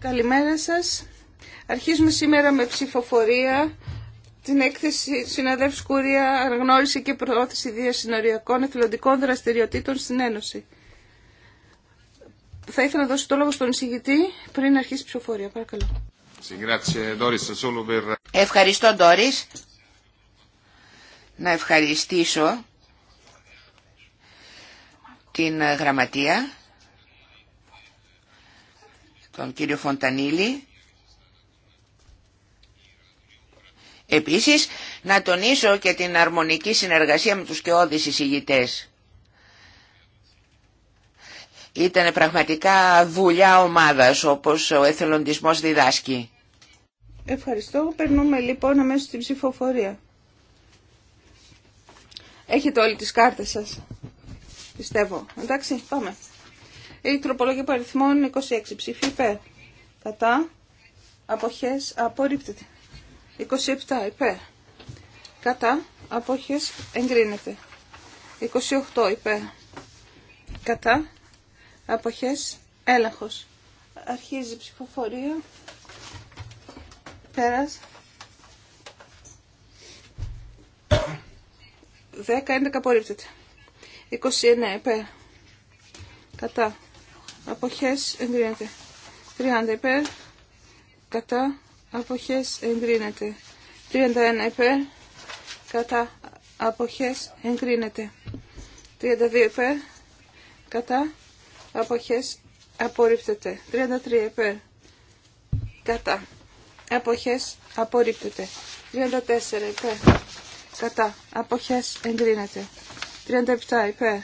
Καλημέρα σα. Αρχίζουμε σήμερα με ψηφοφορία την έκθεση συναδέλφου Κουρία Αναγνώριση και Προώθηση Διασυνοριακών Εθελοντικών Δραστηριοτήτων στην Ένωση. Θα ήθελα να δώσω το λόγο στον εισηγητή πριν αρχίσει η ψηφοφορία. Παρακαλώ. Ευχαριστώ, Ντόρις. Να ευχαριστήσω την γραμματεία, τον κύριο Φοντανίλη. Επίσης, να τονίσω και την αρμονική συνεργασία με τους κεώδεις εισηγητές. Ήταν πραγματικά δουλειά ομάδας, όπως ο εθελοντισμός διδάσκει. Ευχαριστώ. Περνούμε λοιπόν αμέσως στην ψηφοφορία. Έχετε όλοι τις κάρτες σας. Πιστεύω. Εντάξει, πάμε. Η τροπολογία παριθμών 26. Ψήφι υπέρ. Κατά. Αποχές. Απορρίπτεται. 27. Υπέρ. Κατά. Αποχές. Εγκρίνεται. 28. Υπέρ. Κατά. Αποχές. Έλεγχος. Αρχίζει η ψηφοφορία. Πέρας. 10. 11. Απορρίπτεται. 29 υπέρ. Κατά. Αποχές εγκρίνεται. 30 υπέρ. Κατά. Αποχές εγκρίνεται. 31 υπέρ. Κατά. Αποχές εγκρίνεται. 32 υπέρ. Κατά. Αποχές απορρίπτεται. 33 υπέρ. Κατά. Αποχές απορρίπτεται. 34 υπέρ. Κατά. Αποχές εγκρίνεται. 37 είπε,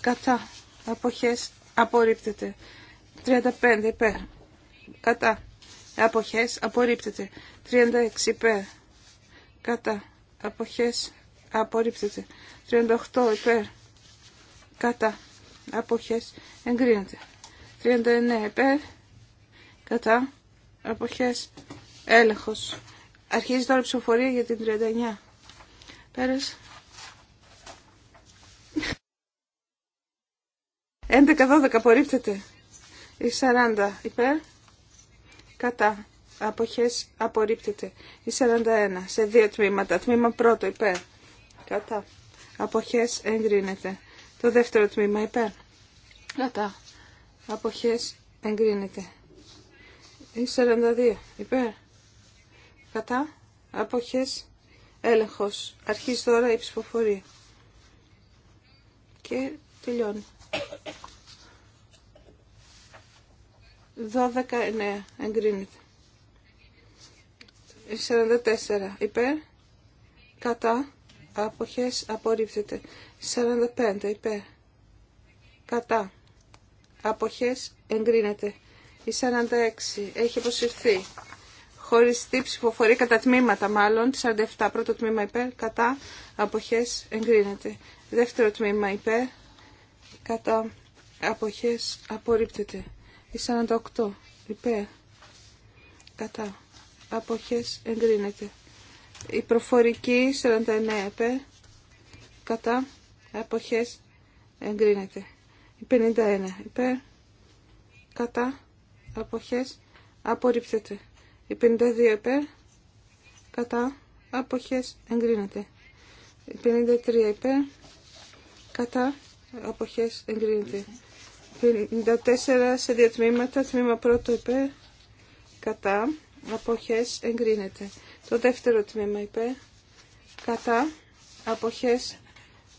Κατά. Αποχές. Απορρίπτεται. 35 υπέρ. Κατά. Αποχές. Απορρίπτεται. 36 είπε, Κατά. Αποχές. Απορρίπτεται. 38 υπέρ. Κατά. Αποχές. Εγκρίνεται. 39 είπε, Κατά. Αποχές. Έλεγχος. Αρχίζει τώρα η ψηφοφορία για την 39. Πέρας. 11-12 απορρίπτεται. Η 40 υπέρ. Κατά. Αποχές απορρίπτεται. Η 41 σε δύο τμήματα. Τμήμα πρώτο υπέρ. Κατά. Αποχές εγκρίνεται. Το δεύτερο τμήμα υπέρ. Κατά. Αποχές εγκρίνεται. Η 42 υπέρ. Κατά. Αποχές έλεγχος. Αρχίζει τώρα η ψηφοφορία. Και τελειώνει. 12 ναι, εγκρίνεται. 44 υπέρ. Κατά. Αποχές απορρίπτεται. 45 υπέρ. Κατά. Αποχές εγκρίνεται. Η 46 έχει αποσυρθεί. Χωριστή ψηφοφορία κατά τμήματα μάλλον. 47 πρώτο τμήμα υπέρ. Κατά. Αποχές εγκρίνεται. Δεύτερο τμήμα υπέρ. Κατά. Αποχές απορρίπτεται. Η 48 υπέρ κατά αποχές εγκρίνεται. Η προφορική 49 υπέρ κατά αποχές εγκρίνεται. Η 51 υπέρ κατά αποχές απορρίπτεται. Η 52 υπέρ κατά αποχές εγκρίνεται. Η 53 υπέρ κατά αποχές εγκρίνεται. 54 σε δύο τμήματα. Τμήμα πρώτο υπέρ. Κατά. Αποχές εγκρίνεται. Το δεύτερο τμήμα υπέρ. Κατά. Αποχές.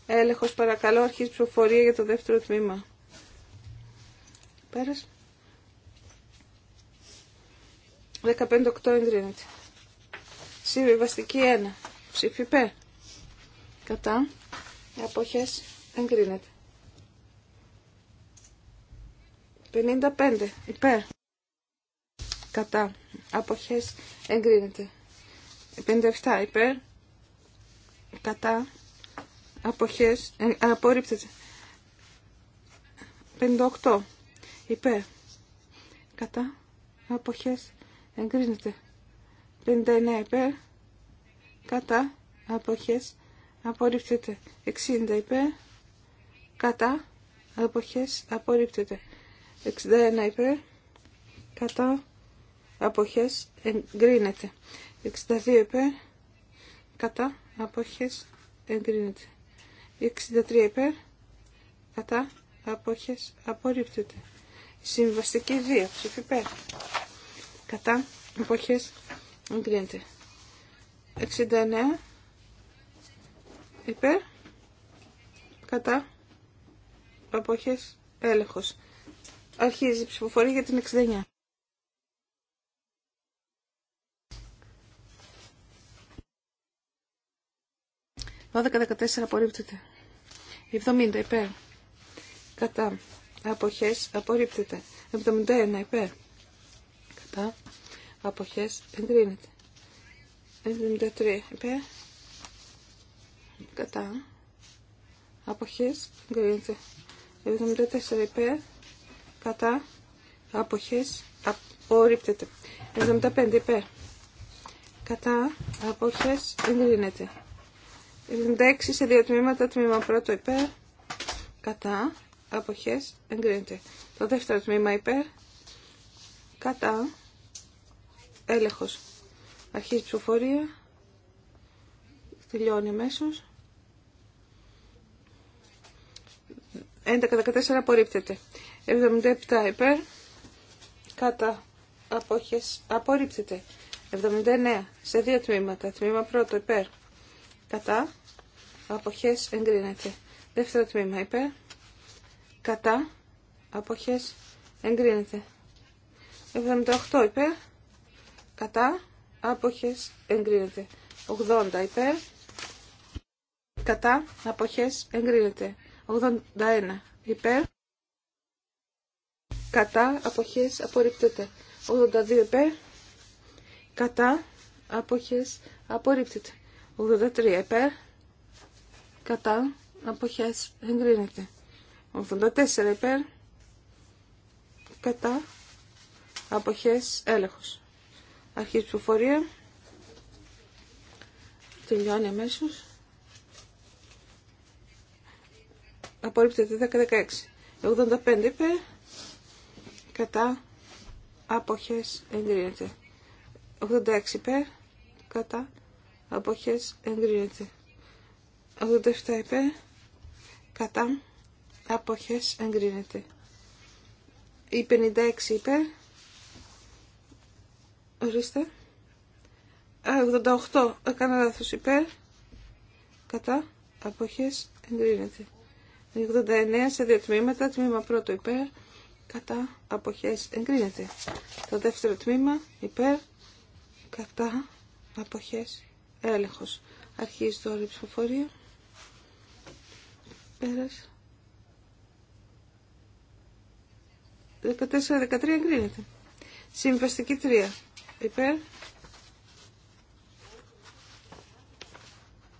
Έλεγχος παρακαλώ. Αρχής ψηφοφορία για το δεύτερο τμήμα. Πέρας. 15-8 εγκρίνεται. Συμβιβαστική 1. Ψήφι υπέρ. Κατά. Αποχές εγκρίνεται. 55 υπέρ κατά αποχές εγκρίνεται 57 υπέρ κατά αποχές ε, απορρίπτεται 58 υπέρ κατά αποχές εγκρίνεται 59 υπέρ κατά αποχές απορρίπτεται 60 υπέρ κατά αποχές απορρίπτεται 61 υπέρ κατά αποχές εγκρίνεται 62 υπέρ κατά αποχές εγκρίνεται 63 υπέρ κατά αποχές απορρίπτεται συμβαστική 2 ψήφι υπέρ κατά αποχές εγκρίνεται 69 υπέρ κατά αποχές έλεγχος Αρχίζει η ψηφοφορία για την 69. 1214 απορρίπτεται. 70 υπέρ. Κατά. Αποχές απορρίπτεται. 71 υπέρ. Κατά. Αποχές εγκρίνεται. 73 υπέρ. Κατά. Αποχές εγκρίνεται. 74 υπέρ κατά αποχές απορρίπτεται. 75 υπέρ κατά αποχές εγκρίνεται. 76 σε δύο τμήματα, τμήμα πρώτο υπέρ κατά αποχές εγκρίνεται. Το δεύτερο τμήμα υπέρ κατά έλεγχος. Αρχίζει ψηφοφορία. Τελειώνει αμέσω. 11-14 απορρίπτεται. 77 υπέρ κατά απόχες απορρίπτεται 79 σε δύο τμήματα τμήμα πρώτο υπέρ κατά απόχες εγκρίνεται δεύτερο τμήμα υπέρ κατά απόχες εγκρίνεται 78 υπέρ κατά απόχες εγκρίνεται 80 υπέρ κατά απόχες εγκρίνεται 81 υπέρ κατά αποχές απορρίπτεται. 82 υπέρ κατά αποχές απορρίπτεται. 83 υπέρ κατά αποχές εγκρίνεται. 84 υπέρ κατά αποχές έλεγχος. Αρχή ψηφοφορία. Τελειώνει αμέσω. Απορρίπτεται 10-16. 85 υπέρ κατά αποχές εγκρίνεται. 86 υπέρ κατά αποχές εγκρίνεται. 87 υπέρ κατά αποχές εγκρίνεται. Η 56 υπέρ ορίστε 88 έκανα λάθος υπέρ κατά αποχές εγκρίνεται. 89 σε δύο τμήματα, τμήμα πρώτο υπέρ κατά αποχές εγκρίνεται. Το δεύτερο τμήμα υπέρ κατά αποχές έλεγχος. Αρχίζει τώρα η ψηφοφορία. Πέρας. 14-13 εγκρίνεται. Συμβαστική 3. Υπέρ.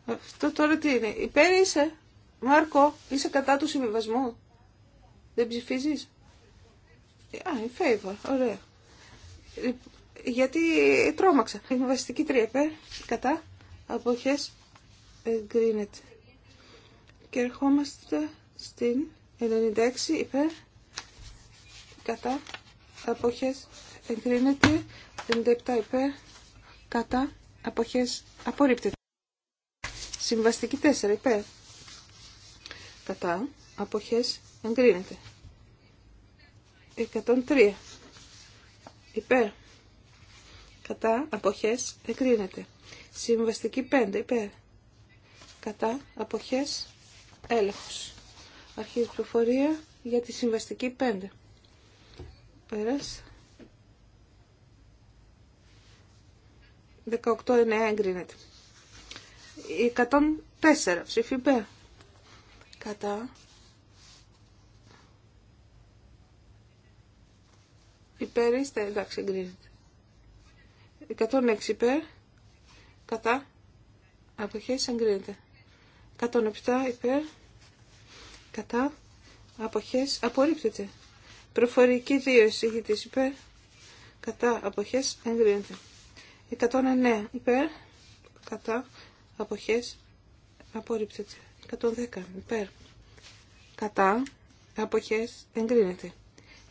Αυτό τώρα τι είναι. Υπέρ είσαι. Μάρκο, είσαι κατά του συμβιβασμού. Δεν ψηφίζεις. Α, in favor, ωραία. Ε, γιατί τρόμαξα. Συμβαστική υπέρ, κατά, αποχές, εγκρίνεται. Και ερχόμαστε στην 96 υπέρ, κατά, αποχές, εγκρίνεται. 97 υπέρ, κατά, αποχές, απορρίπτεται. Συμβαστική 4 υπέρ, κατά, αποχές, εγκρίνεται. 103. Υπέρ. Κατά αποχές εγκρίνεται. Συμβαστική 5. Υπέρ. Κατά αποχές έλεγχος. Αρχίζει προφορία για τη συμβαστική 5. Πέρας. 18-9 εγκρίνεται. 104. Ψήφι υπέρ. Κατά Υπέρ είστε, εντάξει, εγκρίνεται. 106 υπέρ, κατά, αποχές εγκρίνεται. 107 υπέρ, κατά, αποχές απορρίπτεται. Προφορική 2 εισηγητής υπέρ, κατά, αποχές εγκρίνεται. 109 υπέρ, κατά, αποχές απορρίπτεται. 110 υπέρ, κατά, αποχές εγκρίνεται.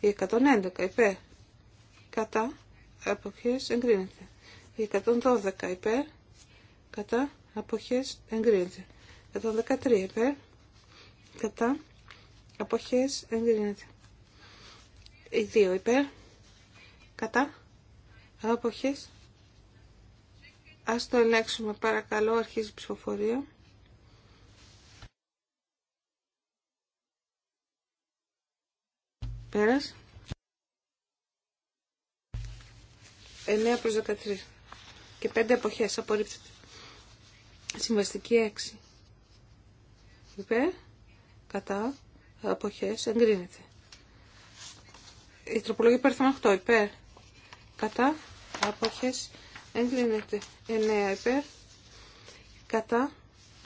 111 υπέρ, κατά αποχές εγκρίνεται. 112 υπέρ κατά αποχές εγκρίνεται. 113 υπέρ κατά αποχές εγκρίνεται. 2 υπέρ κατά αποχές Ας το ελέγξουμε παρακαλώ, αρχίζει η ψηφοφορία. Πέρασε. 9 προς 13 και 5 εποχές απορρίπτεται. Συμβαστική 6. Υπέρ, κατά, αποχές, εγκρίνεται. Η τροπολογία 8. Υπέρ, κατά, αποχές, εγκρίνεται. 9 υπέρ, κατά,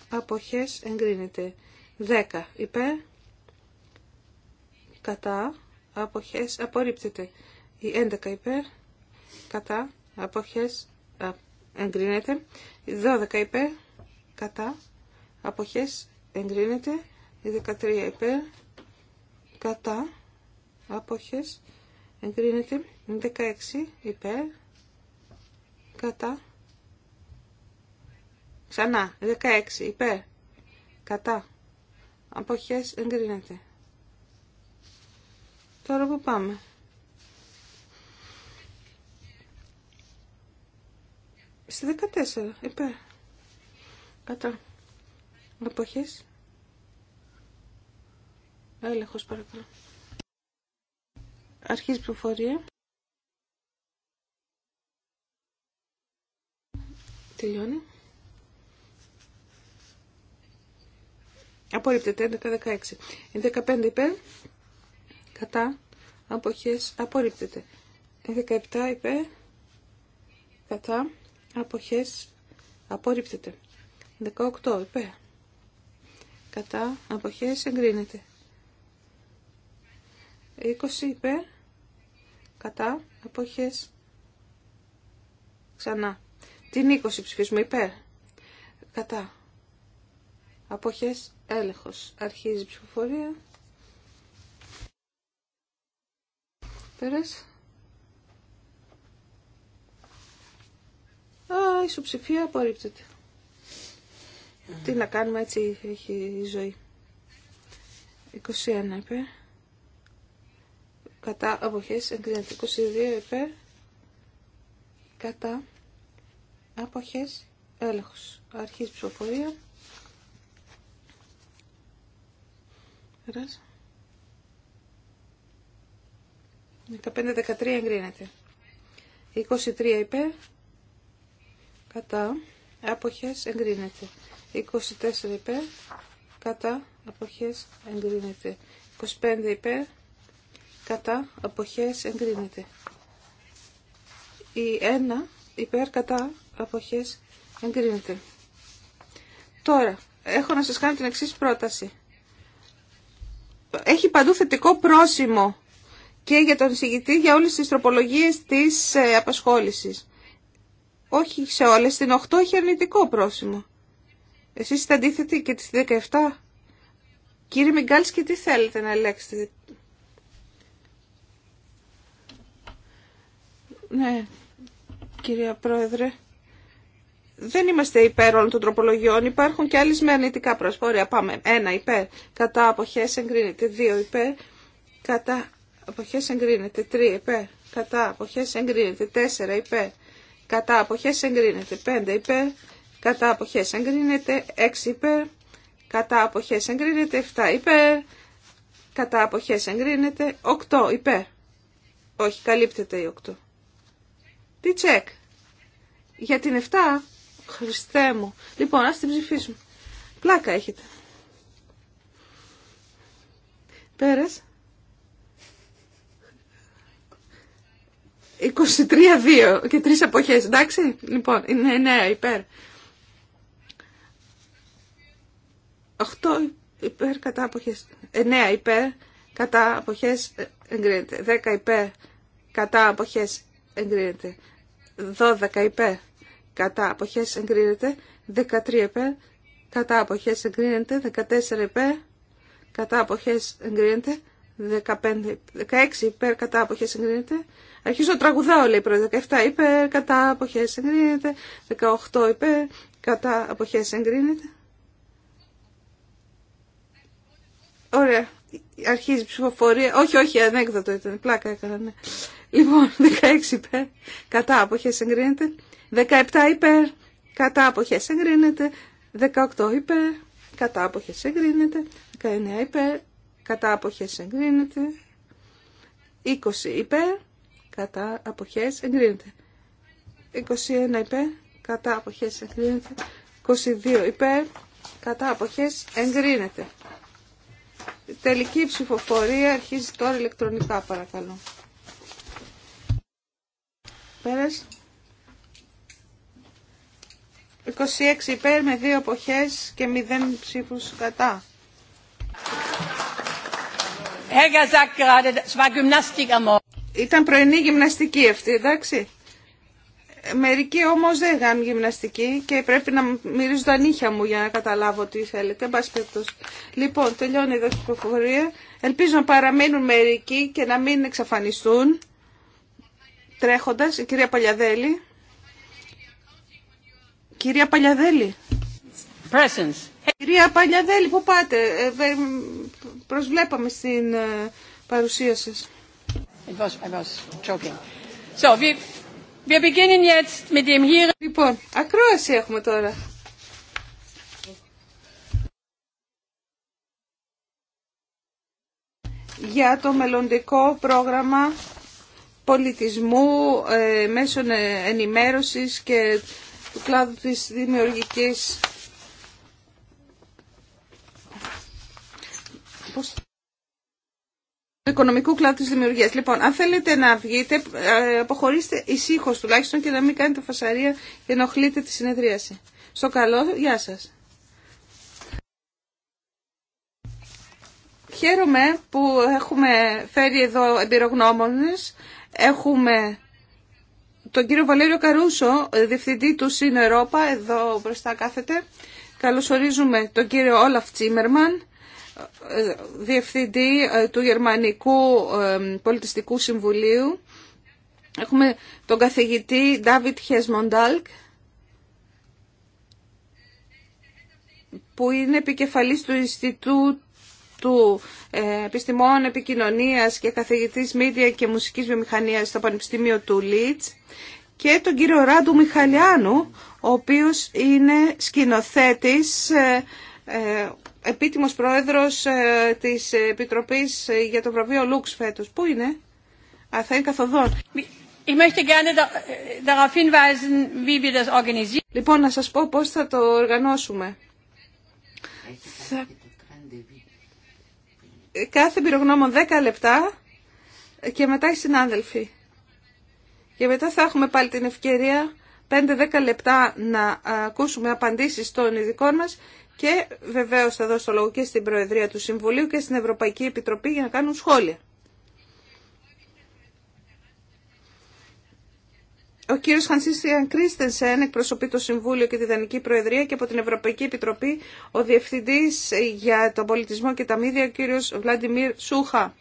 αποχές, εγκρίνεται. 10 υπέρ, κατά, αποχές, απορρίπτεται. Η 11 υπέρ, κατά αποχές εγκρίνεται 12 υπέρ κατά αποχές εγκρίνεται 13 υπέρ κατά αποχές εγκρίνεται 16 υπέρ κατά ξανά 16 υπέρ κατά αποχές εγκρίνεται τώρα που πάμε Στη 14, είπε κατα Κατά. Εποχές. Έλεγχος παρακαλώ. Αρχής προφορία. Τελειώνει. Απορρίπτεται 11-16. 15 υπέρ. Κατά. Αποχές. Απορρίπτεται. 17 υπέρ. Κατά αποχές απορρίπτεται. 18 υπέρ κατά αποχές εγκρίνεται. 20 υπέρ κατά αποχές ξανά. Την 20 ψηφίζουμε υπέρ κατά αποχές έλεγχος. Αρχίζει η ψηφοφορία. Πέρασε. Α, ισοψηφία απορρίπτεται. Τι να κάνουμε έτσι έχει η ζωή. 21 είπε. Κατά αποχές εγκρίνεται. 22 είπε. κατα Κατά αποχές έλεγχος. Αρχής Περάσα. 15-13 εγκρίνεται. 23 είπε κατά αποχές εγκρίνεται. 24 υπέρ κατά αποχές εγκρίνεται. 25 υπέρ κατά αποχές εγκρίνεται. Η 1 υπέρ κατά αποχές εγκρίνεται. Τώρα, έχω να σας κάνω την εξής πρόταση. Έχει παντού θετικό πρόσημο και για τον εισηγητή για όλες τις τροπολογίες της ε, απασχόλησης. Όχι σε όλες. Στην 8 έχει αρνητικό πρόσημο. Εσείς είστε αντίθετοι και τις 17. Κύριε Μιγκάλσκι, τι θέλετε να ελέγξετε. Ναι, κυρία Πρόεδρε. Δεν είμαστε υπέρ όλων των τροπολογιών. Υπάρχουν και άλλες με αρνητικά προσπόρια. Πάμε. Ένα υπέρ. Κατά αποχές εγκρίνεται. 2 υπέρ. Κατά αποχές εγκρίνεται. 3 υπέρ. Κατά αποχές εγκρίνεται. 4 υπέρ κατά αποχές εγκρίνεται. 5 υπέρ, κατά αποχές εγκρίνεται. 6 υπέρ, κατά αποχές εγκρίνεται. 7 υπέρ, κατά αποχές εγκρίνεται. 8 υπέρ. Όχι, καλύπτεται η 8. Τι τσεκ. Για την 7, Χριστέ μου. Λοιπόν, ας την ψηφίσουμε. Πλάκα έχετε. Πέρασε. 23-2 και 3 εποχές, εντάξει, λοιπόν, είναι 9 υπέρ. 8 υπέρ κατά αποχές, 9 υπέρ κατά αποχές εγκρίνεται, 10 υπέρ κατά αποχές εγκρίνεται, 12 υπέρ κατά αποχές εγκρίνεται, 13 υπέρ κατά αποχές εγκρίνεται, 14 υπέρ κατά αποχές εγκρίνεται, 15, 16 υπέρ κατά αποχές εγκρίνεται, Αρχίζω τραγουδάω, λέει η 17 υπέρ, κατά αποχέ εγκρίνεται. 18 υπέρ, κατά αποχέ εγκρίνεται. Ωραία. Αρχίζει η ψηφοφορία. Όχι, όχι, ανέκδοτο ήταν. Πλάκα έκανα, ναι. Λοιπόν, 16 υπέρ, κατά αποχέ εγκρίνεται. 17 υπέρ, κατά αποχέ εγκρίνεται. 18 υπέρ, κατά αποχέ εγκρίνεται. 19 υπέρ, κατά αποχέ εγκρίνεται. 20 υπέρ, κατά αποχές εγκρίνεται. 21 υπέρ, κατά αποχές εγκρίνεται. 22 υπέρ, κατά αποχές εγκρίνεται. τελική ψηφοφορία αρχίζει τώρα ηλεκτρονικά παρακαλώ. Πέρας. 26 υπέρ με 2 αποχές και 0 ψήφους κατά. Ήταν πρωινή γυμναστική αυτή, εντάξει. Μερικοί όμω δεν είχαν γυμναστική και πρέπει να μυρίζουν τα νύχια μου για να καταλάβω τι θέλετε. Λοιπόν, τελειώνει εδώ η πληροφορία. Ελπίζω να παραμείνουν μερικοί και να μην εξαφανιστούν τρέχοντας. Η κυρία Παλιαδέλη. Κυρία Παλιαδέλη. Κυρία Παλιαδέλη, πού πάτε. Ε, προσβλέπαμε στην ε, παρουσία σας. It was, I was joking. So, we, Λοιπόν, ακρόαση έχουμε τώρα. για το μελλοντικό πρόγραμμα πολιτισμού, ε, μέσων ε, ενημέρωσης και του κλάδου της δημιουργικής οικονομικού κλάδου της δημιουργίας. Λοιπόν, αν θέλετε να βγείτε, ε, αποχωρήστε ησύχως τουλάχιστον και να μην κάνετε φασαρία και ενοχλείτε τη συνεδρίαση. Στο καλό, γεια σας. Χαίρομαι που έχουμε φέρει εδώ εμπειρογνώμονες. Έχουμε τον κύριο Βαλέριο Καρούσο, διευθυντή του ΣΥΝΟΕΡΟΠΑ, εδώ μπροστά κάθεται. Καλωσορίζουμε τον κύριο Όλαφ Τσίμερμαν, Διευθυντή ε, του Γερμανικού ε, Πολιτιστικού Συμβουλίου. Έχουμε τον καθηγητή Ντάβιτ Χεσμοντάλκ, που είναι επικεφαλής του Ινστιτούτου ε, Επιστημών Επικοινωνίας και καθηγητής Μίδια και Μουσικής Βιομηχανίας στο Πανεπιστήμιο του Λίτς και τον κύριο Ράντου Μιχαλιάνου, ο οποίος είναι σκηνοθέτης επίτιμος πρόεδρος ε, της Επιτροπής για το βραβείο Λουξ φέτος. Πού είναι? Α, θα είναι καθοδόν. Äh, λοιπόν, να σας πω πώς θα το οργανώσουμε. Θα... Κάθε πυρογνώμο 10 λεπτά και μετά οι συνάδελφοι. Και μετά θα έχουμε πάλι την ευκαιρία 5-10 λεπτά να ακούσουμε απαντήσεις των ειδικών μας και βεβαίω θα δώσω λόγο και στην Προεδρία του Συμβουλίου και στην Ευρωπαϊκή Επιτροπή για να κάνουν σχόλια. Ο κύριος Χανσίστιαν Κρίστενσεν εκπροσωπεί το Συμβούλιο και τη Δανική Προεδρία και από την Ευρωπαϊκή Επιτροπή ο Διευθυντής για τον Πολιτισμό και τα Μίδια, ο κύριος Βλαντιμίρ Σούχα.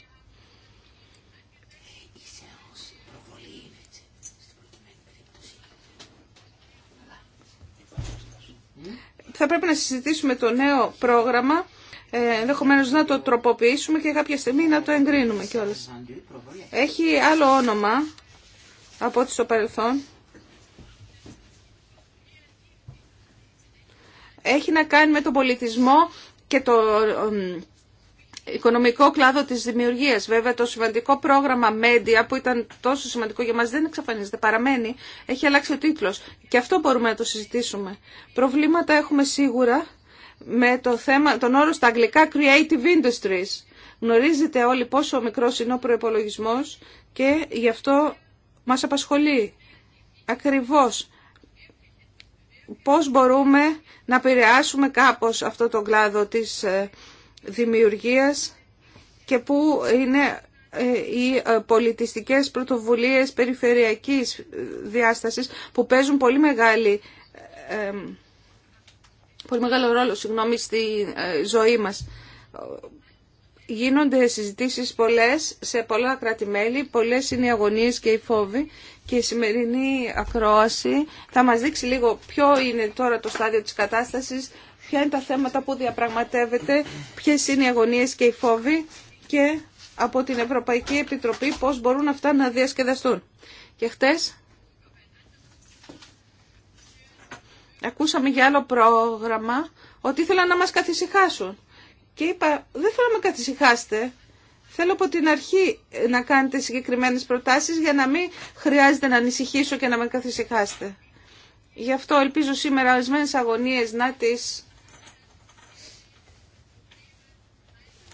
θα πρέπει να συζητήσουμε το νέο πρόγραμμα, ε, ενδεχομένω να το τροποποιήσουμε και κάποια στιγμή να το εγκρίνουμε κιόλα. Έχει άλλο όνομα από ό,τι στο παρελθόν. Έχει να κάνει με τον πολιτισμό και το ε, οικονομικό κλάδο της δημιουργίας. Βέβαια το σημαντικό πρόγραμμα Media που ήταν τόσο σημαντικό για μας δεν εξαφανίζεται, παραμένει, έχει αλλάξει ο τίτλος. Και αυτό μπορούμε να το συζητήσουμε. Προβλήματα έχουμε σίγουρα με το θέμα, τον όρο στα αγγλικά Creative Industries. Γνωρίζετε όλοι πόσο μικρός είναι ο προπολογισμό και γι' αυτό μας απασχολεί ακριβώς πώς μπορούμε να επηρεάσουμε κάπως αυτό το κλάδο της ε, δημιουργίας και που είναι ε, οι ε, πολιτιστικές πρωτοβουλίες περιφερειακής ε, διάστασης που παίζουν πολύ μεγάλη πολύ μεγάλο ρόλο συγγνώμη, στη ζωή μας. Γίνονται συζητήσεις πολλές σε πολλά κράτη-μέλη, πολλές είναι οι αγωνίες και οι φόβοι και η σημερινή ακρόαση θα μας δείξει λίγο ποιο είναι τώρα το στάδιο της κατάστασης, ποια είναι τα θέματα που διαπραγματεύεται, ποιε είναι οι αγωνίε και οι φόβοι και από την Ευρωπαϊκή Επιτροπή πώς μπορούν αυτά να διασκεδαστούν. Και χτες ακούσαμε για άλλο πρόγραμμα ότι ήθελαν να μας καθησυχάσουν. Και είπα, δεν θέλω να με καθησυχάσετε. Θέλω από την αρχή να κάνετε συγκεκριμένες προτάσεις για να μην χρειάζεται να ανησυχήσω και να με καθησυχάσετε. Γι' αυτό ελπίζω σήμερα ορισμένε αγωνίες να τις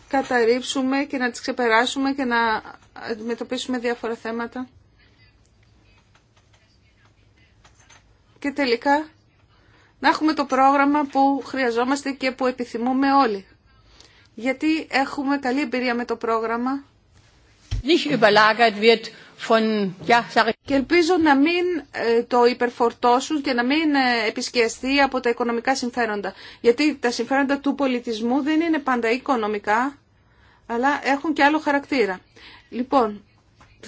καταρρύψουμε και να τις ξεπεράσουμε και να αντιμετωπίσουμε διάφορα θέματα. Και τελικά να έχουμε το πρόγραμμα που χρειαζόμαστε και που επιθυμούμε όλοι. Γιατί έχουμε καλή εμπειρία με το πρόγραμμα. Nicht überlagert wird και ελπίζω να μην ε, το υπερφορτώσουν και να μην ε, επισκιαστεί από τα οικονομικά συμφέροντα. Γιατί τα συμφέροντα του πολιτισμού δεν είναι πάντα οικονομικά, αλλά έχουν και άλλο χαρακτήρα. Λοιπόν,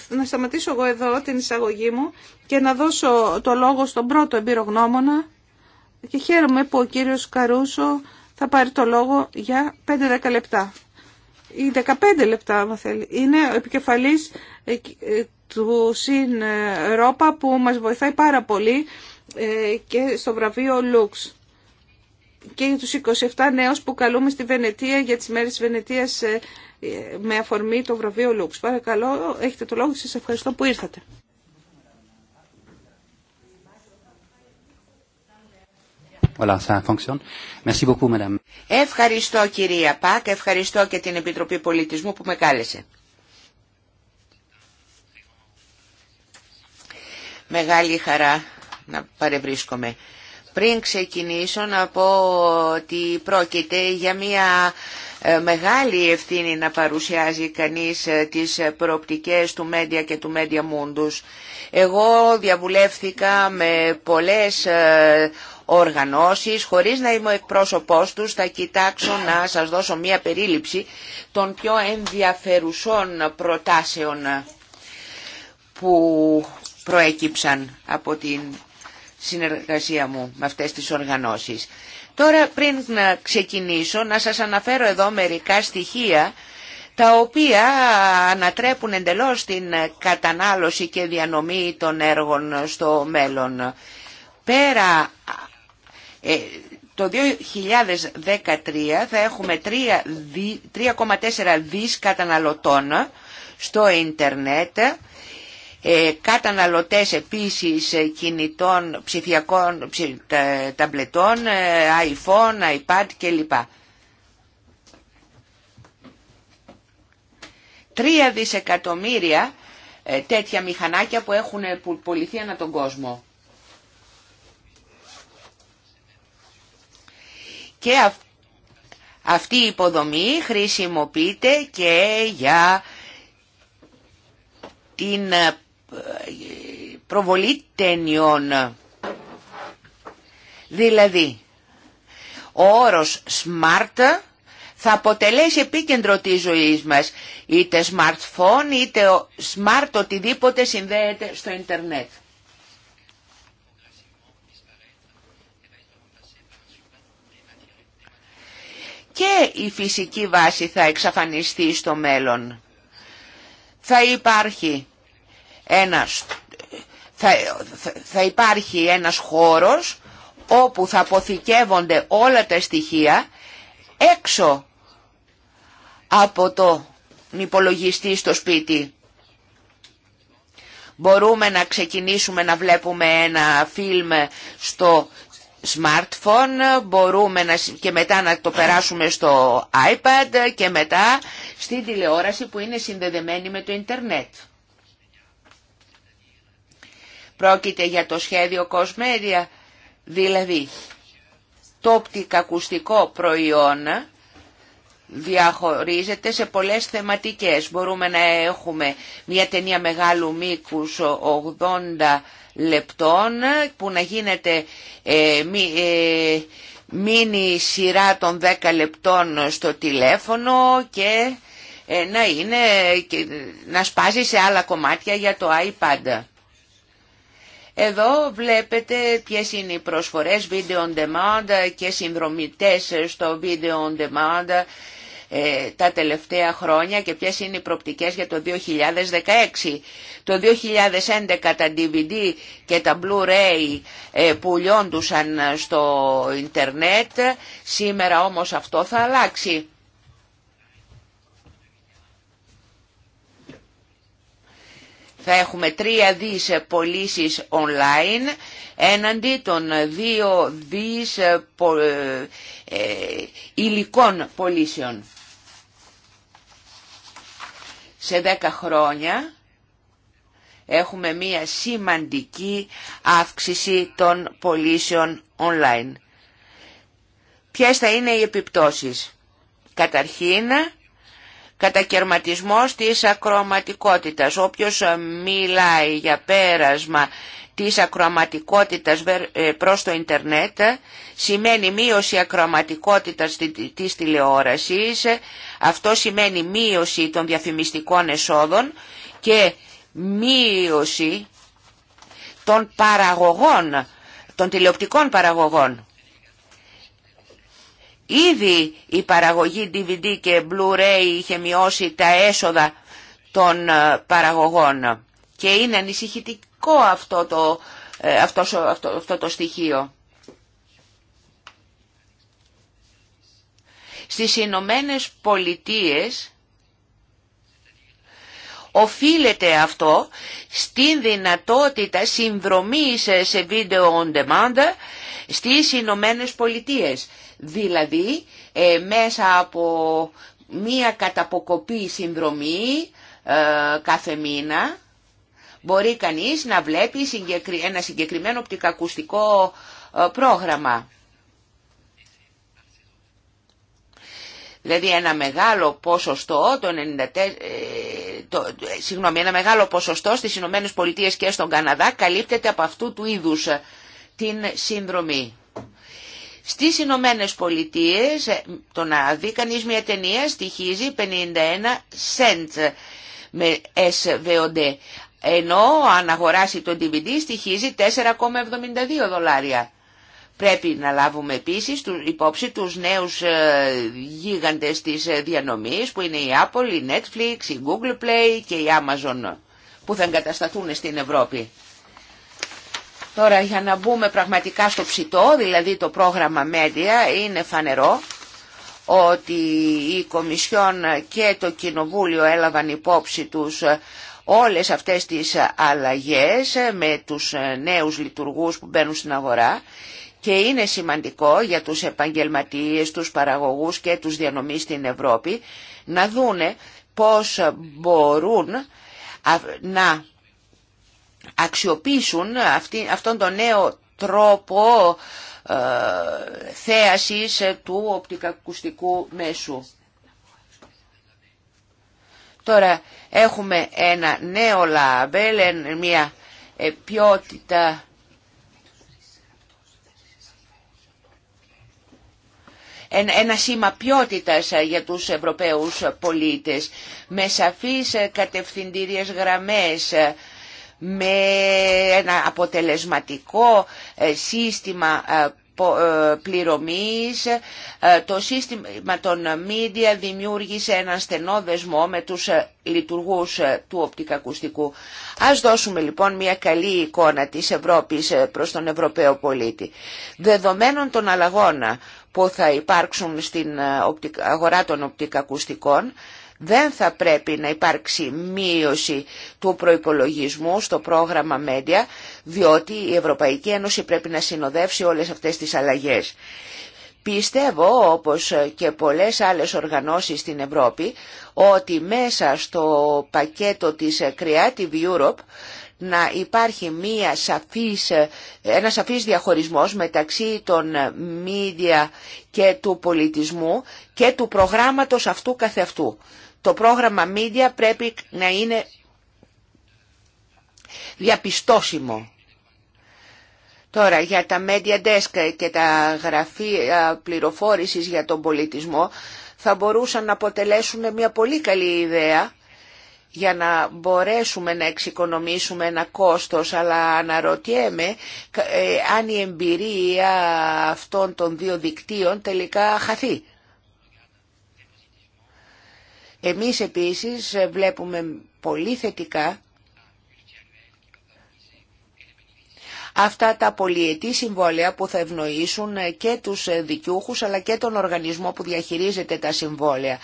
να σταματήσω εγώ εδώ την εισαγωγή μου και να δώσω το λόγο στον πρώτο εμπειρογνώμονα και χαίρομαι που ο κύριος Καρούσο θα πάρει το λόγο για 5-10 λεπτά ή 15 λεπτά αν θέλει. Είναι ο επικεφαλής ε, του ΣΥΝ Ρόπα που μας βοηθάει πάρα πολύ ε, και στο βραβείο Λουξ και τους 27 νέους που καλούμε στη Βενετία για τις μέρες της Βενετίας ε, με αφορμή το βραβείο Λουξ. Παρακαλώ, έχετε το λόγο. Σας ευχαριστώ που ήρθατε. Ευχαριστώ κυρία Πακ, ευχαριστώ και την Επιτροπή Πολιτισμού που με κάλεσε. μεγάλη χαρά να παρευρίσκομαι. Πριν ξεκινήσω να πω ότι πρόκειται για μια ε, μεγάλη ευθύνη να παρουσιάζει κανείς ε, τις προοπτικές του Μέντια και του Μέντια Μούντους. Εγώ διαβουλεύθηκα με πολλές ε, οργανώσεις, χωρίς να είμαι εκπρόσωπός τους, θα κοιτάξω να σας δώσω μία περίληψη των πιο ενδιαφερουσών προτάσεων που προέκυψαν από την συνεργασία μου με αυτές τις οργανώσεις. Τώρα πριν να ξεκινήσω να σας αναφέρω εδώ μερικά στοιχεία τα οποία ανατρέπουν εντελώς την κατανάλωση και διανομή των έργων στο μέλλον. Πέρα ε, το 2013 θα έχουμε 3,4 δις καταναλωτών στο ίντερνετ ε, καταναλωτές επίσης ε, κινητών ψηφιακών ταμπλετών, ε, iPhone, iPad κλπ. Τρία δισεκατομμύρια τέτοια μηχανάκια που έχουν πολιθεί ανά τον κόσμο. Και αυτή η υποδομή χρησιμοποιείται και για την προβολή τένιων Δηλαδή, ο όρος smart θα αποτελέσει επίκεντρο της ζωής μας, είτε smartphone, είτε smart οτιδήποτε συνδέεται στο ίντερνετ. Και η φυσική βάση θα εξαφανιστεί στο μέλλον. Θα υπάρχει ένας, θα, θα υπάρχει ένας χώρος όπου θα αποθηκεύονται όλα τα στοιχεία έξω από το υπολογιστή στο σπίτι. Μπορούμε να ξεκινήσουμε να βλέπουμε ένα φιλμ στο smartphone, μπορούμε και μετά να το περάσουμε στο iPad και μετά στην τηλεόραση που είναι συνδεδεμένη με το ίντερνετ. Πρόκειται για το σχέδιο κοσμέρια, δηλαδή το οπτικακουστικό προϊόν διαχωρίζεται σε πολλές θεματικές. Μπορούμε να έχουμε μια ταινία μεγάλου μήκους 80 λεπτών που να γίνεται ε, ε μίνι σειρά των 10 λεπτών στο τηλέφωνο και ε, να, είναι, και να σπάζει σε άλλα κομμάτια για το iPad. Εδώ βλέπετε ποιες είναι οι προσφορές video on demand και συνδρομητές στο video on demand ε, τα τελευταία χρόνια και ποιες είναι οι προπτικές για το 2016. Το 2011 τα DVD και τα Blu-ray ε, που λιόντουσαν στο ίντερνετ, σήμερα όμως αυτό θα αλλάξει. θα έχουμε τρία δις πωλήσει online έναντι των δύο δις ε, ε, υλικών πωλήσεων. Σε 10 χρόνια έχουμε μία σημαντική αύξηση των πωλήσεων online. Ποιες θα είναι οι επιπτώσεις. Καταρχήν κατακαιρματισμός της ακροματικότητας. Όποιος ε, μιλάει για πέρασμα της ακροματικότητας ε, προς το ίντερνετ σημαίνει μείωση ακρωματικότητας της τηλεόρασης, αυτό σημαίνει μείωση των διαφημιστικών εσόδων και μείωση των παραγωγών, των τηλεοπτικών παραγωγών. Ήδη η παραγωγή DVD και Blu-ray είχε μειώσει τα έσοδα των ε, παραγωγών και είναι ανησυχητικό αυτό το, ε, αυτό, αυτό, αυτό το στοιχείο. Στις Ηνωμένε Πολιτείες οφείλεται αυτό στην δυνατότητα συνδρομής σε βίντεο on demand στις Ηνωμένε Πολιτείες. Δηλαδή, ε, μέσα από μία καταποκοπή συνδρομή ε, κάθε μήνα, μπορεί κανείς να βλέπει ένα συγκεκριμένο οπτικακουστικό ε, πρόγραμμα. Δηλαδή ένα μεγάλο ποσοστό, ε, το 94, το, ένα μεγάλο ποσοστό στις Ηνωμένες Πολιτείες και στον Καναδά καλύπτεται από αυτού του είδους την συνδρομή. Στις Ηνωμένε Πολιτείε ε, το να δει κανείς μια ταινία στοιχίζει 51 cent με SVOD. Ενώ αν αγοράσει το DVD στοιχίζει 4,72 δολάρια. Πρέπει να λάβουμε επίσης υπόψη τους νέους ε, γίγαντες της ε, διανομής που είναι η Apple, η Netflix, η Google Play και η Amazon που θα εγκατασταθούν στην Ευρώπη. Τώρα για να μπούμε πραγματικά στο ψητό, δηλαδή το πρόγραμμα Μέντια, είναι φανερό ότι η Κομισιόν και το Κοινοβούλιο έλαβαν υπόψη τους όλες αυτές τις αλλαγές με τους νέους λειτουργούς που μπαίνουν στην αγορά και είναι σημαντικό για τους επαγγελματίες, τους παραγωγούς και τους διανομείς στην Ευρώπη να δούνε πώς μπορούν να αξιοποιήσουν αυτόν τον νέο τρόπο ε, θέασης ε, του οπτικακουστικού μέσου. Τώρα έχουμε ένα νέο λάμπελ, μια ποιότητα ένα σήμα ποιότητας ε, για τους Ευρωπαίους πολίτες με σαφείς ε, κατευθυντήριες γραμμές με ένα αποτελεσματικό ε, σύστημα ε, ε, πληρωμής. Το σύστημα των media δημιούργησε ένα στενό δεσμό με τους λειτουργούς του οπτικακουστικού. Ας δώσουμε λοιπόν μια καλή εικόνα της Ευρώπης προς τον Ευρωπαίο πολίτη. Δεδομένων των αλλαγών που θα υπάρξουν στην αγορά των οπτικακουστικών, δεν θα πρέπει να υπάρξει μείωση του προϋπολογισμού στο πρόγραμμα Μέντια διότι η Ευρωπαϊκή Ένωση πρέπει να συνοδεύσει όλες αυτές τις αλλαγές. Πιστεύω, όπως και πολλές άλλες οργανώσεις στην Ευρώπη, ότι μέσα στο πακέτο της Creative Europe να υπάρχει μία σαφής, ένα σαφής διαχωρισμός μεταξύ των μίδια και του πολιτισμού και του προγράμματος αυτού καθεαυτού το πρόγραμμα Media πρέπει να είναι διαπιστώσιμο. Τώρα για τα Media Desk και τα γραφεία πληροφόρησης για τον πολιτισμό θα μπορούσαν να αποτελέσουν μια πολύ καλή ιδέα για να μπορέσουμε να εξοικονομήσουμε ένα κόστος, αλλά αναρωτιέμαι ε, αν η εμπειρία αυτών των δύο δικτύων τελικά χαθεί. Εμείς επίσης βλέπουμε πολύ θετικά αυτά τα πολυετή συμβόλαια που θα ευνοήσουν και τους δικιούχους αλλά και τον οργανισμό που διαχειρίζεται τα συμβόλαια.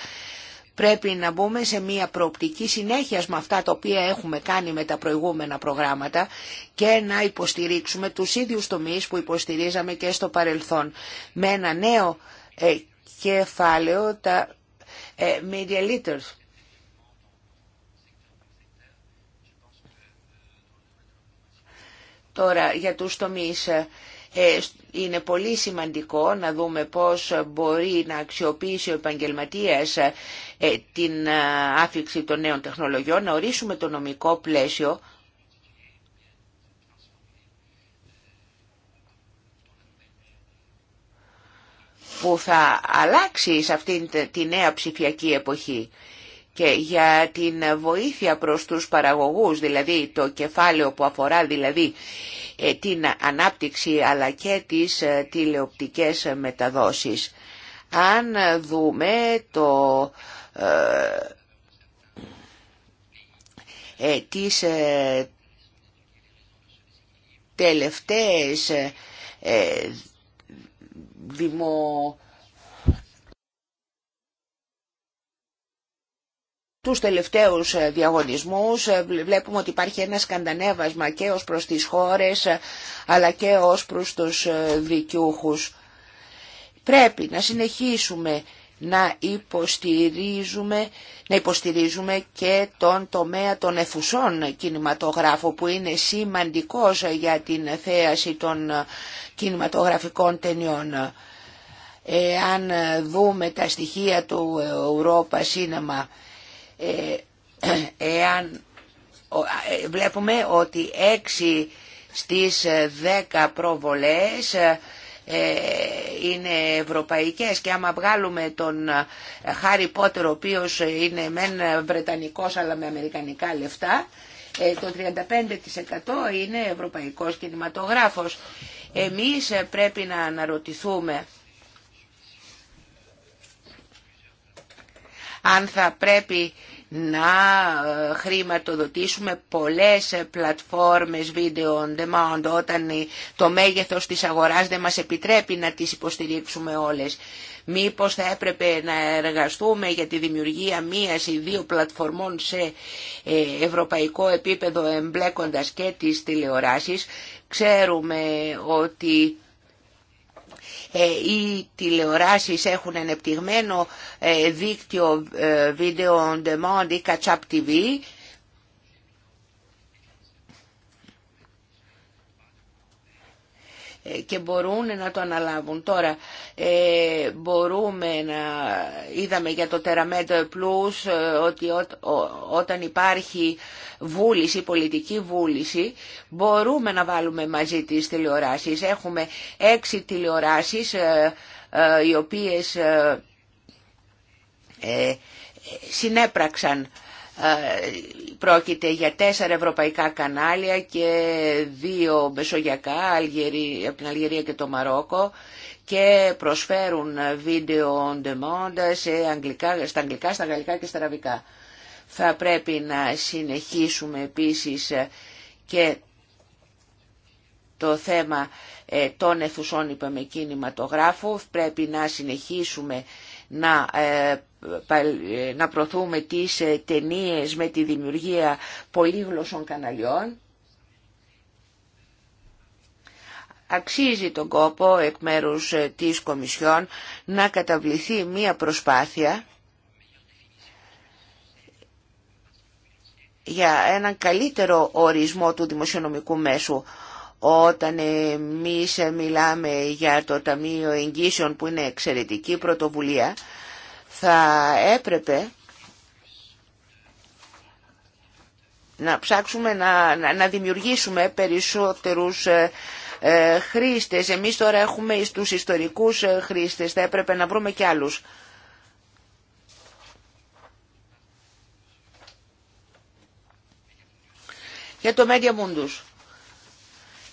Πρέπει να μπούμε σε μια προοπτική συνέχεια με αυτά τα οποία έχουμε κάνει με τα προηγούμενα προγράμματα και να υποστηρίξουμε τους ίδιους τομείς που υποστηρίζαμε και στο παρελθόν. Με ένα νέο ε, κεφάλαιο τα ε, media Τώρα για τους τομείς ε, ε, είναι πολύ σημαντικό να δούμε πώς μπορεί να αξιοποιήσει ο επαγγελματίας την άφηξη των νέων τεχνολογιών, να ορίσουμε το νομικό πλαίσιο που θα αλλάξει σε αυτήν τη νέα ψηφιακή εποχή και για την βοήθεια προς τους παραγωγούς, δηλαδή το κεφάλαιο που αφορά δηλαδή ε, την ανάπτυξη αλλά και τις ε, τηλεοπτικές μεταδόσεις. Αν δούμε το, ε, ε τις τελευταίες δημο... Τους τελευταίους ε, διαγωνισμούς ε, βλέπουμε ότι υπάρχει ένα σκαντανέβασμα και ως προς τις χώρες ε, αλλά και ως προς τους δικιούχους. Πρέπει να συνεχίσουμε να υποστηρίζουμε, να υποστηρίζουμε και τον τομέα των εφουσών κινηματογράφου που είναι σημαντικός για την θέαση των κινηματογραφικών ταινιών. Εάν δούμε τα στοιχεία του Europa Cinema, ε, εάν ε, βλέπουμε ότι έξι στις 10 προβολές ε, είναι ευρωπαϊκές και άμα βγάλουμε τον ε, Χάρι Πότερ ο οποίος είναι μεν βρετανικός αλλά με αμερικανικά λεφτά ε, το 35% είναι ευρωπαϊκός κινηματογράφος. Εμείς πρέπει να αναρωτηθούμε αν θα πρέπει να ε, χρηματοδοτήσουμε πολλές ε, πλατφόρμες video on demand όταν ε, το μέγεθος της αγοράς δεν μας επιτρέπει να τις υποστηρίξουμε όλες. Μήπως θα έπρεπε να εργαστούμε για τη δημιουργία μίας ή δύο πλατφορμών σε ευρωπαϊκό επίπεδο εμπλέκοντας και τις τηλεοράσεις. Ξέρουμε ότι ε, οι τηλεοράσεις έχουν ενεπτυγμένο ε, δίκτυο ε, video on demand ή catch-up TV και μπορούν να το αναλάβουν. Τώρα ε, μπορούμε να είδαμε για το Teramento Plus ε, ότι όταν υπάρχει βούληση, πολιτική βούληση μπορούμε να βάλουμε μαζί τις τηλεοράσεις. Έχουμε έξι τηλεοράσεις ε, ε, οι οποίες ε, συνέπραξαν ε, πρόκειται για τέσσερα ευρωπαϊκά κανάλια και δύο μεσογειακά από την Αλγερία και το Μαρόκο και προσφέρουν βίντεο on demand σε αγγλικά, στα αγγλικά, στα γαλλικά και στα αραβικά. Θα πρέπει να συνεχίσουμε επίσης ε, και το θέμα ε, των εθουσών είπαμε κινηματογράφου. Πρέπει να συνεχίσουμε να να προωθούμε τις ε, ταινίε με τη δημιουργία πολύγλωσσων καναλιών. Αξίζει τον κόπο εκ μέρους ε, της Κομισιόν να καταβληθεί μία προσπάθεια για έναν καλύτερο ορισμό του δημοσιονομικού μέσου. Όταν εμείς ε, μιλάμε για το Ταμείο Εγγύσεων που είναι εξαιρετική πρωτοβουλία, θα έπρεπε να ψάξουμε να, να, δημιουργήσουμε περισσότερους ε, ε, χρήστες. Εμείς τώρα έχουμε τους ιστορικούς ε, χρήστες, θα έπρεπε να βρούμε και άλλους. Για το Media Mundus.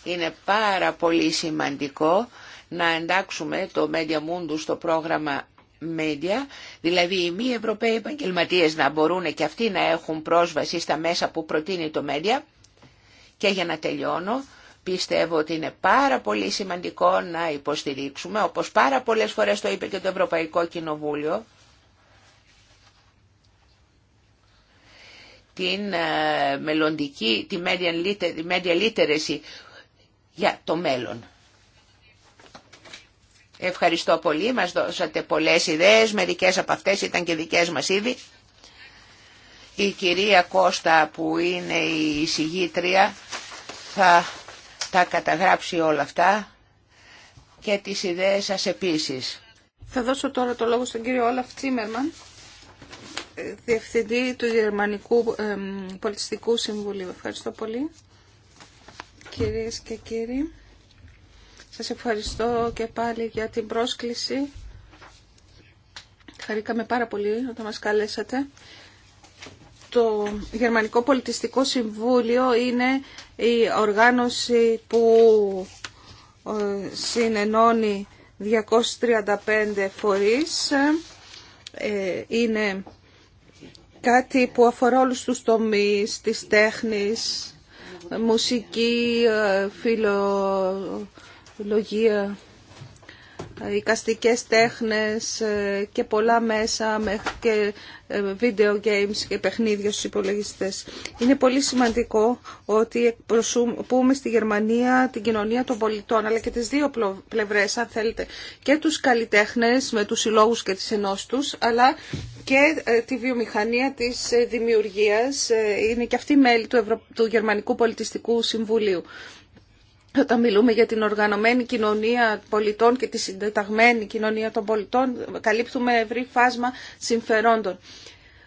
Είναι πάρα πολύ σημαντικό να εντάξουμε το Media Mundus στο πρόγραμμα media, δηλαδή οι μη Ευρωπαίοι επαγγελματίε να μπορούν και αυτοί να έχουν πρόσβαση στα μέσα που προτείνει το media. Και για να τελειώνω, πιστεύω ότι είναι πάρα πολύ σημαντικό να υποστηρίξουμε, όπως πάρα πολλές φορές το είπε και το Ευρωπαϊκό Κοινοβούλιο, την ε, μελλοντική, τη media literacy για το μέλλον. Ευχαριστώ πολύ, μας δώσατε πολλές ιδέες, μερικές από αυτές ήταν και δικές μας ήδη. Η κυρία Κώστα που είναι η συγγήτρια θα τα καταγράψει όλα αυτά και τις ιδέες σας επίσης. Θα δώσω τώρα το λόγο στον κύριο Όλαφ Τσίμερμαν, Διευθυντή του Γερμανικού Πολιτιστικού Συμβουλίου. Ευχαριστώ πολύ. Κυρίες και κύριοι. Σας ευχαριστώ και πάλι για την πρόσκληση. Χαρήκαμε πάρα πολύ όταν μας καλέσατε. Το Γερμανικό Πολιτιστικό Συμβούλιο είναι η οργάνωση που ε, συνενώνει 235 φορείς. Ε, είναι κάτι που αφορά όλους τους τομείς της τέχνης, μουσική, ε, φιλο λογία, οικαστικές τέχνες ε, και πολλά μέσα και ε, video games και παιχνίδια στους υπολογιστές. Είναι πολύ σημαντικό ότι πούμε στη Γερμανία την κοινωνία των πολιτών αλλά και τις δύο πλευρές αν θέλετε και τους καλλιτέχνες με τους συλλόγου και τις ενός τους αλλά και ε, τη βιομηχανία της δημιουργίας είναι και αυτή μέλη του, του Γερμανικού Πολιτιστικού Συμβουλίου όταν μιλούμε για την οργανωμένη κοινωνία πολιτών και τη συντεταγμένη κοινωνία των πολιτών, καλύπτουμε ευρύ φάσμα συμφερόντων.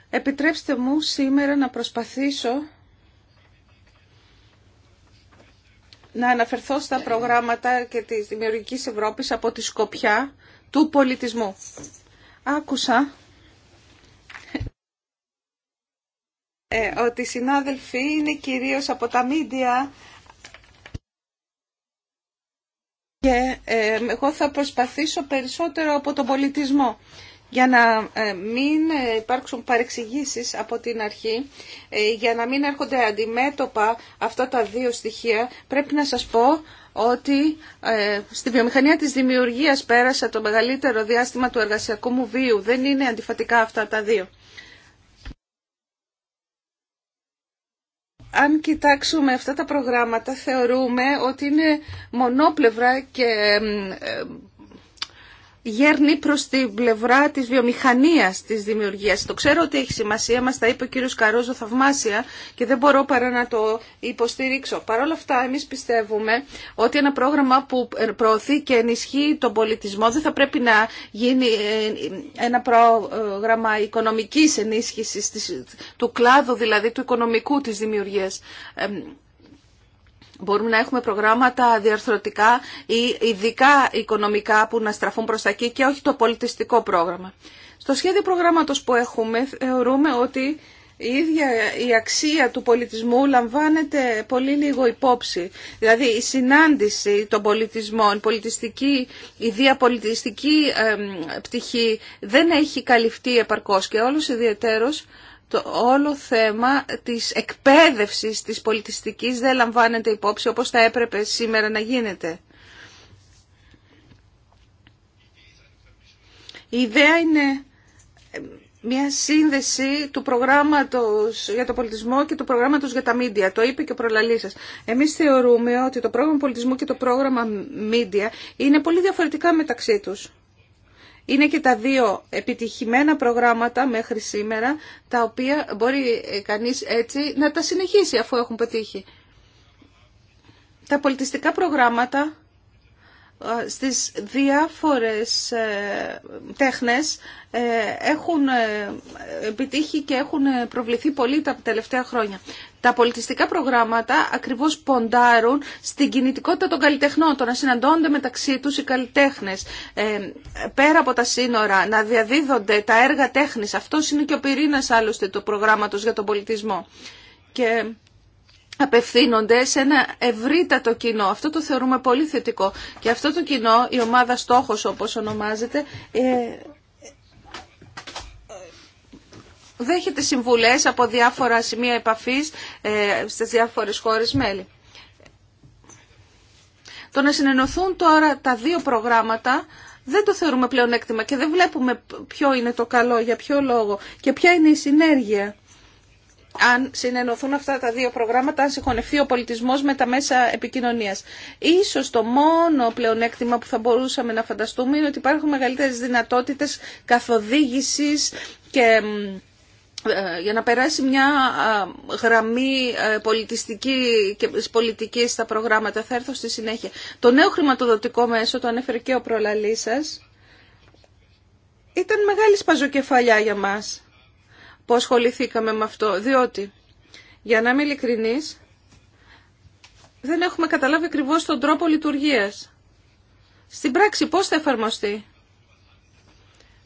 Επιτρέψτε μου σήμερα να προσπαθήσω να αναφερθώ στα προγράμματα και της Δημιουργικής Ευρώπης από τη σκοπιά του πολιτισμού. Άκουσα ε, ότι οι συνάδελφοι είναι κυρίως από τα μίντια Και ε, εγώ θα προσπαθήσω περισσότερο από τον πολιτισμό για να ε, μην ε, υπάρξουν παρεξηγήσεις από την αρχή, για να μην έρχονται αντιμέτωπα αυτά τα δύο στοιχεία, πρέπει να σας πω ότι στη βιομηχανία της δημιουργίας πέρασα το μεγαλύτερο διάστημα του εργασιακού μου βίου. Δεν είναι αντιφατικά αυτά τα δύο. αν κοιτάξουμε αυτά τα προγράμματα θεωρούμε ότι είναι μονόπλευρα και γέρνει προς την πλευρά της βιομηχανίας της δημιουργίας. Το ξέρω ότι έχει σημασία, μας τα είπε ο κύριος Καρόζο θαυμάσια και δεν μπορώ παρά να το υποστηρίξω. Παρ' όλα αυτά εμείς πιστεύουμε ότι ένα πρόγραμμα που προωθεί και ενισχύει τον πολιτισμό δεν θα πρέπει να γίνει ε, ένα πρόγραμμα οικονομικής ενίσχυσης του κλάδου, δηλαδή του οικονομικού της δημιουργίας. Μπορούμε να έχουμε προγράμματα διαρθρωτικά ή ειδικά οικονομικά που να στραφούν προς τα εκεί και όχι το πολιτιστικό πρόγραμμα. Στο σχέδιο προγράμματος που έχουμε θεωρούμε ότι η ίδια η αξία του πολιτισμού λαμβάνεται πολύ λίγο υπόψη. Δηλαδή η συνάντηση των πολιτισμών, πολιτιστική, η διαπολιτιστική πτυχή δεν έχει καλυφθεί επαρκώς και όλος ιδιαίτερος το όλο θέμα της εκπαίδευσης της πολιτιστικής δεν λαμβάνεται υπόψη όπως θα έπρεπε σήμερα να γίνεται. Η ιδέα είναι μια σύνδεση του προγράμματος για το πολιτισμό και του προγράμματος για τα μίντια. Το είπε και ο προλαλής σας. Εμείς θεωρούμε ότι το πρόγραμμα πολιτισμού και το πρόγραμμα μίντια είναι πολύ διαφορετικά μεταξύ τους. Είναι και τα δύο επιτυχημένα προγράμματα μέχρι σήμερα, τα οποία μπορεί κανείς έτσι να τα συνεχίσει αφού έχουν πετύχει. Τα πολιτιστικά προγράμματα στις διάφορες ε, τέχνες ε, έχουν ε, επιτύχει και έχουν προβληθεί πολύ τα τελευταία χρόνια. Τα πολιτιστικά προγράμματα ακριβώς ποντάρουν στην κινητικότητα των καλλιτεχνών, το να συναντώνται μεταξύ τους οι καλλιτέχνες πέρα από τα σύνορα, να διαδίδονται τα έργα τέχνης. Αυτό είναι και ο πυρήνας άλλωστε του προγράμματος για τον πολιτισμό. Και απευθύνονται σε ένα ευρύτατο κοινό. Αυτό το θεωρούμε πολύ θετικό. Και αυτό το κοινό, η ομάδα στόχος όπως ονομάζεται, ε, ε, δέχεται συμβουλές από διάφορα σημεία επαφής ε, στις διάφορες χώρες μέλη. Το να συνενωθούν τώρα τα δύο προγράμματα δεν το θεωρούμε πλέον έκτημα και δεν βλέπουμε ποιο είναι το καλό, για ποιο λόγο και ποια είναι η συνέργεια αν συνενωθούν αυτά τα δύο προγράμματα, αν συγχωνευτεί ο πολιτισμός με τα μέσα επικοινωνίας. Ίσως το μόνο πλεονέκτημα που θα μπορούσαμε να φανταστούμε είναι ότι υπάρχουν μεγαλύτερες δυνατότητες καθοδήγησης και ε, για να περάσει μια γραμμή ε, πολιτιστική και πολιτική στα προγράμματα. Θα έρθω στη συνέχεια. Το νέο χρηματοδοτικό μέσο, το ανέφερε και ο προλαλής σας, ήταν μεγάλη σπαζοκεφαλιά για μας που ασχοληθήκαμε με αυτό, διότι, για να είμαι ειλικρινής, δεν έχουμε καταλάβει ακριβώ τον τρόπο λειτουργίας. Στην πράξη πώς θα εφαρμοστεί.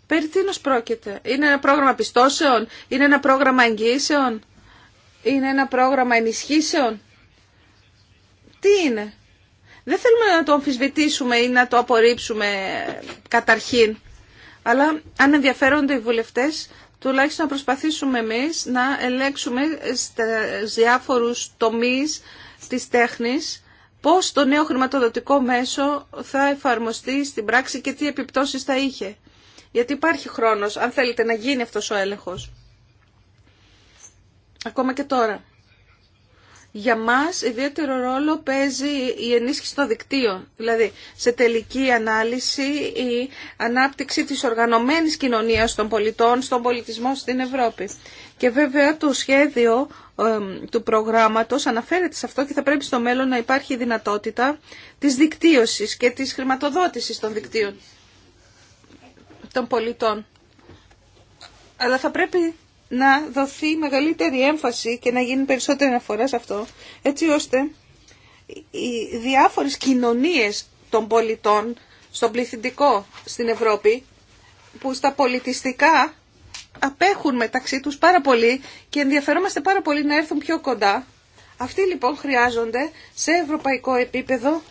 Περί τίνος πρόκειται. Είναι ένα πρόγραμμα πιστώσεων, είναι ένα πρόγραμμα εγγύσεων, είναι ένα πρόγραμμα ενισχύσεων. Τι είναι. Δεν θέλουμε να το αμφισβητήσουμε ή να το απορρίψουμε ε, καταρχήν. Αλλά αν ενδιαφέρονται οι βουλευτές τουλάχιστον να προσπαθήσουμε εμείς να ελέγξουμε στις διάφορους τομείς της τέχνης πώς το νέο χρηματοδοτικό μέσο θα εφαρμοστεί στην πράξη και τι επιπτώσεις θα είχε. Γιατί υπάρχει χρόνος, αν θέλετε να γίνει αυτός ο έλεγχος. Ακόμα και τώρα για μας ιδιαίτερο ρόλο παίζει η ενίσχυση των δικτύων. Δηλαδή, σε τελική ανάλυση, η ανάπτυξη της οργανωμένης κοινωνίας των πολιτών στον πολιτισμό στην Ευρώπη. Και βέβαια το σχέδιο του προγράμματος αναφέρεται σε αυτό και θα πρέπει στο μέλλον να υπάρχει η δυνατότητα της δικτύωσης και της χρηματοδότησης των δικτύων των πολιτών. Αλλά θα πρέπει να δοθεί μεγαλύτερη έμφαση και να γίνει περισσότερη αναφορά σε αυτό, έτσι ώστε οι διάφορες κοινωνίες των πολιτών στον πληθυντικό στην Ευρώπη που στα πολιτιστικά απέχουν μεταξύ τους πάρα πολύ και ενδιαφερόμαστε πάρα πολύ να έρθουν πιο κοντά. Αυτοί λοιπόν χρειάζονται σε ευρωπαϊκό επίπεδο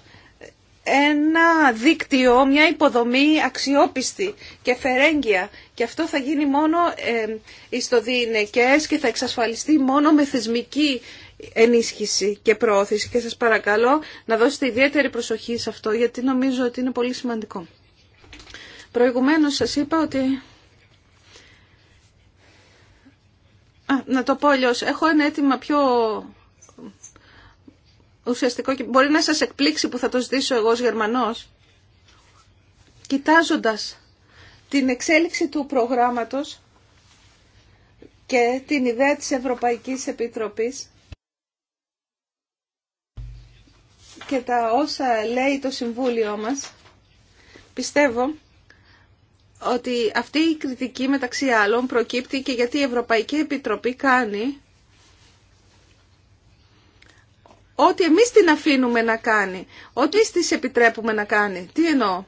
ένα δίκτυο, μια υποδομή αξιόπιστη και φερέγγια. Και αυτό θα γίνει μόνο ε, στο διηνεκές και θα εξασφαλιστεί μόνο με θεσμική ενίσχυση και προώθηση. Και σας παρακαλώ να δώσετε ιδιαίτερη προσοχή σε αυτό, γιατί νομίζω ότι είναι πολύ σημαντικό. Προηγουμένως σας είπα ότι... να το πω αλλιώς. Έχω ένα αίτημα πιο ουσιαστικό και μπορεί να σας εκπλήξει που θα το ζητήσω εγώ ως Γερμανός. Κοιτάζοντας την εξέλιξη του προγράμματος και την ιδέα της Ευρωπαϊκής Επιτροπής και τα όσα λέει το Συμβούλιο μας, πιστεύω ότι αυτή η κριτική μεταξύ άλλων προκύπτει και γιατί η Ευρωπαϊκή Επιτροπή κάνει ό,τι εμείς την αφήνουμε να κάνει, ό,τι εμείς της επιτρέπουμε να κάνει. Τι εννοώ.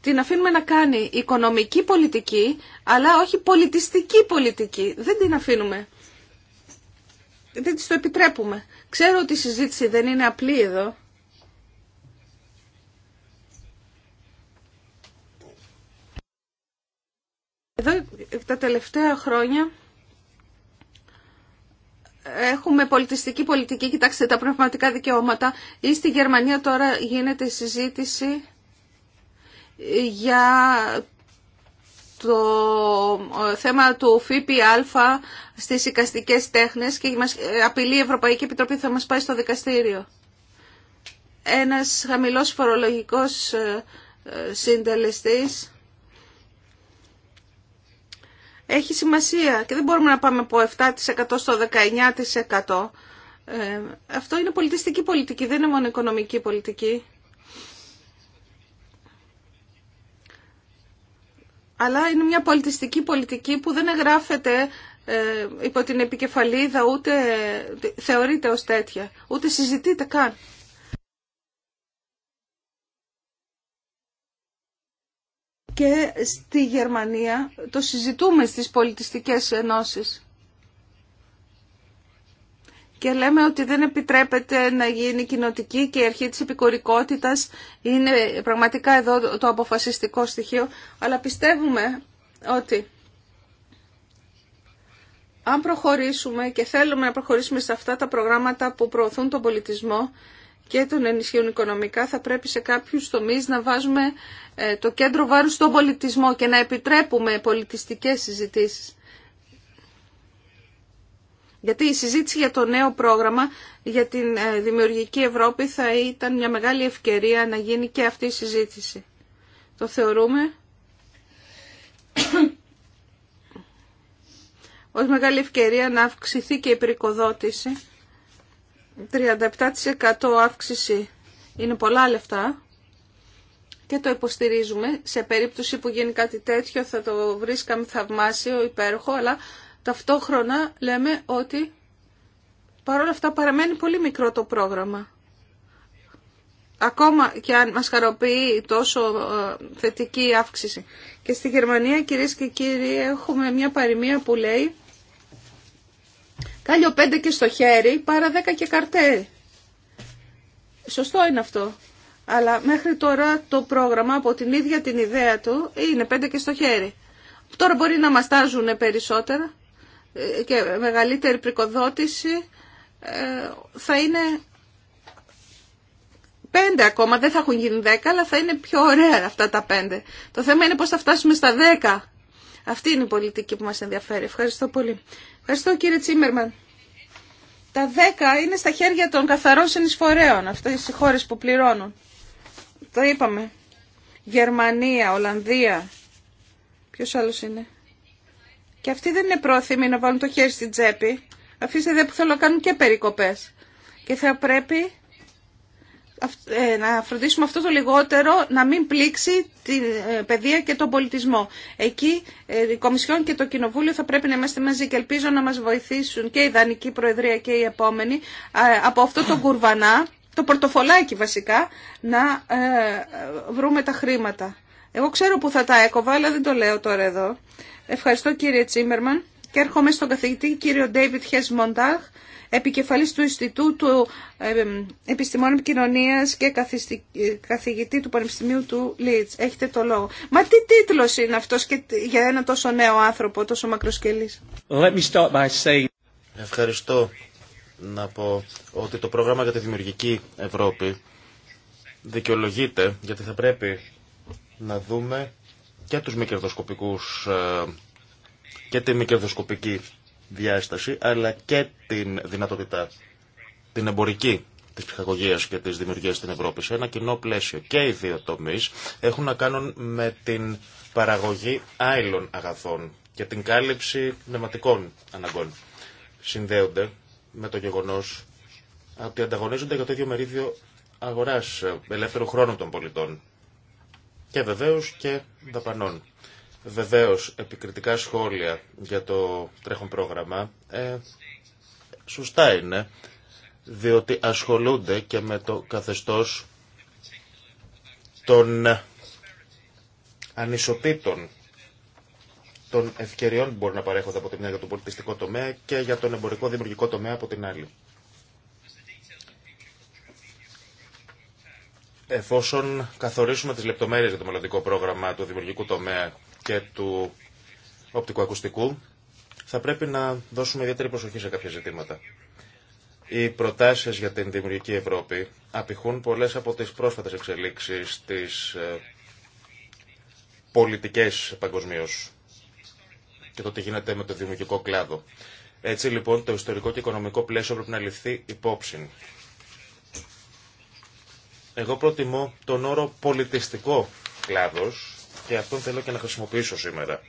Την αφήνουμε να κάνει οικονομική πολιτική, αλλά όχι πολιτιστική πολιτική. Δεν την αφήνουμε. Δεν της το επιτρέπουμε. Ξέρω ότι η συζήτηση δεν είναι απλή εδώ. Εδώ τα τελευταία χρόνια έχουμε πολιτιστική πολιτική, κοιτάξτε τα πνευματικά δικαιώματα ή στη Γερμανία τώρα γίνεται συζήτηση για το ε, θέμα του ΦΠΑ στις οικαστικές τέχνες και μας ε, απειλεί η Ευρωπαϊκή Επιτροπή θα μας πάει στο δικαστήριο. Ένας χαμηλός φορολογικός ε, συντελεστής έχει σημασία και δεν μπορούμε να πάμε από 7% στο 19%. Ε, αυτό είναι πολιτιστική πολιτική, δεν είναι μόνο οικονομική πολιτική. Αλλά είναι μια πολιτιστική πολιτική που δεν εγγράφεται ε, υπό την επικεφαλίδα, ούτε ε, θεωρείται ως τέτοια, ούτε συζητείται καν. και στη Γερμανία το συζητούμε στις πολιτιστικές ενώσεις. Και λέμε ότι δεν επιτρέπεται να γίνει κοινοτική και η αρχή της επικορικότητας είναι πραγματικά εδώ το αποφασιστικό στοιχείο. Αλλά πιστεύουμε ότι αν προχωρήσουμε και θέλουμε να προχωρήσουμε σε αυτά τα προγράμματα που προωθούν τον πολιτισμό, και τον ενισχύουν οικονομικά, θα πρέπει σε κάποιους τομείς να βάζουμε ε, το κέντρο βάρου στον πολιτισμό και να επιτρέπουμε πολιτιστικές συζητήσεις. Γιατί η συζήτηση για το νέο πρόγραμμα για την ε, δημιουργική Ευρώπη θα ήταν μια μεγάλη ευκαιρία να γίνει και αυτή η συζήτηση. Το θεωρούμε ως μεγάλη ευκαιρία να αυξηθεί και η περικοδότηση 37% αύξηση είναι πολλά λεφτά και το υποστηρίζουμε. Σε περίπτωση που γίνει κάτι τέτοιο θα το βρίσκαμε θαυμάσιο, υπέροχο, αλλά ταυτόχρονα λέμε ότι παρόλα αυτά παραμένει πολύ μικρό το πρόγραμμα. Ακόμα και αν μας χαροποιεί τόσο ε, θετική αύξηση. Και στη Γερμανία κυρίες και κύριοι έχουμε μια παροιμία που λέει Κάλιο πέντε και στο χέρι, παρά δέκα και καρτέρι. Σωστό είναι αυτό. Αλλά μέχρι τώρα το πρόγραμμα από την ίδια την ιδέα του είναι πέντε και στο χέρι. Τώρα μπορεί να μας περισσότερα ε, και μεγαλύτερη πρικοδότηση ε, θα είναι πέντε ακόμα, δεν θα έχουν γίνει δέκα, αλλά θα είναι πιο ωραία αυτά τα πέντε. Το θέμα είναι πώς θα φτάσουμε στα δέκα αυτή είναι η πολιτική που μας ενδιαφέρει. Ευχαριστώ πολύ. Ευχαριστώ κύριε Τσίμερμαν. Τα δέκα είναι στα χέρια των καθαρών συνεισφορέων, αυτές οι χώρες που πληρώνουν. Το είπαμε. Γερμανία, Ολλανδία. Ποιος άλλος είναι. Και αυτοί δεν είναι πρόθυμοι να βάλουν το χέρι στην τσέπη. Αφήστε δε που θέλω να κάνουν και περικοπές. Και θα πρέπει ε, να φροντίσουμε αυτό το λιγότερο να μην πλήξει την ε, παιδεία και τον πολιτισμό. Εκεί ε, η Κομισιόν και το Κοινοβούλιο θα πρέπει να είμαστε μαζί και ελπίζω να μας βοηθήσουν και η Δανική Προεδρία και η επόμενη από αυτό το κουρβανά, το πορτοφολάκι βασικά, να βρούμε τα χρήματα. Εγώ ξέρω που θα τα έκοβα, αλλά δεν το λέω τώρα εδώ. Ευχαριστώ κύριε Τσίμερμαν και έρχομαι στον καθηγητή κύριο Ντέιβιτ Χες επικεφαλής του Ινστιτούτου ε, ε, Επιστημών Κοινωνίας και καθηγητή του Πανεπιστημίου του Λίτς. Έχετε το λόγο. Μα τι τίτλος είναι αυτός για ένα τόσο νέο άνθρωπο, τόσο μακροσκελής. Let me start by saying... Ευχαριστώ να πω ότι το πρόγραμμα για τη δημιουργική Ευρώπη δικαιολογείται γιατί θα πρέπει να δούμε και τους μη ε, και τη μη διάσταση, αλλά και την δυνατότητα, την εμπορική τη ψυχαγωγία και τη δημιουργία στην Ευρώπη σε ένα κοινό πλαίσιο. Και οι δύο τομεί έχουν να κάνουν με την παραγωγή άειλων αγαθών και την κάλυψη πνευματικών αναγκών. Συνδέονται με το γεγονό ότι ανταγωνίζονται για το ίδιο μερίδιο αγορά ελεύθερου χρόνου των πολιτών. Και βεβαίω και δαπανών βεβαίως επικριτικά σχόλια για το τρέχον πρόγραμμα. Ε, σωστά είναι, διότι ασχολούνται και με το καθεστώς των ανισοτήτων των ευκαιριών που μπορεί να παρέχονται από τη μια για τον πολιτιστικό τομέα και για τον εμπορικό δημιουργικό τομέα από την άλλη. Εφόσον καθορίσουμε τις λεπτομέρειες για το μελλοντικό πρόγραμμα του δημιουργικού τομέα και του ακουστικού θα πρέπει να δώσουμε ιδιαίτερη προσοχή σε κάποια ζητήματα. Οι προτάσει για την δημιουργική Ευρώπη απηχούν πολλέ από τι πρόσφατε εξελίξει τη ε, πολιτικέ παγκοσμίω και το τι γίνεται με το δημιουργικό κλάδο. Έτσι λοιπόν το ιστορικό και οικονομικό πλαίσιο πρέπει να ληφθεί υπόψη. Εγώ προτιμώ τον όρο πολιτιστικό κλάδος και αυτόν θέλω και να χρησιμοποιήσω σήμερα.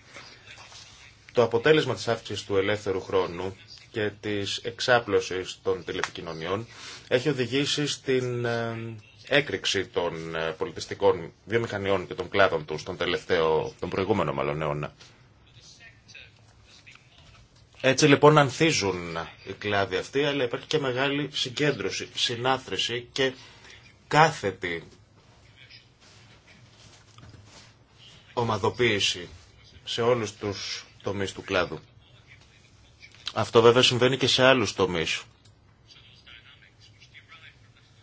Το αποτέλεσμα της αύξησης του ελεύθερου χρόνου και της εξάπλωσης των τηλεπικοινωνιών έχει οδηγήσει στην ε, έκρηξη των ε, πολιτιστικών βιομηχανιών και των κλάδων τους τον, τελευταίο, τον προηγούμενο μάλλον αιώνα. Έτσι λοιπόν ανθίζουν οι κλάδοι αυτοί, αλλά υπάρχει και μεγάλη συγκέντρωση, συνάθρηση και κάθετη ομαδοποίηση σε όλους τους τομείς του κλάδου. Αυτό βέβαια συμβαίνει και σε άλλους τομείς.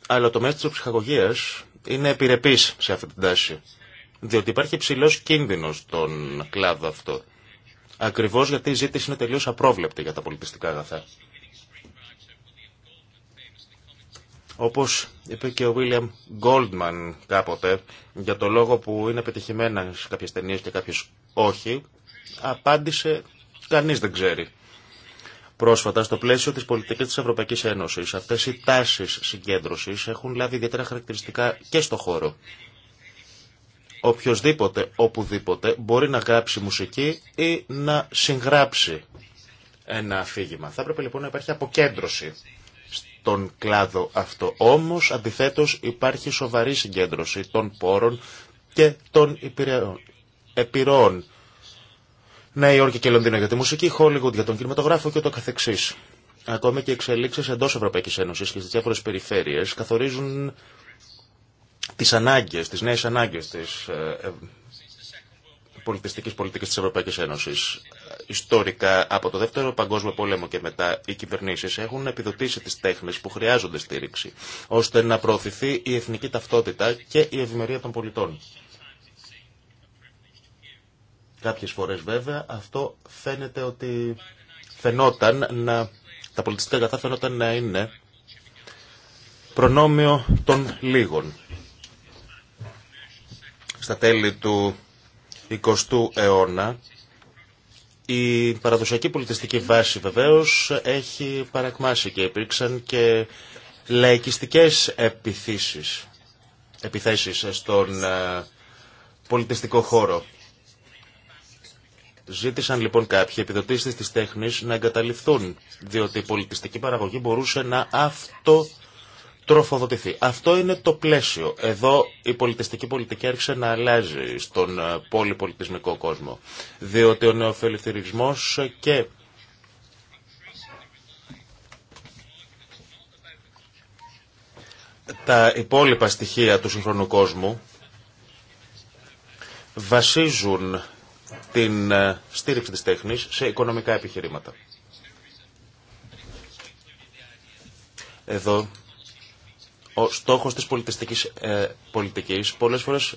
Αλλά το τομέας της ψυχαγωγίας είναι επιρρεπής σε αυτή την τάση. Διότι υπάρχει υψηλό κίνδυνος στον κλάδο αυτό. Ακριβώς γιατί η ζήτηση είναι τελείως απρόβλεπτη για τα πολιτιστικά αγαθά. Όπως είπε και ο Βίλιαμ Γκόλντμαν κάποτε, για το λόγο που είναι πετυχημένα σε κάποιες ταινίες και κάποιες όχι, απάντησε κανείς δεν ξέρει. Πρόσφατα, στο πλαίσιο της πολιτικής της Ευρωπαϊκής Ένωσης, αυτές οι τάσεις συγκέντρωσης έχουν λάβει ιδιαίτερα χαρακτηριστικά και στο χώρο. Οποιοςδήποτε, οπουδήποτε, μπορεί να γράψει μουσική ή να συγγράψει ένα αφήγημα. Θα έπρεπε λοιπόν να υπάρχει αποκέντρωση τον κλάδο αυτό. Όμως, αντιθέτως, υπάρχει σοβαρή συγκέντρωση των πόρων και των επιρροών. Νέα Υόρκη και Λονδίνο για τη μουσική, Χόλιγουντ για τον κινηματογράφο και το καθεξής. Ακόμα και οι εξελίξεις εντός Ευρωπαϊκής Ένωσης και στις διάφορες περιφέρειες καθορίζουν τις ανάγκες, τις νέες ανάγκες της ε, ε, πολιτιστικής πολιτικής της Ευρωπαϊκής Ένωσης ιστορικά από το Δεύτερο Παγκόσμιο Πόλεμο και μετά οι κυβερνήσεις έχουν επιδοτήσει τις τέχνες που χρειάζονται στήριξη, ώστε να προωθηθεί η εθνική ταυτότητα και η ευημερία των πολιτών. Κάποιες φορές βέβαια αυτό φαίνεται ότι φαινόταν να, τα πολιτιστικά αγαθά φαινόταν να είναι προνόμιο των λίγων. Στα τέλη του 20ου αιώνα η παραδοσιακή πολιτιστική βάση βεβαίως έχει παρακμάσει και υπήρξαν και λαϊκιστικές επιθέσει επιθέσεις στον ε, πολιτιστικό χώρο. Ζήτησαν λοιπόν κάποιοι επιδοτήσεις της τέχνης να εγκαταλειφθούν, διότι η πολιτιστική παραγωγή μπορούσε να αυτό τροφοδοτηθεί. Αυτό είναι το πλαίσιο. Εδώ η πολιτιστική πολιτική άρχισε να αλλάζει στον ε, πολυπολιτισμικό κόσμο. Διότι ο νεοφελευθερισμός και τα υπόλοιπα στοιχεία του σύγχρονου κόσμου βασίζουν την ε, στήριξη της τέχνης σε οικονομικά επιχειρήματα. Εδώ ο στόχος της πολιτιστικής ε, πολιτικής πολλές φορές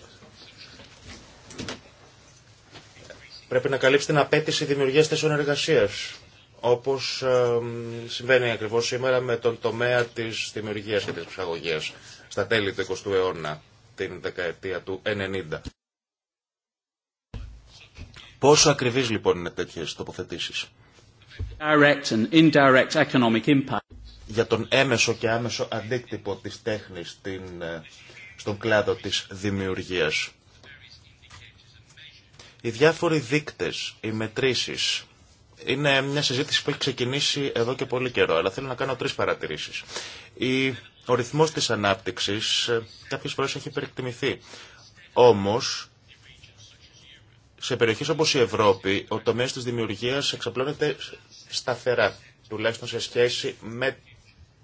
πρέπει να καλύψει την απέτηση δημιουργίας θέσεων εργασίας όπως ε, συμβαίνει ακριβώς σήμερα με τον τομέα της δημιουργίας και της ψαγωγίας στα τέλη του 20ου αιώνα, την δεκαετία του 90. Πόσο ακριβείς λοιπόν είναι τέτοιες τοποθετήσεις για τον έμεσο και άμεσο αντίκτυπο της τέχνης την ε, στον κλάδο της δημιουργίας. Οι διάφοροι δείκτες, οι μετρήσεις, είναι μια συζήτηση που έχει ξεκινήσει εδώ και πολύ καιρό, αλλά θέλω να κάνω τρεις παρατηρήσεις. Η, ο ρυθμός της ανάπτυξης ε, κάποιες φορές έχει υπερεκτιμηθεί. Όμως, σε περιοχές όπως η Ευρώπη, ο τομέας της δημιουργίας εξαπλώνεται σταθερά, τουλάχιστον σε σχέση με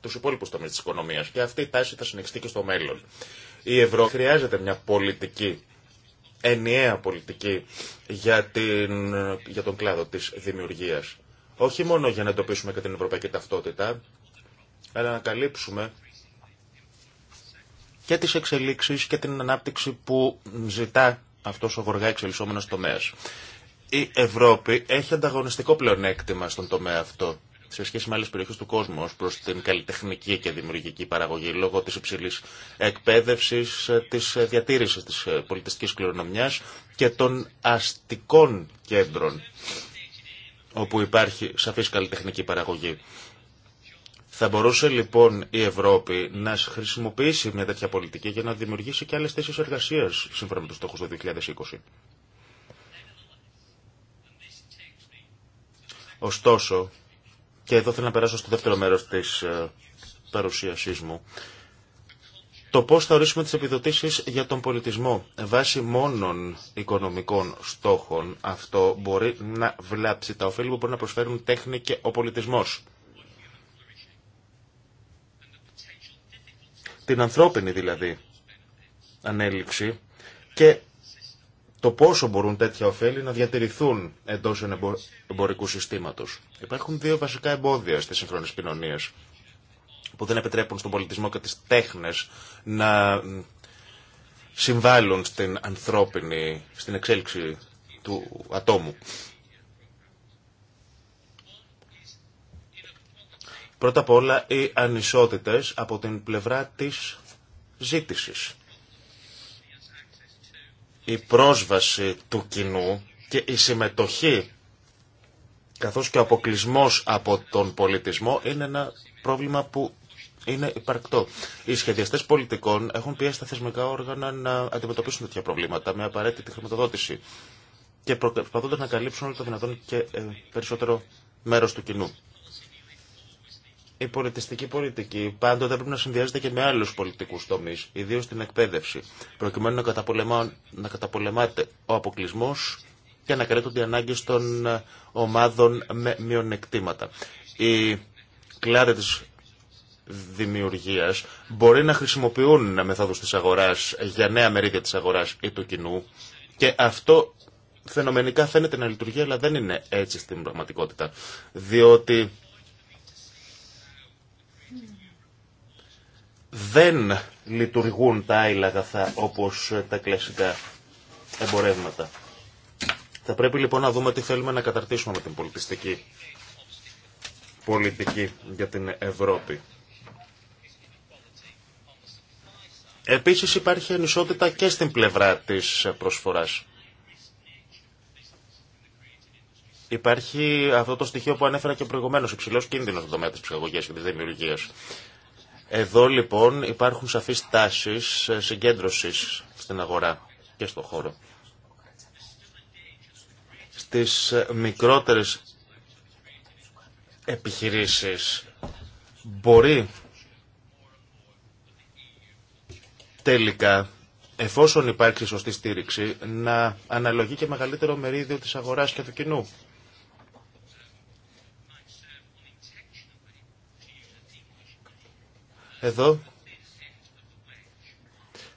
του υπόλοιπου τομεί τη οικονομία. Και αυτή η τάση θα συνεχιστεί και στο μέλλον. Η Ευρώπη χρειάζεται μια πολιτική, ενιαία πολιτική για, την, για τον κλάδο τη δημιουργία. Όχι μόνο για να εντοπίσουμε και την ευρωπαϊκή ταυτότητα, αλλά να καλύψουμε και τις εξελίξεις και την ανάπτυξη που ζητά αυτός ο γοργά εξελισσόμενος τομέας. Η Ευρώπη έχει ανταγωνιστικό πλεονέκτημα στον τομέα αυτό σε σχέση με άλλε περιοχέ του κόσμου ω προ την καλλιτεχνική και δημιουργική παραγωγή λόγω τη υψηλή εκπαίδευση, ε, τη ε, διατήρηση τη ε, πολιτιστική κληρονομιά και των αστικών κέντρων όπου υπάρχει σαφής καλλιτεχνική παραγωγή. Θα μπορούσε λοιπόν η Ευρώπη να χρησιμοποιήσει μια τέτοια πολιτική για να δημιουργήσει και άλλες θέσεις εργασίας σύμφωνα με τους στόχους του 2020. Ωστόσο, και εδώ θέλω να περάσω στο δεύτερο μέρος της ε, παρουσίασής μου, το πώς θα ορίσουμε τις επιδοτήσεις για τον πολιτισμό βάσει μόνον οικονομικών στόχων, αυτό μπορεί να βλάψει τα ωφέλη που μπορεί να προσφέρουν τέχνη και ο πολιτισμός. Την ανθρώπινη δηλαδή ανέλυξη και το πόσο μπορούν τέτοια ωφέλη να διατηρηθούν εντός εμπορικού συστήματος. Υπάρχουν δύο βασικά εμπόδια στις σύγχρονες κοινωνίε που δεν επιτρέπουν στον πολιτισμό και τις τέχνες να συμβάλλουν στην ανθρώπινη, στην εξέλιξη του ατόμου. Πρώτα απ' όλα οι ανισότητες από την πλευρά της ζήτησης η πρόσβαση του κοινού και η συμμετοχή καθώς και ο αποκλεισμό από τον πολιτισμό είναι ένα πρόβλημα που είναι υπαρκτό. Οι σχεδιαστές πολιτικών έχουν πιέσει τα θεσμικά όργανα να αντιμετωπίσουν τέτοια προβλήματα με απαραίτητη χρηματοδότηση και προσπαθούν να καλύψουν όλο το δυνατόν και ε, περισσότερο μέρο του κοινού η πολιτιστική πολιτική πάντοτε πρέπει να συνδυάζεται και με άλλου πολιτικού τομεί, ιδίω την εκπαίδευση, προκειμένου να, καταπολεμά, να καταπολεμάται ο αποκλεισμό και να καλύπτονται οι ανάγκε των ε, ομάδων με μειονεκτήματα. Η κλάδε τη δημιουργία μπορεί να χρησιμοποιούν μεθόδου τη αγορά για νέα μερίδια τη αγορά ή του κοινού και αυτό φαινομενικά φαίνεται να λειτουργεί, αλλά δεν είναι έτσι στην πραγματικότητα. Διότι δεν λειτουργούν τα άλλα αγαθά όπως τα κλασικά εμπορεύματα. Θα πρέπει λοιπόν να δούμε τι θέλουμε να καταρτήσουμε με την πολιτιστική πολιτική για την Ευρώπη. Επίσης υπάρχει ανισότητα και στην πλευρά της προσφοράς. Υπάρχει αυτό το στοιχείο που ανέφερα και προηγουμένως, υψηλός κίνδυνος στον τομέα της ψυχαγωγίας και της δημιουργίας. Εδώ λοιπόν υπάρχουν σαφείς τάσεις ε, συγκέντρωσης στην αγορά και στο χώρο. Στις ε, μικρότερες επιχειρήσεις μπορεί τελικά εφόσον υπάρξει σωστή στήριξη να αναλογεί και μεγαλύτερο μερίδιο της αγοράς και του κοινού. Εδώ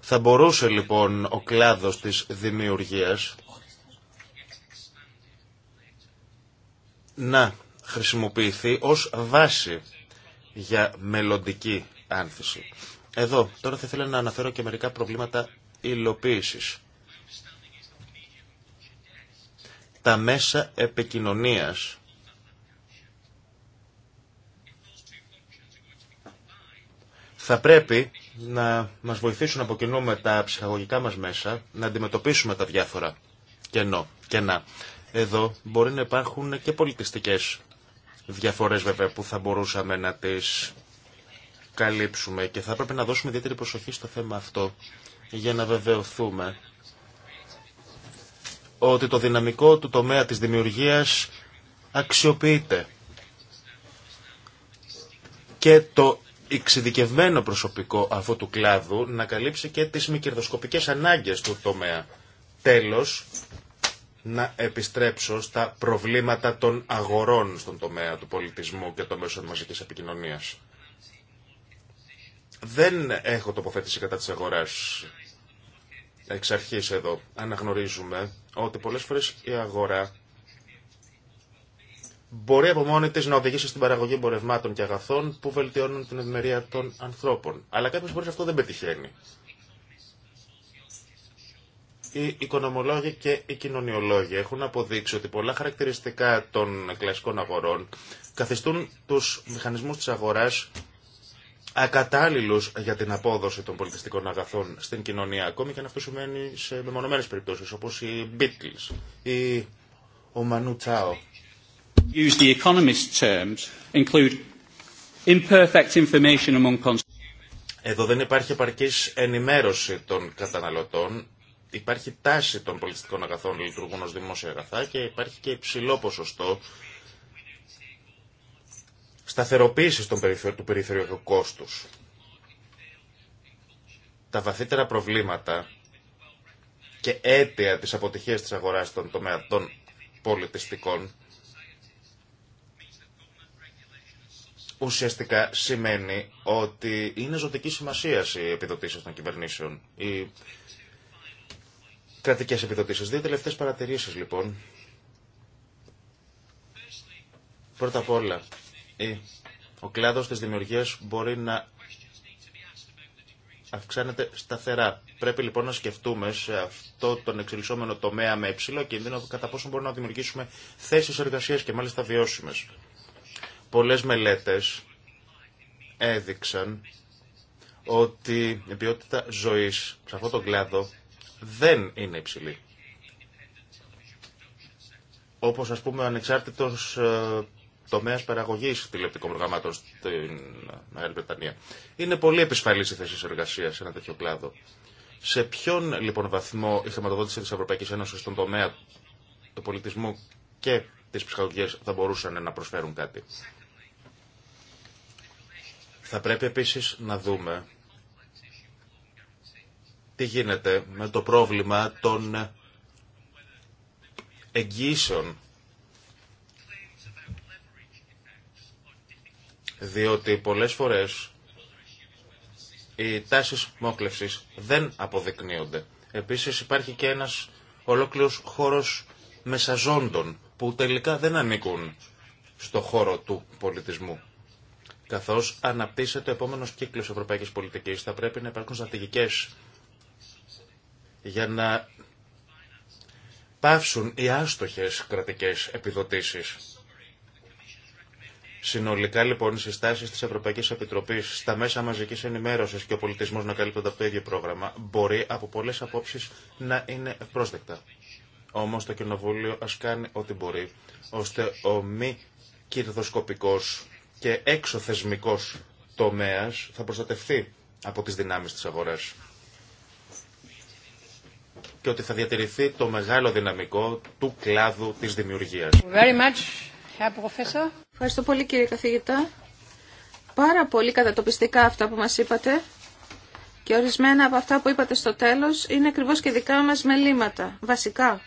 θα μπορούσε λοιπόν ο κλάδος της δημιουργίας να χρησιμοποιηθεί ως βάση για μελλοντική άνθηση. Εδώ τώρα θα ήθελα να αναφέρω και μερικά προβλήματα υλοποίησης. Τα μέσα επικοινωνίας θα πρέπει να μας βοηθήσουν να αποκοινούμε τα ψυχαγωγικά μας μέσα να αντιμετωπίσουμε τα διάφορα κενό, κενά. Εδώ μπορεί να υπάρχουν και πολιτιστικές διαφορές βέβαια που θα μπορούσαμε να τις καλύψουμε και θα πρέπει να δώσουμε ιδιαίτερη προσοχή στο θέμα αυτό για να βεβαιωθούμε ότι το δυναμικό του τομέα της δημιουργίας αξιοποιείται και το εξειδικευμένο προσωπικό αυτού του κλάδου να καλύψει και τις μη κερδοσκοπικέ ανάγκες του τομέα. Τέλος, να επιστρέψω στα προβλήματα των αγορών στον τομέα του πολιτισμού και των μέσων μαζικής επικοινωνίας. Δεν έχω τοποθέτηση κατά της αγοράς εξ αρχής εδώ. Αναγνωρίζουμε ότι πολλές φορές η αγορά μπορεί από μόνη τη να οδηγήσει στην παραγωγή εμπορευμάτων και αγαθών που βελτιώνουν την ευημερία των ανθρώπων. Αλλά κάποιε φορέ αυτό δεν πετυχαίνει. Οι οικονομολόγοι και οι κοινωνιολόγοι έχουν αποδείξει ότι πολλά χαρακτηριστικά των κλασικών αγορών καθιστούν τους μηχανισμούς της αγοράς ακατάλληλους για την απόδοση των πολιτιστικών αγαθών στην κοινωνία, ακόμη και αν αυτό σημαίνει σε μεμονωμένες περιπτώσεις, όπως οι Beatles ή ο Μανού Τσάο. Εδώ δεν υπάρχει επαρκής ενημέρωση των καταναλωτών. Υπάρχει τάση των πολιτιστικών αγαθών λειτουργούν ως δημόσια αγαθά και υπάρχει και υψηλό ποσοστό σταθεροποίησης του περιφερειακού κόστους. Τα βαθύτερα προβλήματα και αίτια της αποτυχίας της αγοράς των τομέα των πολιτιστικών ουσιαστικά σημαίνει ότι είναι ζωτική σημασία οι επιδοτήσει των κυβερνήσεων, οι κρατικέ επιδοτήσει. Δύο τελευταίε παρατηρήσει λοιπόν. Πρώτα απ' όλα, ο κλάδο τη δημιουργία μπορεί να αυξάνεται σταθερά. Πρέπει λοιπόν να σκεφτούμε σε αυτό τον εξελισσόμενο τομέα με υψηλό κίνδυνο κατά πόσο μπορούμε να δημιουργήσουμε θέσει εργασία και μάλιστα βιώσιμε. Πολλές μελέτες έδειξαν ότι η ποιότητα ζωής σε αυτόν τον κλάδο δεν είναι υψηλή. Όπως ας πούμε ο ανεξάρτητος ε, τομέας παραγωγής τηλεοπτικών προγραμμάτων στην Μεγάλη Βρετανία. Είναι πολύ επισφαλής η θέση εργασία σε ένα τέτοιο κλάδο. Σε ποιον λοιπόν βαθμό η χρηματοδότηση της Ευρωπαϊκής Ένωσης στον τομέα του πολιτισμού και της ψυχολογίας θα μπορούσαν να προσφέρουν κάτι. Θα πρέπει επίσης να δούμε τι γίνεται με το πρόβλημα των εγγύσεων. Διότι πολλές φορές οι τάσεις μόκλευσης δεν αποδεικνύονται. Επίσης υπάρχει και ένας ολόκληρος χώρος μεσαζόντων που τελικά δεν ανήκουν στο χώρο του πολιτισμού. Καθώ αναπτύσσεται ο επόμενο κύκλο ευρωπαϊκής πολιτικής. Θα πρέπει να υπάρχουν στρατηγικές για να πάυσουν οι άστοχες κρατικές επιδοτήσεις. Συνολικά λοιπόν οι συστάσεις της Ευρωπαϊκής Επιτροπής στα μέσα μαζικής ενημέρωσης και ο πολιτισμός να καλύπτονται από το ίδιο πρόγραμμα μπορεί από πολλές απόψεις να είναι ευπρόσδεκτα. Όμως το Κοινοβούλιο ας κάνει ό,τι μπορεί ώστε ο μη κυρδοσκοπικός και έξω θεσμικό τομέας θα προστατευτεί από τις δυνάμεις της αγοράς και ότι θα διατηρηθεί το μεγάλο δυναμικό του κλάδου της δημιουργίας. Very much, Ευχαριστώ πολύ κύριε καθηγητά. Πάρα πολύ κατατοπιστικά αυτά που μας είπατε και ορισμένα από αυτά που είπατε στο τέλος είναι ακριβώς και δικά μας μελήματα, βασικά.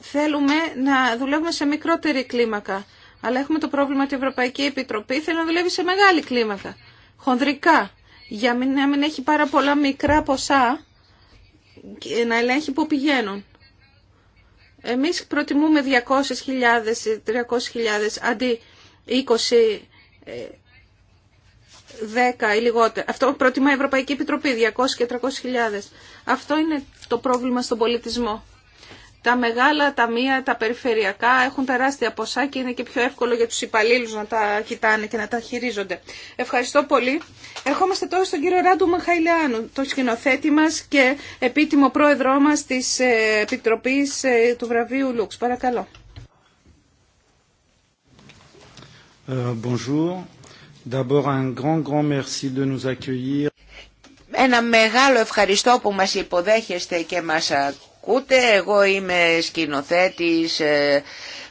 Θέλουμε να δουλεύουμε σε μικρότερη κλίμακα αλλά έχουμε το πρόβλημα ότι η Ευρωπαϊκή Επιτροπή θέλει να δουλεύει σε μεγάλη κλίμακα, χονδρικά, για να μην έχει πάρα πολλά μικρά ποσά και να ελέγχει πού πηγαίνουν. Εμείς προτιμούμε 200.000 300.000 αντί 20 10 ε, ή λιγότερο. Αυτό προτιμά η Ευρωπαϊκή Επιτροπή, 200 και 300 Αυτό είναι το πρόβλημα στον πολιτισμό. Τα μεγάλα ταμεία, τα περιφερειακά έχουν τεράστια ποσά και είναι και πιο εύκολο για τους υπαλλήλους να τα κοιτάνε και να τα χειρίζονται. Ευχαριστώ πολύ. Ερχόμαστε τώρα στον κύριο Ράντου Μαχαηλιανού, το σκηνοθέτη μας και επίτιμο πρόεδρό μας της ε, Επιτροπής ε, του βραβείου Λουξ. Παρακαλώ. Ε, bonjour. D'abord un grand grand merci de nous accueillir. Ένα μεγάλο ευχαριστώ που μας υποδέχεστε και μας Ούτε εγώ είμαι σκηνοθέτης, ε,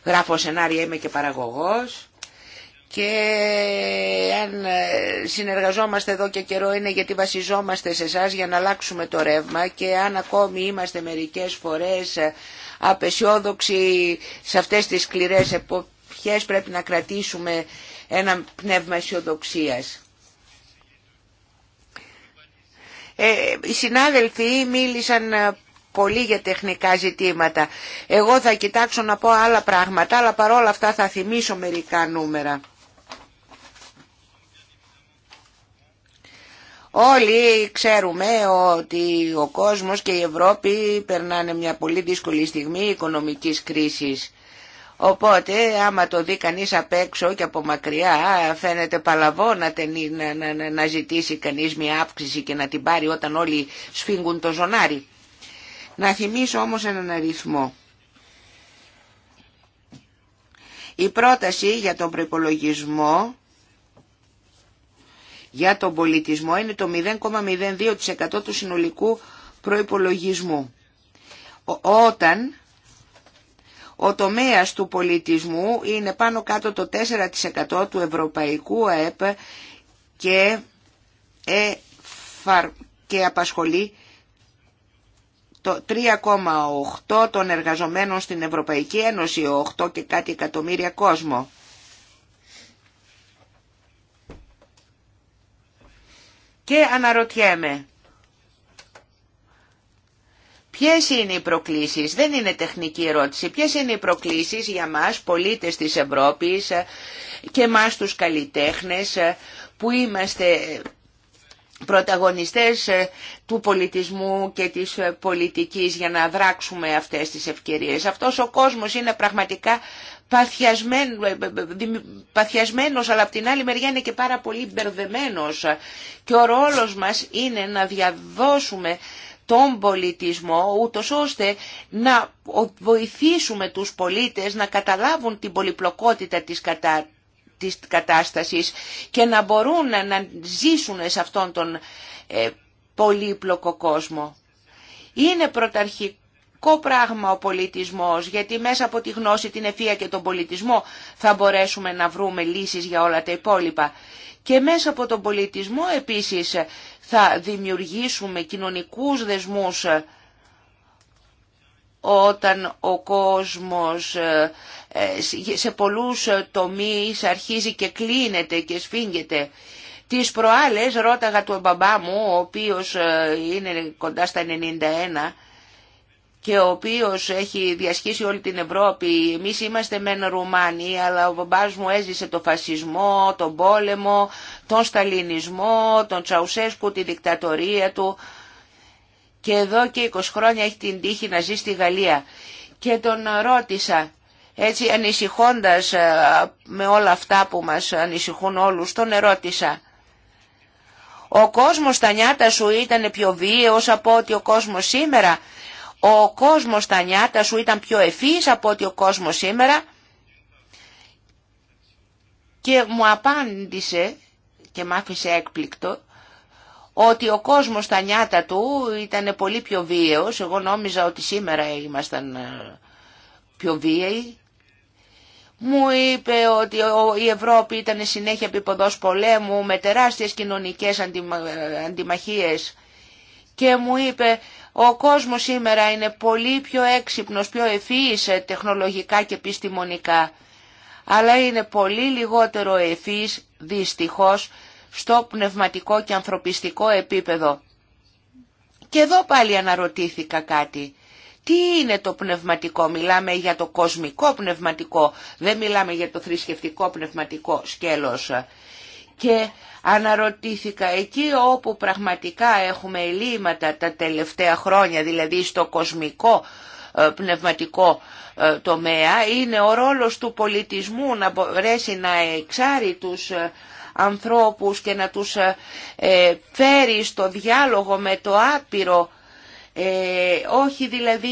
γράφω σενάρια, είμαι και παραγωγός. Και αν ε, συνεργαζόμαστε εδώ και καιρό είναι γιατί βασιζόμαστε σε εσά για να αλλάξουμε το ρεύμα και αν ακόμη είμαστε μερικές φορές ε, απεσιόδοξοι σε αυτές τις σκληρές εποχές πρέπει να κρατήσουμε ένα πνεύμα αισιοδοξία. οι συνάδελφοι μίλησαν πολύ για τεχνικά ζητήματα. Εγώ θα κοιτάξω να πω άλλα πράγματα, αλλά παρόλα αυτά θα θυμίσω μερικά νούμερα. Όλοι ξέρουμε ότι ο κόσμος και η Ευρώπη περνάνε μια πολύ δύσκολη στιγμή οικονομικής κρίσης. Οπότε άμα το δει κανείς απ' έξω και από μακριά φαίνεται παλαβό να, να, να, να ζητήσει κανείς μια αύξηση και να την πάρει όταν όλοι σφίγγουν το ζωνάρι. Να θυμίσω όμως έναν αριθμό. Η πρόταση για τον προπολογισμό για τον πολιτισμό είναι το 0,02% του συνολικού προϋπολογισμού. Όταν ο τομέας του πολιτισμού είναι πάνω κάτω το 4% του ευρωπαϊκού ΑΕΠ και, και απασχολεί το 3,8 των εργαζομένων στην Ευρωπαϊκή Ένωση, 8 και κάτι εκατομμύρια κόσμο. Και αναρωτιέμαι, ποιες είναι οι προκλήσεις, δεν είναι τεχνική ερώτηση, ποιες είναι οι προκλήσεις για μας πολίτες της Ευρώπης ε, και μας τους καλλιτέχνες ε, που είμαστε πρωταγωνιστές ε, του πολιτισμού και της ε, πολιτικής για να δράξουμε αυτές τις ευκαιρίες. Αυτός ο κόσμος είναι πραγματικά ε, παθιασμένος, αλλά από την άλλη μεριά είναι και πάρα πολύ μπερδεμένο. και ο ρόλος μας είναι να διαδώσουμε τον πολιτισμό ούτως ώστε να βοηθήσουμε τους πολίτες να καταλάβουν την πολυπλοκότητα της, κατα της κατάστασης και να μπορούν να ζήσουν σε αυτόν τον ε, πολύπλοκο κόσμο. Είναι πρωταρχικό πράγμα ο πολιτισμός, γιατί μέσα από τη γνώση, την ευφία και τον πολιτισμό θα μπορέσουμε να βρούμε λύσεις για όλα τα υπόλοιπα. Και μέσα από τον πολιτισμό επίσης θα δημιουργήσουμε κοινωνικούς δεσμούς όταν ο κόσμος ε, ε, σε πολλούς ε, τομείς αρχίζει και κλείνεται και σφίγγεται. Τις προάλλες ρώταγα του μπαμπά μου, ο οποίος είναι κοντά στα 91 και ο οποίος έχει διασχίσει όλη την Ευρώπη. Εμείς είμαστε μεν Ρουμάνοι, αλλά ο μπαμπάς μου έζησε το φασισμό, τον πόλεμο, τον σταλινισμό, τον Τσαουσέσκου, τη δικτατορία του και εδώ και 20 χρόνια έχει την τύχη να ζει στη Γαλλία και τον ρώτησα έτσι ανησυχώντας ε, με όλα αυτά που μας ανησυχούν όλους τον ερώτησα ο κόσμος στα νιάτα σου ήταν πιο βίαιος από ότι ο κόσμος σήμερα ο κόσμος στα νιάτα σου ήταν πιο ευφύης από ότι ο κόσμος σήμερα και μου απάντησε και μ' άφησε έκπληκτο ότι ο κόσμος στα νιάτα του ήταν πολύ πιο βίαιος. Εγώ νόμιζα ότι σήμερα ήμασταν ε, πιο βίαιοι. Μου είπε ότι η Ευρώπη ήταν συνέχεια επιποδός πολέμου με τεράστιες κοινωνικές αντιμαχίες και μου είπε ο κόσμος σήμερα είναι πολύ πιο έξυπνος, πιο ευφύης ε, τεχνολογικά και επιστημονικά αλλά είναι πολύ λιγότερο ευφύης δυστυχώς στο πνευματικό και ανθρωπιστικό επίπεδο. Και εδώ πάλι αναρωτήθηκα κάτι. Τι είναι το πνευματικό, μιλάμε για το κοσμικό πνευματικό, δεν μιλάμε για το θρησκευτικό πνευματικό σκέλος. Και αναρωτήθηκα εκεί όπου πραγματικά έχουμε ελλείμματα τα τελευταία χρόνια, δηλαδή στο κοσμικό ε, πνευματικό ε, τομέα, είναι ο ρόλος του πολιτισμού να μπορέσει να εξάρει τους ε, ανθρώπους και να τους ε, ε, φέρει στο διάλογο με το άπειρο, ε, όχι δηλαδή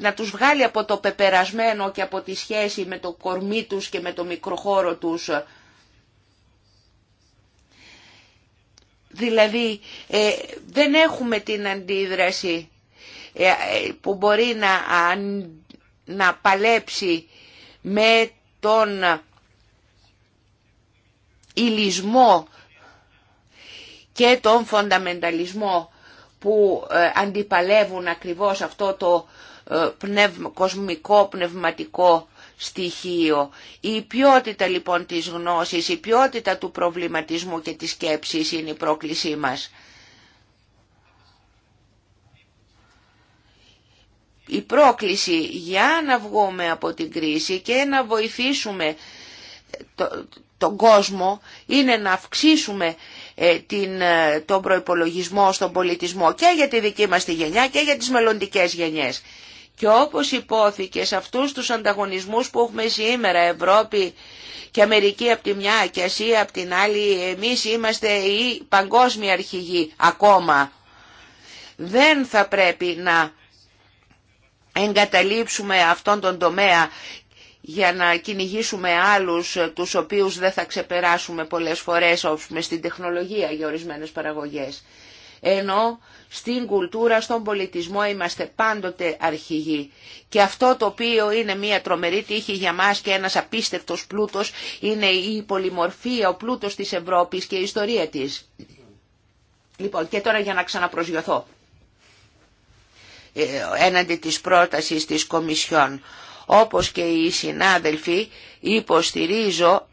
να τους βγάλει από το πεπερασμένο και από τη σχέση με το κορμί τους και με το μικροχώρο τους. Δηλαδή δεν έχουμε την αντίδραση που μπορεί να, να παλέψει με τον ηλισμό και τον φονταμενταλισμό που ε, αντιπαλεύουν ακριβώς αυτό το ε, κοσμικό πνευματικό στοιχείο. Η ποιότητα λοιπόν της γνώσης, η ποιότητα του προβληματισμού και της σκέψης είναι η πρόκλησή μας. Η πρόκληση για να βγούμε από την κρίση και να βοηθήσουμε τον κόσμο είναι να αυξήσουμε ε, την, ε, τον προϋπολογισμό στον πολιτισμό και για τη δική μας τη γενιά και για τις μελλοντικές γενιές. Και όπως υπόθηκε σε αυτούς τους ανταγωνισμούς που έχουμε σήμερα, Ευρώπη και Αμερική από τη μια και Ασία από την άλλη, εμείς είμαστε η παγκόσμια αρχηγοί ακόμα. Δεν θα πρέπει να εγκαταλείψουμε αυτόν τον τομέα για να κυνηγήσουμε άλλους ε, τους οποίους δεν θα ξεπεράσουμε πολλές φορές όπως με στην τεχνολογία για ορισμένες παραγωγές. Ενώ στην κουλτούρα, στον πολιτισμό είμαστε πάντοτε αρχηγοί. Και αυτό το οποίο είναι μια τρομερή τύχη για μας και ένας απίστευτος πλούτος είναι η πολυμορφία, ο πλούτος της Ευρώπης και η ιστορία της. Λοιπόν, και τώρα για να ξαναπροσγειωθώ ε, έναντι της πρότασης της Κομισιόν όπως και οι συνάδελφοι υποστηρίζω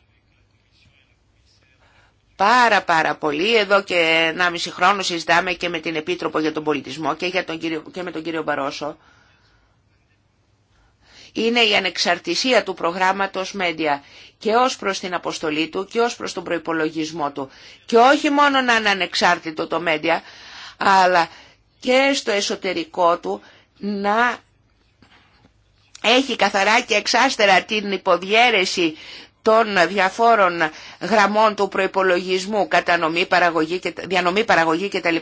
πάρα πάρα πολύ. Εδώ και μισή χρόνο συζητάμε και με την Επίτροπο για τον Πολιτισμό και, για τον και με τον κύριο Μπαρόσο. Είναι η ανεξαρτησία του προγράμματος Μέντια και ως προς την αποστολή του και ως προς τον προϋπολογισμό του. Και όχι μόνο να είναι ανεξάρτητο το Μέντια, αλλά και στο εσωτερικό του να έχει καθαρά και εξάστερα την υποδιέρεση των διαφόρων γραμμών του προϋπολογισμού, κατανομή, παραγωγή και, διανομή, παραγωγή κτλ.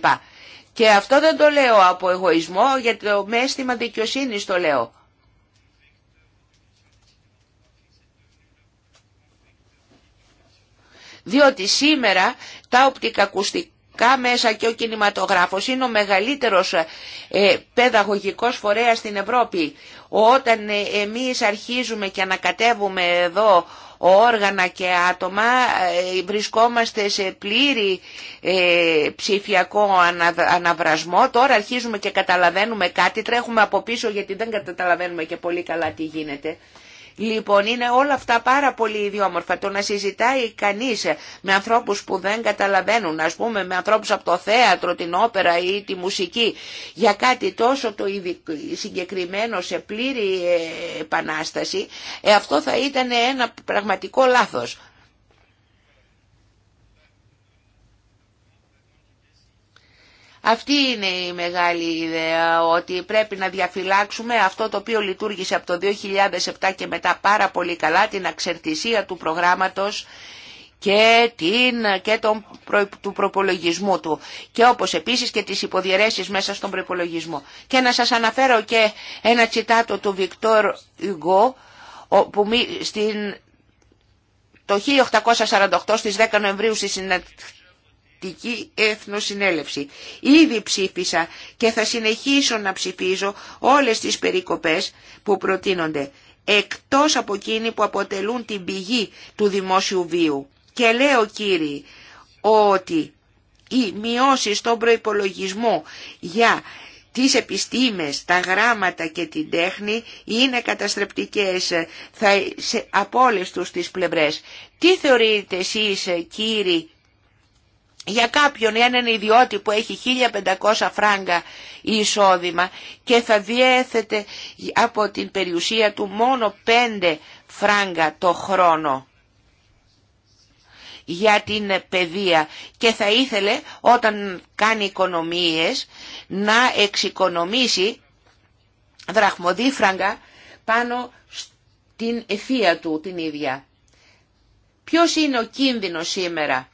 Και αυτό δεν το λέω από εγωισμό, γιατί το, με αίσθημα δικαιοσύνη το λέω. Διότι σήμερα τα οπτικακουστικά μέσα και ο κινηματογράφος είναι ο μεγαλύτερος ε, παιδαγωγικός φορέας στην Ευρώπη. Όταν ε, εμείς αρχίζουμε και ανακατεύουμε εδώ όργανα και άτομα ε, βρισκόμαστε σε πλήρη ψηφιακό αναβρασμό. Τώρα αρχίζουμε και καταλαβαίνουμε κάτι, τρέχουμε από πίσω γιατί δεν καταλαβαίνουμε και πολύ καλά τι γίνεται. Λοιπόν, είναι όλα αυτά πάρα πολύ ιδιόμορφα. Το να συζητάει κανείς με ανθρώπους που δεν καταλαβαίνουν, ας πούμε με ανθρώπους από το θέατρο, την όπερα ή τη μουσική, για κάτι τόσο το συγκεκριμένο σε πλήρη ε, επανάσταση, ε, αυτό θα ήταν ένα πραγματικό λάθος. Αυτή είναι η μεγάλη ιδέα, ότι πρέπει να διαφυλάξουμε αυτό το οποίο λειτουργήσε από το 2007 και μετά πάρα πολύ καλά, την αξερτησία του προγράμματος και, την, και τον του προπολογισμού του και όπως επίσης και τις υποδιαιρέσεις μέσα στον προπολογισμό. Και να σας αναφέρω και ένα τσιτάτο του Βικτόρ Ιγκό που στην, το 1848 στις 10 Νοεμβρίου στη Εθνοσυνέλευση. Ήδη ψήφισα και θα συνεχίσω να ψηφίζω όλες τις περικοπές που προτείνονται, εκτός από εκείνοι που αποτελούν την πηγή του δημόσιου βίου. Και λέω κύριοι ότι οι μειώσεις στον προϋπολογισμό για τις επιστήμες, τα γράμματα και την τέχνη είναι καταστρεπτικές θα, σε, από όλες τους τις πλευρές. Τι θεωρείτε εσείς κύριοι για κάποιον έναν ιδιώτη που έχει 1500 φράγκα εισόδημα και θα διέθετε από την περιουσία του μόνο 5 φράγκα το χρόνο για την παιδεία και θα ήθελε όταν κάνει οικονομίες να εξοικονομήσει δραχμοδί φράγκα πάνω στην ευθεία του την ίδια. Ποιος είναι ο κίνδυνος σήμερα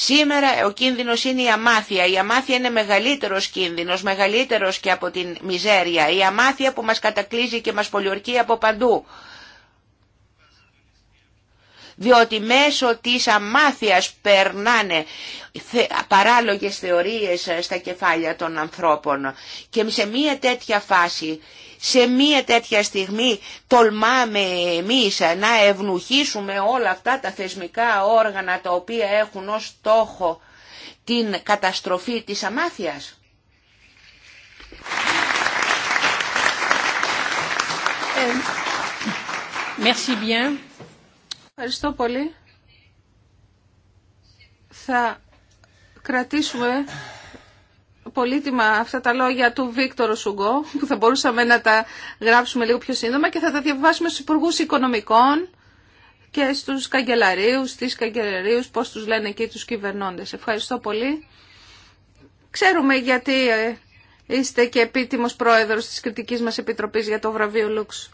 Σήμερα ο κίνδυνος είναι η αμάθεια. Η αμάθεια είναι μεγαλύτερος κίνδυνος, μεγαλύτερος και από την μιζέρια. Η αμάθεια που μας κατακλίζει και μας πολιορκεί από παντού διότι μέσω της αμάθειας περνάνε παράλογες θεωρίες ε, στα κεφάλια των ανθρώπων και σε μία τέτοια φάση σε μία τέτοια στιγμή τολμάμε εμείς ε, να ευνουχίσουμε όλα αυτά τα θεσμικά όργανα τα οποία έχουν ως στόχο την καταστροφή της αμάθειας. Ε, Merci Ευχαριστώ πολύ. Θα κρατήσουμε πολύτιμα αυτά τα λόγια του Βίκτορο Σουγκό, που θα μπορούσαμε να τα γράψουμε λίγο πιο σύντομα και θα τα διαβάσουμε στους υπουργού οικονομικών και στους καγκελαρίους, στις καγκελαρίους, πώς τους λένε εκεί τους κυβερνώντες. Ευχαριστώ πολύ. Ξέρουμε γιατί ε, είστε και επίτιμος πρόεδρος της κριτικής μας επιτροπής για το βραβείο Λουξ.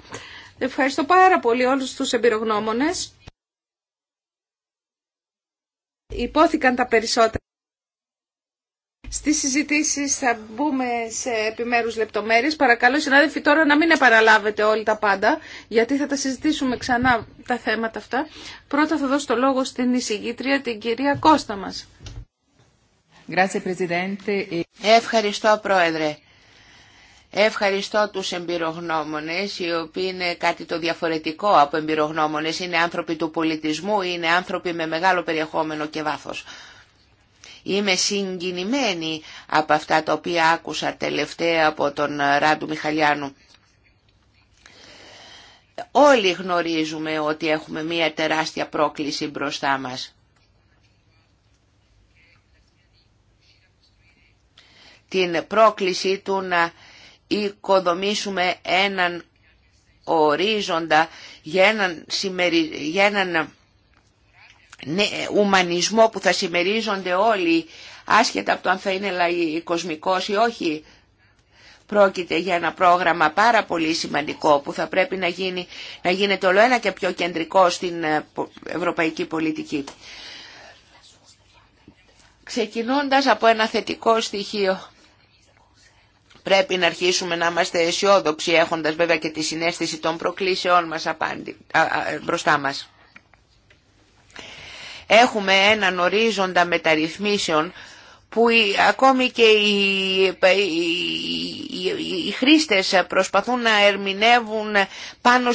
Ευχαριστώ πάρα πολύ όλους τους εμπειρογνώμονες υπόθηκαν τα περισσότερα. Στι συζητήσει θα μπούμε σε επιμέρους λεπτομέρειε. Παρακαλώ, συνάδελφοι, τώρα να μην επαναλάβετε όλοι τα πάντα, γιατί θα τα συζητήσουμε ξανά τα θέματα αυτά. Πρώτα θα δώσω το λόγο στην εισηγήτρια, την κυρία Κώστα μας. Ευχαριστώ, Πρόεδρε. Ευχαριστώ τους εμπειρογνώμονες, οι οποίοι είναι κάτι το διαφορετικό από εμπειρογνώμονες. Είναι άνθρωποι του πολιτισμού, είναι άνθρωποι με μεγάλο περιεχόμενο και βάθος. Είμαι συγκινημένη από αυτά τα οποία άκουσα τελευταία από τον Ράντου Μιχαλιάνου. Όλοι γνωρίζουμε ότι έχουμε μία τεράστια πρόκληση μπροστά μας. Την πρόκληση του οικοδομήσουμε έναν ορίζοντα για έναν, για έναν ναι, ουμανισμό που θα συμμερίζονται όλοι άσχετα από το αν θα είναι λαϊκοσμικός ή όχι. Πρόκειται για ένα πρόγραμμα πάρα πολύ σημαντικό που θα πρέπει να, γίνει, να γίνεται όλο ένα και πιο κεντρικό στην ε, ευρωπαϊκή πολιτική. Ξεκινώντας από ένα θετικό στοιχείο Πρέπει να αρχίσουμε να είμαστε αισιόδοξοι έχοντας βέβαια και τη συνέστηση των προκλήσεών μας απάντη, μπροστά μας. Έχουμε έναν ορίζοντα μεταρρυθμίσεων που ακόμη και οι χρήστες προσπαθούν να ερμηνεύουν πάνω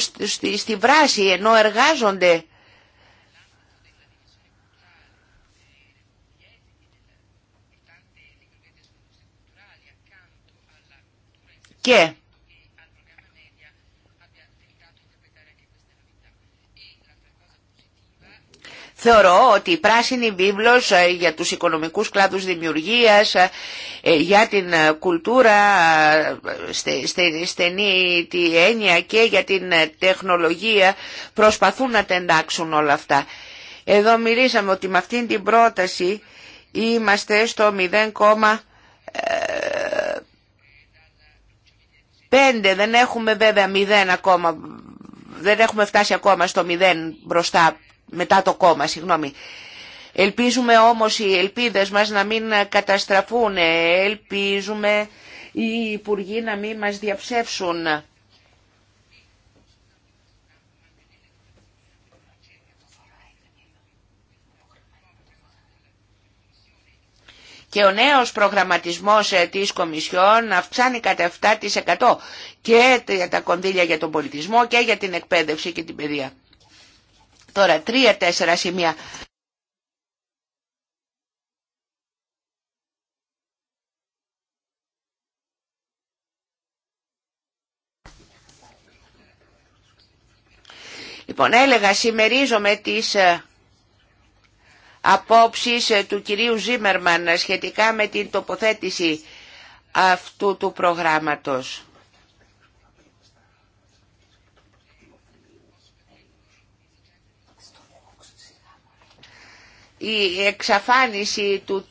στη βράση ενώ εργάζονται και Θεωρώ ότι η πράσινη βίβλος ε, για τους οικονομικούς κλάδους δημιουργίας, ε, ε, για την κουλτούρα, στενή τη έννοια και για την τεχνολογία προσπαθούν να τεντάξουν όλα αυτά. Εδώ μιλήσαμε ότι με αυτήν την πρόταση είμαστε στο 0, Πέντε, δεν έχουμε βέβαια μηδέν ακόμα, δεν έχουμε φτάσει ακόμα στο μηδέν μπροστά μετά το κόμμα, συγγνώμη. Ελπίζουμε όμως οι ελπίδες μας να μην καταστραφούν, ελπίζουμε οι υπουργοί να μην μας διαψεύσουν. και ο νέος προγραμματισμός ε, της Κομισιόν αυξάνει κατά 7% και τα κονδύλια για τον πολιτισμό και για την εκπαίδευση και την παιδεία. Τώρα τρία-τέσσερα σημεία. Λοιπόν, έλεγα, συμμερίζομαι τις ε, απόψεις ε, του κυρίου Ζήμερμαν σχετικά με την τοποθέτηση αυτού του προγράμματος. Η εξαφάνιση του,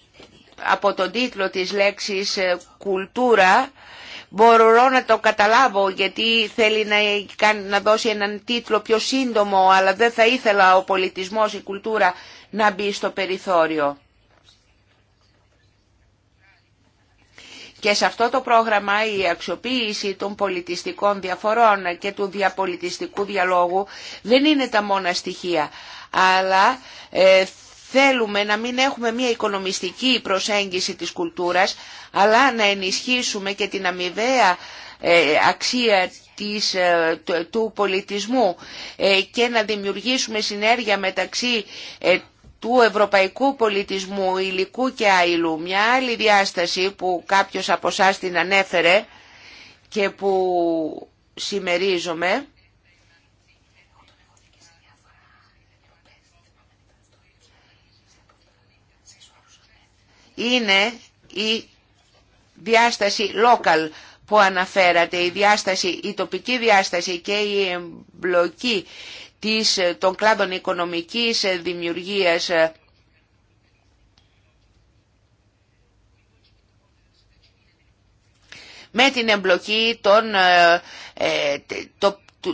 από τον τίτλο της λέξης ε, «κουλτούρα» μπορώ να το καταλάβω γιατί θέλει να, να δώσει έναν τίτλο πιο σύντομο αλλά δεν θα ήθελα ο πολιτισμός, η κουλτούρα να μπει στο περιθώριο. Και σε αυτό το πρόγραμμα η αξιοποίηση των πολιτιστικών διαφορών και του διαπολιτιστικού διαλόγου δεν είναι τα μόνα στοιχεία. Αλλά ε, θέλουμε να μην έχουμε μια οικονομιστική προσέγγιση της κουλτούρας, αλλά να ενισχύσουμε και την αμοιβαία ε, αξία ε, του πολιτισμού και να δημιουργήσουμε συνέργεια μεταξύ του ευρωπαϊκού πολιτισμού υλικού και αϊλού. Μια άλλη διάσταση που κάποιος από εσά την ανέφερε και που συμμερίζομαι είναι η διάσταση local που αναφέρατε, η διάσταση, η τοπική διάσταση και η εμπλοκή της, ε, των κλάδων οικονομικής ε, δημιουργίας ε. με την εμπλοκή των,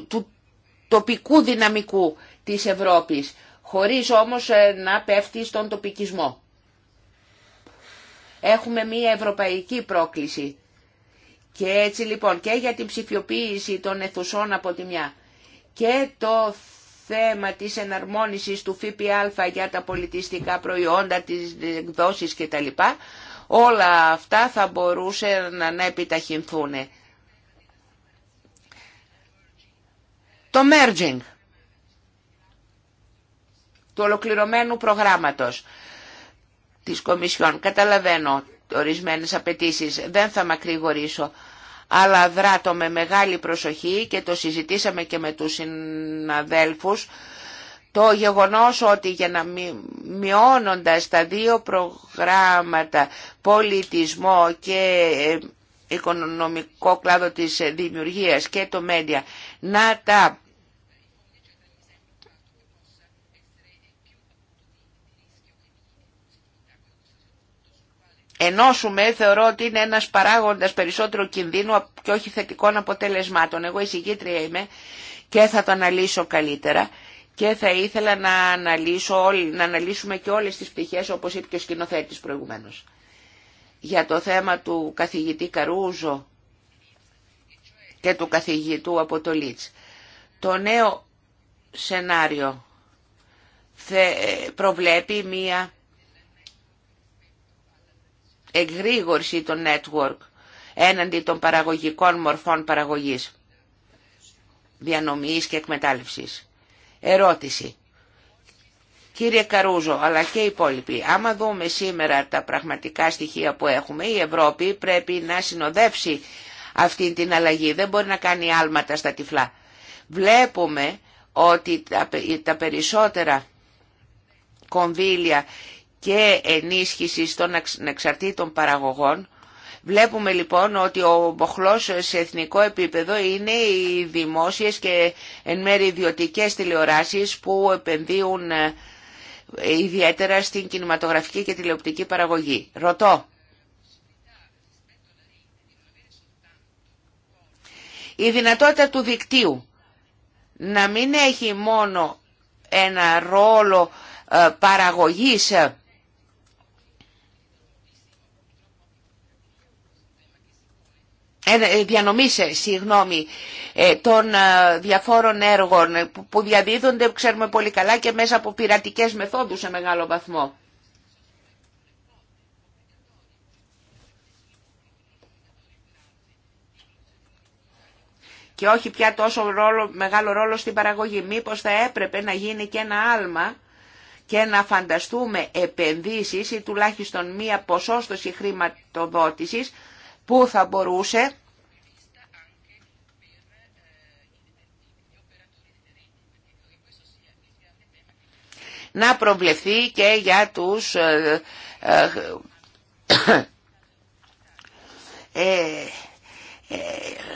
του, τοπικού δυναμικού της Ευρώπης, χωρίς όμως να πέφτει στον τοπικισμό. Έχουμε μία ευρωπαϊκή πρόκληση. Και έτσι λοιπόν και για την ψηφιοποίηση των αιθουσών από τη μια και το θέμα της εναρμόνισης του ΦΠΑ για τα πολιτιστικά προϊόντα, τις εκδόσεις κτλ. Όλα αυτά θα μπορούσε να, επιταχυνθούν. Το merging του ολοκληρωμένου προγράμματος της Κομισιόν. Καταλαβαίνω ορισμένες απαιτήσει. δεν θα μακρηγορήσω αλλά δράτω με μεγάλη προσοχή και το συζητήσαμε και με τους συναδέλφους, το γεγονός ότι για να μειώνοντας τα δύο προγράμματα πολιτισμό και ε, οικονομικό κλάδο της δημιουργίας και το μέντια να τα ενώσουμε θεωρώ ότι είναι ένας παράγοντας περισσότερο κινδύνου και όχι θετικών αποτελεσμάτων. Εγώ εισηγήτρια είμαι και θα το αναλύσω καλύτερα και θα ήθελα να, αναλύσω, να αναλύσουμε και όλες τις πτυχές όπως είπε και ο σκηνοθέτης προηγουμένως. Για το θέμα του καθηγητή Καρούζο και του καθηγητού από το Λίτς. Το νέο σενάριο προβλέπει μία εγρήγορση των network έναντι των παραγωγικών μορφών παραγωγής, διανομής και εκμετάλλευσης. Ερώτηση. Κύριε Καρούζο, αλλά και οι υπόλοιποι, άμα δούμε σήμερα τα πραγματικά στοιχεία που έχουμε, η Ευρώπη πρέπει να συνοδεύσει αυτή την αλλαγή. Δεν μπορεί να κάνει άλματα στα τυφλά. Βλέπουμε ότι τα περισσότερα κονδύλια και ενίσχυση των εξαρτήτων παραγωγών. Βλέπουμε λοιπόν ότι ο μποχλός σε εθνικό επίπεδο είναι οι δημόσιες και εν μέρει ιδιωτικές τηλεοράσεις που επενδύουν ε, ιδιαίτερα στην κινηματογραφική και τηλεοπτική παραγωγή. Ρωτώ. Η δυνατότητα του δικτύου να μην έχει μόνο ένα ρόλο ε, παραγωγής ε, Ε, ε, διανομής συγγνώμη, ε, των διαφόρων έργων που διαδίδονται, ξέρουμε πολύ καλά, και μέσα από πειρατικές μεθόδους σε μεγάλο βαθμό. Και όχι πια τόσο ρόλο, μεγάλο ρόλο στην παραγωγή. Μήπως θα έπρεπε να γίνει και ένα άλμα και να φανταστούμε επενδύσεις ή τουλάχιστον μία ποσόστοση χρηματοδότησης που θα μπορούσε να προβλεφθεί και για τους ε, ε, ε,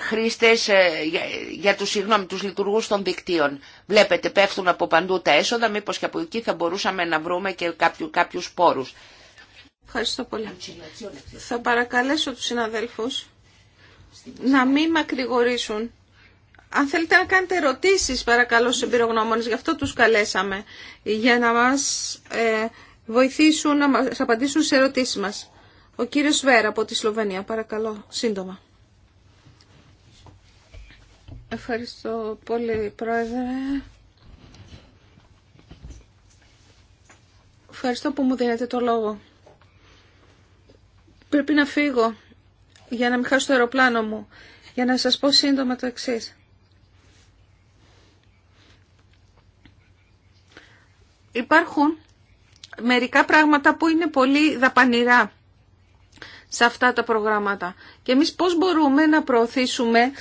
χρήστες, ε, για, για τους, συγγνώμη, τους λειτουργούς των δικτύων. Βλέπετε πέφτουν από παντού τα έσοδα, μήπως και από εκεί θα μπορούσαμε να βρούμε και κάποιου, κάποιους πόρους. Ευχαριστώ πολύ. Θα παρακαλέσω τους συναδέλφους να μην μακρηγορήσουν. Αν θέλετε να κάνετε ερωτήσεις, παρακαλώ, στους εμπειρογνώμονες, γι' αυτό τους καλέσαμε, για να μας ε, βοηθήσουν να μας απαντήσουν σε ερωτήσεις μας. Ο κύριος Βέρα από τη Σλοβενία, παρακαλώ, σύντομα. Ευχαριστώ πολύ, Πρόεδρε. Ευχαριστώ που μου δίνετε το λόγο. Πρέπει να φύγω για να μην χάσω το αεροπλάνο μου. Για να σας πω σύντομα το εξής. Υπάρχουν μερικά πράγματα που είναι πολύ δαπανηρά σε αυτά τα προγράμματα. Και εμείς πώς μπορούμε να προωθήσουμε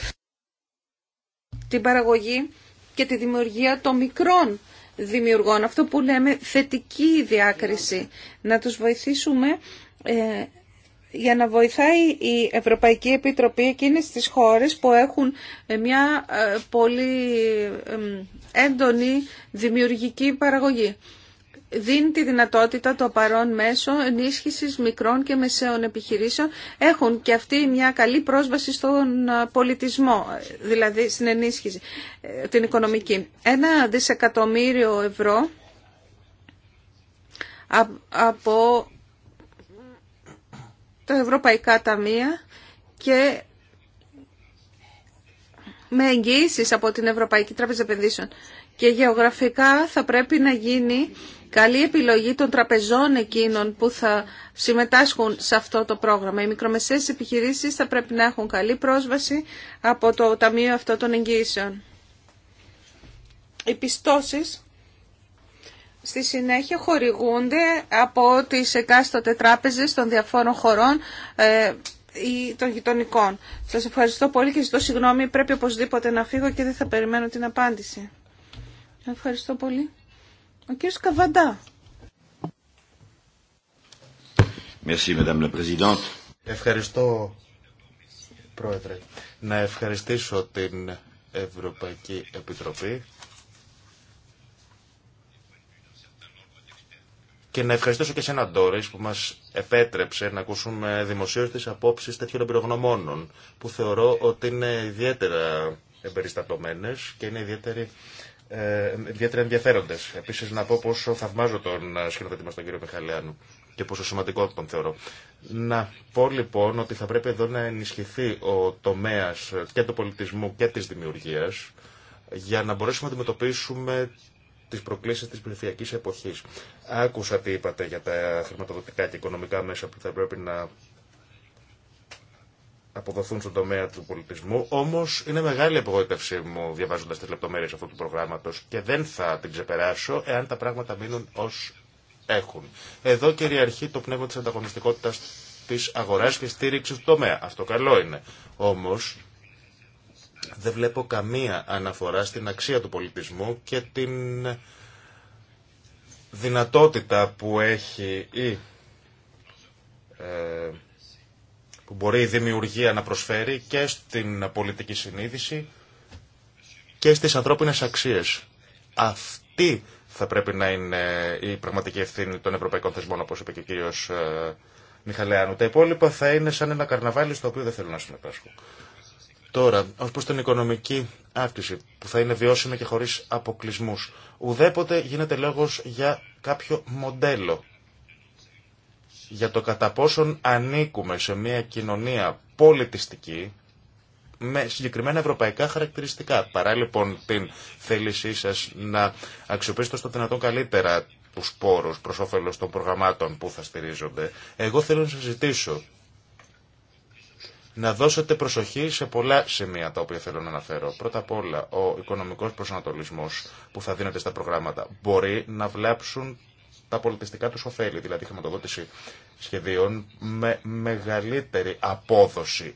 την παραγωγή και τη δημιουργία των μικρών δημιουργών. Αυτό που λέμε θετική διάκριση. Να τους βοηθήσουμε ε, για να βοηθάει η Ευρωπαϊκή Επιτροπή εκείνες τις χώρες που έχουν ε, μια ε, πολύ ε, έντονη δημιουργική παραγωγή. Δίνει τη δυνατότητα το παρόν μέσο ενίσχυσης μικρών και μεσαίων επιχειρήσεων. Έχουν και αυτοί μια καλή πρόσβαση στον πολιτισμό, δηλαδή στην ενίσχυση, την οικονομική. Ένα δισεκατομμύριο ευρώ από τα ευρωπαϊκά ταμεία και με εγγυήσει από την Ευρωπαϊκή Τράπεζα Επενδύσεων. Και γεωγραφικά θα πρέπει να γίνει καλή επιλογή των τραπεζών εκείνων που θα συμμετάσχουν σε αυτό το πρόγραμμα. Οι μικρομεσαίες επιχειρήσεις θα πρέπει να έχουν καλή πρόσβαση από το Ταμείο αυτό των εγγυήσεων. Οι πιστώσεις στη συνέχεια χορηγούνται από τις εκάστοτε τράπεζες των διαφόρων χωρών ε, ή των γειτονικών. Σας ευχαριστώ πολύ και ζητώ συγγνώμη, πρέπει οπωσδήποτε να φύγω και δεν θα περιμένω την απάντηση. Ευχαριστώ πολύ. Ο κύριος Καβαντά. Ευχαριστώ, Πρόεδρε. Να ευχαριστήσω την Ευρωπαϊκή Επιτροπή Και να ευχαριστήσω και εσένα, Ντόρι, που μα επέτρεψε να ακούσουμε δημοσίω τι απόψει τέτοιων εμπειρογνωμόνων, που θεωρώ ότι είναι ιδιαίτερα εμπεριστατωμένε και είναι ιδιαίτερη ε, ιδιαίτερα ενδιαφέροντε. Επίση, να πω πόσο θαυμάζω τον σκηνοθέτη μα τον κύριο Μιχαλιάνου και πόσο σημαντικό τον θεωρώ. Να πω λοιπόν ότι θα πρέπει εδώ να ενισχυθεί ο τομέα και του πολιτισμού και τη δημιουργία για να μπορέσουμε να αντιμετωπίσουμε τι προκλήσει τη ψηφιακή εποχής. Άκουσα τι είπατε για τα χρηματοδοτικά και οικονομικά μέσα που θα πρέπει να αποδοθούν στον τομέα του πολιτισμού. Όμω είναι μεγάλη απογοήτευσή μου διαβάζοντα τι λεπτομέρειε αυτού του προγράμματο και δεν θα την ξεπεράσω εάν τα πράγματα μείνουν ω έχουν. Εδώ κυριαρχεί το πνεύμα τη ανταγωνιστικότητα τη αγορά και στήριξη του τομέα. Αυτό καλό είναι. Όμω δεν βλέπω καμία αναφορά στην αξία του πολιτισμού και την δυνατότητα που έχει ή ε, που μπορεί η δημιουργία να προσφέρει και στην πολιτική συνείδηση και στις ανθρώπινες αξίες. Αυτή θα πρέπει να είναι η πραγματική ευθύνη των ευρωπαϊκών θεσμών, όπως είπε και ο κύριος ε, Μιχαλεάνου. Τα υπόλοιπα θα είναι σαν ένα καρναβάλι στο οποίο δεν θέλω να συμμετάσχω. Τώρα, ω προ την οικονομική αύξηση, που θα είναι βιώσιμη και χωρί αποκλεισμού, ουδέποτε γίνεται λόγο για κάποιο μοντέλο. Για το κατά πόσον ανήκουμε σε μια κοινωνία πολιτιστική, με συγκεκριμένα ευρωπαϊκά χαρακτηριστικά. Παρά λοιπόν την θέλησή σα να αξιοποιήσετε στο δυνατόν καλύτερα του πόρου προ όφελο των προγραμμάτων που θα στηρίζονται, εγώ θέλω να ζητήσω να δώσετε προσοχή σε πολλά σημεία τα οποία θέλω να αναφέρω. Πρώτα απ' όλα, ο οικονομικό προσανατολισμός που θα δίνεται στα προγράμματα μπορεί να βλάψουν τα πολιτιστικά του ωφέλη, δηλαδή χρηματοδότηση σχεδίων με μεγαλύτερη απόδοση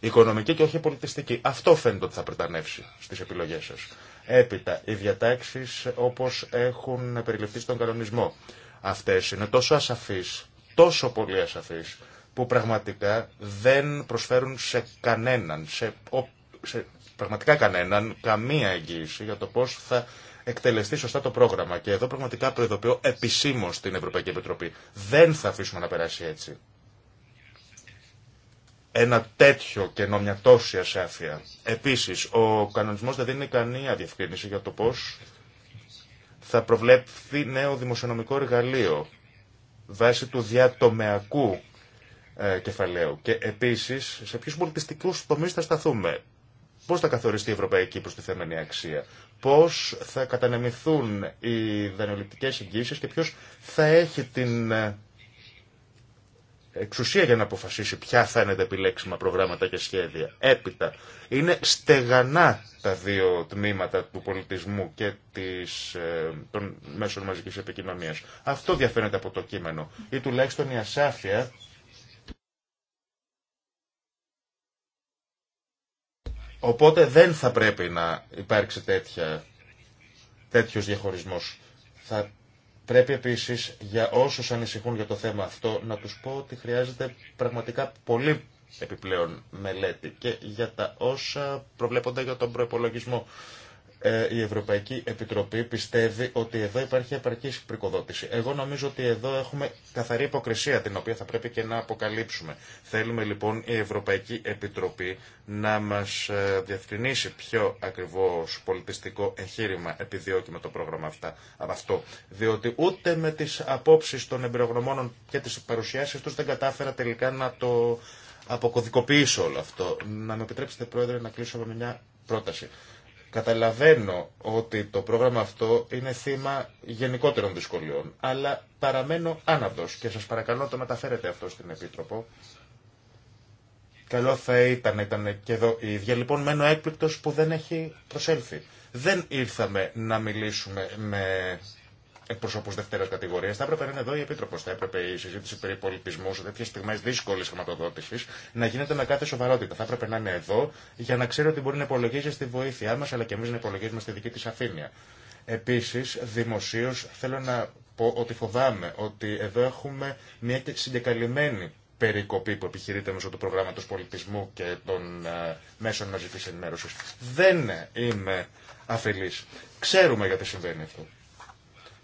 οικονομική και όχι πολιτιστική. Αυτό φαίνεται ότι θα πρετανεύσει στι επιλογέ σα. Έπειτα, οι διατάξει όπω έχουν περιληφθεί στον κανονισμό. Αυτέ είναι τόσο ασαφείς, τόσο πολύ ασαφείς, που πραγματικά δεν προσφέρουν σε κανέναν, σε, σε πραγματικά κανέναν, καμία εγγύηση για το πώς θα εκτελεστεί σωστά το πρόγραμμα. Και εδώ πραγματικά προειδοποιώ επισήμω την Ευρωπαϊκή Επιτροπή. Δεν θα αφήσουμε να περάσει έτσι. Ένα τέτοιο κενό, μια τόση ασάφεια. Επίση, ο κανονισμό δεν δίνει καμία διευκρίνηση για το πώ θα προβλέψει νέο δημοσιονομικό εργαλείο βάσει του διατομεακού ε, κεφαλαίου. Και επίση, σε ποιου πολιτιστικού τομεί θα σταθούμε. Πώ θα καθοριστεί η ευρωπαϊκή προστιθέμενη αξία. Πώ θα κατανεμηθούν οι δανειοληπτικέ εγγύσει και ποιο θα έχει την ε, εξουσία για να αποφασίσει ποια θα είναι τα επιλέξιμα προγράμματα και σχέδια. Έπειτα, είναι στεγανά τα δύο τμήματα του πολιτισμού και της, ε, των μέσων μαζικής επικοινωνίας. Αυτό διαφαίνεται από το κείμενο. Ή τουλάχιστον η ασάφεια Οπότε δεν θα πρέπει να υπάρξει τέτοια, τέτοιος διαχωρισμός. Θα πρέπει επίσης για όσους ανησυχούν για το θέμα αυτό να τους πω ότι χρειάζεται πραγματικά πολύ επιπλέον μελέτη και για τα όσα προβλέπονται για τον προπολογισμό ε, η Ευρωπαϊκή Επιτροπή πιστεύει ότι εδώ υπάρχει επαρκή πρικοδότηση. Εγώ νομίζω ότι εδώ έχουμε καθαρή υποκρισία την οποία θα πρέπει και να αποκαλύψουμε. Θέλουμε λοιπόν η Ευρωπαϊκή Επιτροπή να μας ε, διευκρινίσει ποιο ακριβώς πολιτιστικό εγχείρημα επιδιώκει με το πρόγραμμα αυτά, αυτό. Διότι ούτε με τις απόψεις των εμπειρογνωμόνων και τις παρουσιάσεις τους δεν κατάφερα τελικά να το αποκωδικοποιήσω όλο αυτό. Να με επιτρέψετε πρόεδρε να κλείσω με μια πρόταση. Καταλαβαίνω ότι το πρόγραμμα αυτό είναι θύμα γενικότερων δυσκολιών, αλλά παραμένω άναυδος και σας παρακαλώ το μεταφέρετε αυτό στην Επίτροπο. Καλό θα ήταν, ήταν και εδώ η ίδια. Λοιπόν, μένω έκπληκτος που δεν έχει προσέλθει. Δεν ήρθαμε να μιλήσουμε με εκπροσώπου δευτέρα κατηγορία. Θα έπρεπε να είναι εδώ η Επίτροπο. Θα έπρεπε η συζήτηση περί πολιτισμού σε τέτοιε στιγμέ δύσκολη χρηματοδότηση να γίνεται με κάθε σοβαρότητα. Θα έπρεπε να είναι εδώ για να ξέρει ότι μπορεί να υπολογίζει στη βοήθειά μα, αλλά και εμεί να υπολογίζουμε στη δική τη αφήνεια. Επίση, δημοσίω θέλω να πω ότι φοβάμαι ότι εδώ έχουμε μια συγκεκαλυμένη περικοπή που επιχειρείται μέσω του προγράμματο πολιτισμού και των ε, μέσων μαζική ενημέρωση. Δεν είμαι αφιλή. Ξέρουμε γιατί συμβαίνει αυτό.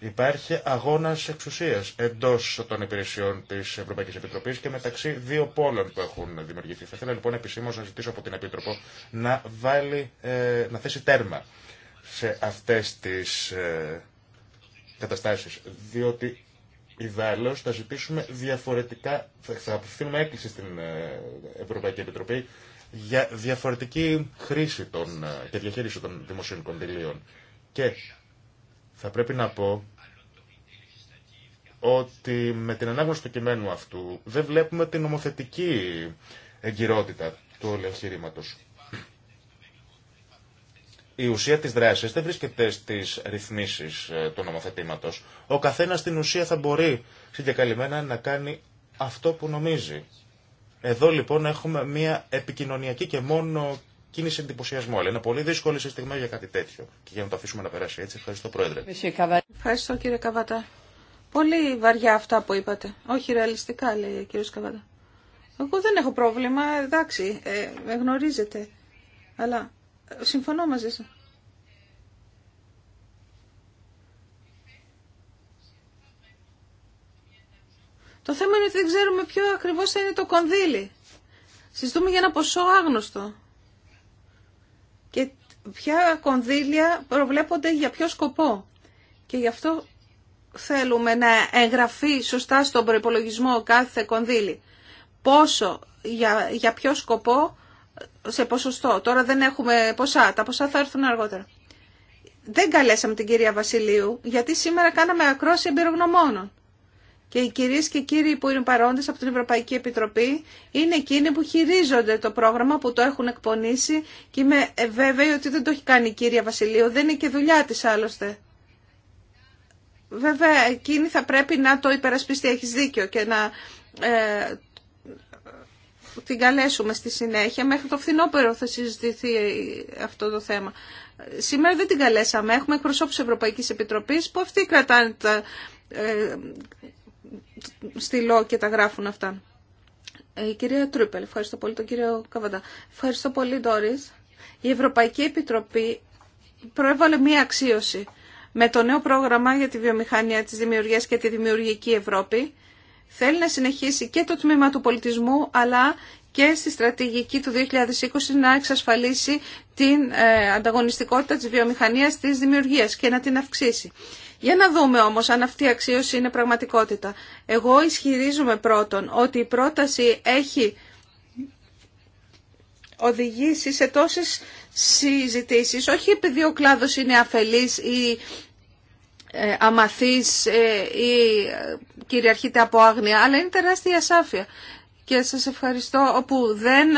Υπάρχει αγώνα εξουσία εντό των υπηρεσιών τη Ευρωπαϊκή Επιτροπή και μεταξύ δύο πόλων που έχουν δημιουργηθεί. Θα ήθελα λοιπόν επισήμω να ζητήσω από την Επίτροπο να, βάλει, ε, να θέσει τέρμα σε αυτέ τι ε, καταστάσει. Διότι ιδάλω θα ζητήσουμε διαφορετικά, θα απευθύνουμε έκκληση στην ε, Ευρωπαϊκή Επιτροπή για διαφορετική χρήση των, και διαχείριση των δημοσίων κονδυλίων. Και θα πρέπει να πω ότι με την ανάγνωση του κειμένου αυτού δεν βλέπουμε την νομοθετική εγκυρότητα του όλου Η ουσία της δράσης δεν βρίσκεται στις ρυθμίσεις ε, του νομοθετήματος. Ο καθένας στην ουσία θα μπορεί συγκεκαλυμμένα να κάνει αυτό που νομίζει. Εδώ λοιπόν έχουμε μια επικοινωνιακή και μόνο κίνηση εντυπωσιασμό. Αλλά είναι πολύ δύσκολη σε στιγμή για κάτι τέτοιο. Και για να το αφήσουμε να περάσει έτσι, ευχαριστώ Πρόεδρε. Ευχαριστώ κύριε Καβατά. Πολύ βαριά αυτά που είπατε. Όχι ρεαλιστικά, λέει ο κύριο Καβατά. Εγώ δεν έχω πρόβλημα, εντάξει, ε, με γνωρίζετε. Αλλά ε, συμφωνώ μαζί σα. Το θέμα είναι ότι δεν ξέρουμε ποιο ακριβώς θα είναι το κονδύλι. Συζητούμε για ένα ποσό άγνωστο και ποια κονδύλια προβλέπονται για ποιο σκοπό. Και γι' αυτό θέλουμε να εγγραφεί σωστά στον προϋπολογισμό κάθε κονδύλι. Πόσο, για, για ποιο σκοπό, σε ποσοστό. Τώρα δεν έχουμε ποσά. Τα ποσά θα έρθουν αργότερα. Δεν καλέσαμε την κυρία Βασιλείου, γιατί σήμερα κάναμε ακρόση εμπειρογνωμόνων και οι κυρίε και κύριοι που είναι παρόντες από την Ευρωπαϊκή Επιτροπή είναι εκείνοι που χειρίζονται το πρόγραμμα που το έχουν εκπονήσει και είμαι βέβαιη ότι δεν το έχει κάνει η κυρία Βασιλείου, δεν είναι και δουλειά τη άλλωστε. Βέβαια, εκείνη θα πρέπει να το υπερασπιστεί, έχει δίκιο και να ε, την καλέσουμε στη συνέχεια. Μέχρι το φθινόπερο θα συζητηθεί αυτό το θέμα. Σήμερα δεν την καλέσαμε. Έχουμε εκπροσώπους Ευρωπαϊκής Επιτροπής που αυτοί κρατάνε τα ε, στυλό και τα γράφουν αυτά. Ε, η κυρία Τρούπελ, ευχαριστώ πολύ τον κύριο Καβαντά. Ευχαριστώ πολύ, Ντόρις. Η Ευρωπαϊκή Επιτροπή προέβαλε μία αξίωση με το νέο πρόγραμμα για τη βιομηχανία της δημιουργίας και τη δημιουργική Ευρώπη. Θέλει να συνεχίσει και το τμήμα του πολιτισμού, αλλά και στη στρατηγική του 2020 να εξασφαλίσει την ε, ανταγωνιστικότητα της βιομηχανίας της δημιουργίας και να την αυξήσει. Για να δούμε όμως αν αυτή η αξίωση είναι πραγματικότητα. Εγώ ισχυρίζομαι πρώτον ότι η πρόταση έχει οδηγήσει σε τόσες συζητήσεις, όχι επειδή ο κλάδος είναι αφελής ή ε, αμαθής ε, ή ε, κυριαρχείται από άγνοια, αλλά είναι τεράστια ασάφεια. Και σας ευχαριστώ όπου δεν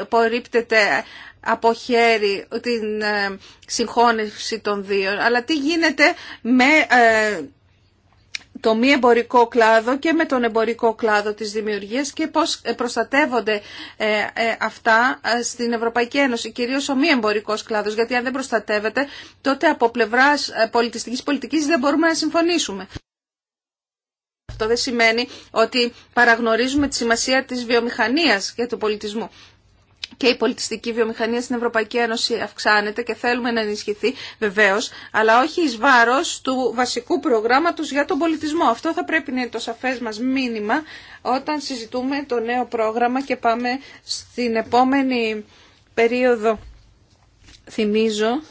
απορρίπτεται από χέρι την ε, συγχώνευση των δύο. Αλλά τι γίνεται με ε, το μη εμπορικό κλάδο και με τον εμπορικό κλάδο της δημιουργίας και πώς ε, προστατεύονται αυτά στην Ευρωπαϊκή Ένωση, κυρίως ο μη εμπορικός κλάδος, γιατί αν δεν προστατεύεται τότε από πλευράς πολιτιστικής πολιτικής δεν μπορούμε να συμφωνήσουμε. Αυτό δεν σημαίνει ότι παραγνωρίζουμε τη σημασία της βιομηχανίας και του πολιτισμού και η πολιτιστική βιομηχανία στην Ευρωπαϊκή Ένωση αυξάνεται και θέλουμε να ενισχυθεί βεβαίως, αλλά όχι εις βάρος του βασικού προγράμματος για τον πολιτισμό. Αυτό θα πρέπει να είναι το σαφές μας μήνυμα όταν συζητούμε το νέο πρόγραμμα και πάμε στην επόμενη περίοδο, θυμίζω,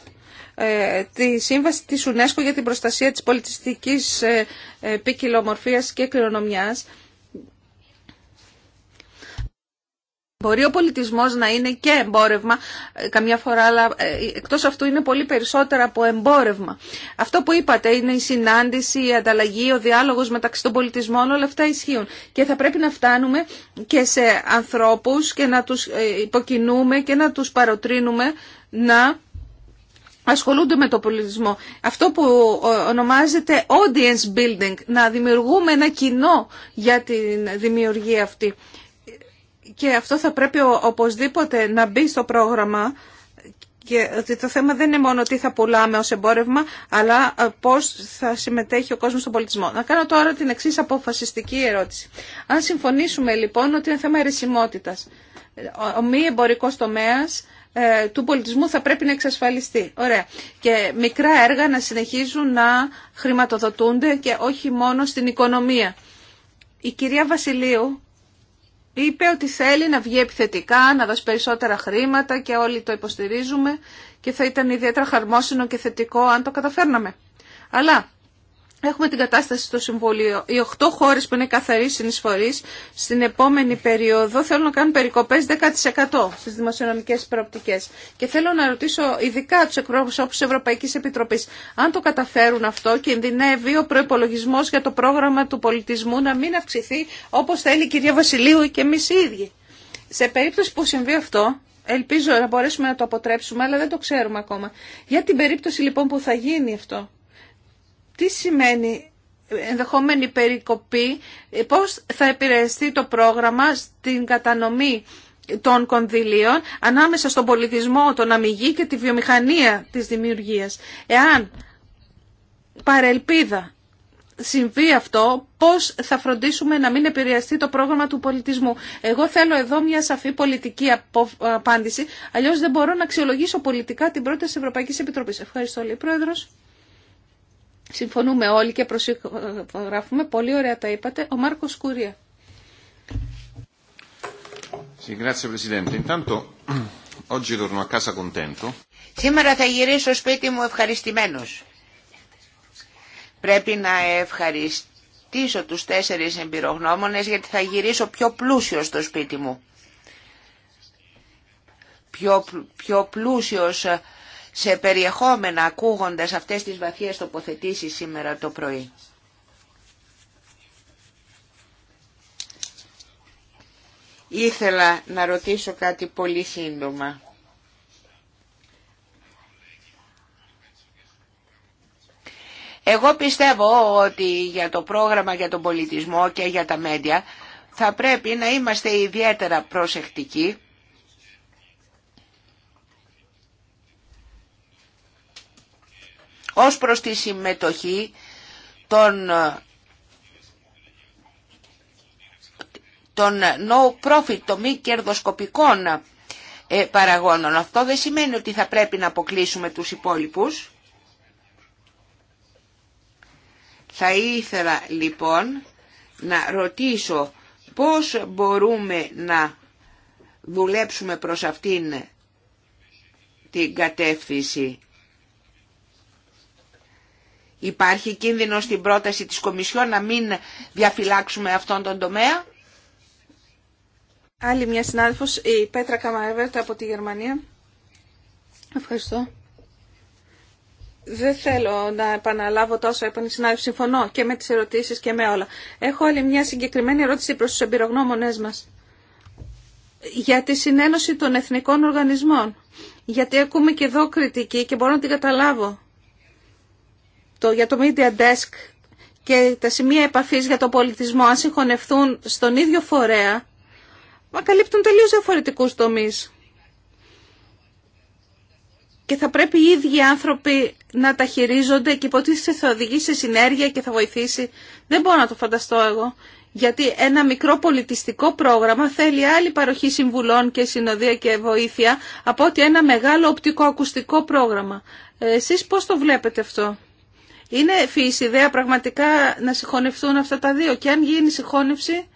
ε, τη σύμβαση της UNESCO για την προστασία της πολιτιστικής ε, ε, ποικιλομορφίας και κληρονομιάς Μπορεί ο πολιτισμός να είναι και εμπόρευμα ε, καμιά φορά, αλλά ε, εκτός αυτού είναι πολύ περισσότερα από εμπόρευμα. Αυτό που είπατε είναι η συνάντηση, η ανταλλαγή, ο διάλογος μεταξύ των πολιτισμών, όλα αυτά ισχύουν. Και θα πρέπει να φτάνουμε και σε ανθρώπους και να τους ε, υποκινούμε και να τους παροτρύνουμε να ασχολούνται με το πολιτισμό. Αυτό που ονομάζεται audience building, να δημιουργούμε ένα κοινό για τη δημιουργία αυτή και αυτό θα πρέπει οπωσδήποτε να μπει στο πρόγραμμα και ότι το θέμα δεν είναι μόνο τι θα πουλάμε ως εμπόρευμα, αλλά ε, πώς θα συμμετέχει ο κόσμος στον πολιτισμό. Να κάνω τώρα την εξής αποφασιστική ερώτηση. Αν συμφωνήσουμε λοιπόν ότι είναι θέμα ερεσιμότητας, ο μη εμπορικός τομέας ε, του πολιτισμού θα πρέπει να εξασφαλιστεί. Ωραία. Και μικρά έργα να συνεχίζουν να χρηματοδοτούνται και όχι μόνο στην οικονομία. Η κυρία Βασιλείου είπε ότι θέλει να βγει επιθετικά, να δώσει περισσότερα χρήματα και όλοι το υποστηρίζουμε και θα ήταν ιδιαίτερα χαρμόσυνο και θετικό αν το καταφέρναμε. Αλλά Έχουμε την κατάσταση στο Συμβούλιο. Οι 8 χώρες που είναι καθαροί συνεισφορείς στην επόμενη περίοδο θέλουν να κάνουν περικοπές 10% στις δημοσιονομικές προοπτικές. Και θέλω να ρωτήσω ειδικά τους εκπρόσωπους της Ευρωπαϊκής Επιτροπής. Αν το καταφέρουν αυτό, κινδυνεύει ο προπολογισμό για το πρόγραμμα του πολιτισμού να μην αυξηθεί όπως θέλει η κυρία Βασιλείου και εμείς οι ίδιοι. Σε περίπτωση που συμβεί αυτό, ελπίζω να μπορέσουμε να το αποτρέψουμε, αλλά δεν το ξέρουμε ακόμα. Για την περίπτωση λοιπόν που θα γίνει αυτό τι σημαίνει ενδεχόμενη περικοπή, πώς θα επηρεαστεί το πρόγραμμα στην κατανομή των κονδυλίων ανάμεσα στον πολιτισμό, τον αμυγή και τη βιομηχανία της δημιουργίας. Εάν παρελπίδα συμβεί αυτό, πώς θα φροντίσουμε να μην επηρεαστεί το πρόγραμμα του πολιτισμού. Εγώ θέλω εδώ μια σαφή πολιτική απάντηση, αλλιώς δεν μπορώ να αξιολογήσω πολιτικά την πρόταση Ευρωπαϊκής Επιτροπής. Ευχαριστώ, λέει Πρόεδρος. Συμφωνούμε όλοι και προσυγγράφουμε. Πολύ ωραία τα είπατε. Ο Μάρκο Κουρία. Σήμερα θα γυρίσω σπίτι μου ευχαριστημένο. Πρέπει να ευχαριστήσω του τέσσερι εμπειρογνώμονε, γιατί θα γυρίσω πιο πλούσιο στο σπίτι μου. Πιο, πιο πλούσιος σε περιεχόμενα ακούγοντας αυτές τις βαθιές τοποθετήσεις σήμερα το πρωί. Ήθελα να ρωτήσω κάτι πολύ σύντομα. Εγώ πιστεύω ότι για το πρόγραμμα για τον πολιτισμό και για τα μέντια θα πρέπει να είμαστε ιδιαίτερα προσεκτικοί ως προς τη συμμετοχή των, των no profit, των μη κερδοσκοπικών ε, παραγόνων. Αυτό δεν σημαίνει ότι θα πρέπει να αποκλείσουμε τους υπόλοιπους. Θα ήθελα λοιπόν να ρωτήσω πώς μπορούμε να δουλέψουμε προς αυτήν την κατεύθυνση. Υπάρχει κίνδυνο στην πρόταση της Κομισιόν να μην διαφυλάξουμε αυτόν τον τομέα. Άλλη μια συνάδελφος, η Πέτρα Καμαέβερτ από τη Γερμανία. Ευχαριστώ. Δεν θέλω να επαναλάβω τόσο είπαν οι Συμφωνώ και με τις ερωτήσεις και με όλα. Έχω άλλη μια συγκεκριμένη ερώτηση προς τους εμπειρογνώμονές μας. Για τη συνένωση των εθνικών οργανισμών. Γιατί ακούμε και εδώ κριτική και μπορώ να την καταλάβω το, για το Media Desk και τα σημεία επαφής για το πολιτισμό αν συγχωνευτούν στον ίδιο φορέα, μα καλύπτουν τελείως διαφορετικούς τομείς. Και θα πρέπει οι ίδιοι άνθρωποι να τα χειρίζονται και υποτίθεται θα οδηγήσει σε συνέργεια και θα βοηθήσει. Δεν μπορώ να το φανταστώ εγώ. Γιατί ένα μικρό πολιτιστικό πρόγραμμα θέλει άλλη παροχή συμβουλών και συνοδεία και βοήθεια από ότι ένα μεγάλο οπτικοακουστικό πρόγραμμα. Ε, εσείς πώς το βλέπετε αυτό. Είναι φύση ιδέα πραγματικά να συγχωνευτούν αυτά τα δύο και αν γίνει συγχώνευση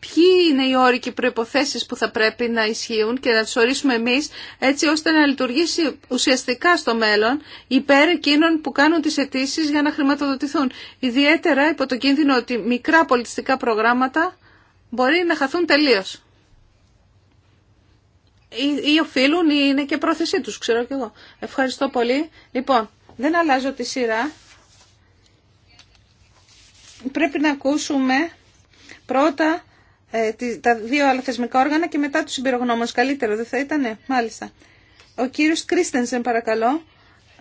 ποιοι είναι οι όροι και οι προϋποθέσεις που θα πρέπει να ισχύουν και να τους ορίσουμε εμείς έτσι ώστε να λειτουργήσει ουσιαστικά στο μέλλον υπέρ εκείνων που κάνουν τις αιτήσει για να χρηματοδοτηθούν. Ιδιαίτερα υπό το κίνδυνο ότι μικρά πολιτιστικά προγράμματα μπορεί να χαθούν τελείω. Ή, ή οφείλουν ή είναι και πρόθεσή τους, ξέρω κι εγώ. Ευχαριστώ πολύ. Λοιπόν, δεν αλλάζω τη σειρά. Πρέπει να ακούσουμε πρώτα ε, τα δύο άλλα όργανα και μετά τους συμπειρογνώμους. Καλύτερο δεν θα ήτανε. Μάλιστα. Ο κύριος Κρίστενσεν παρακαλώ,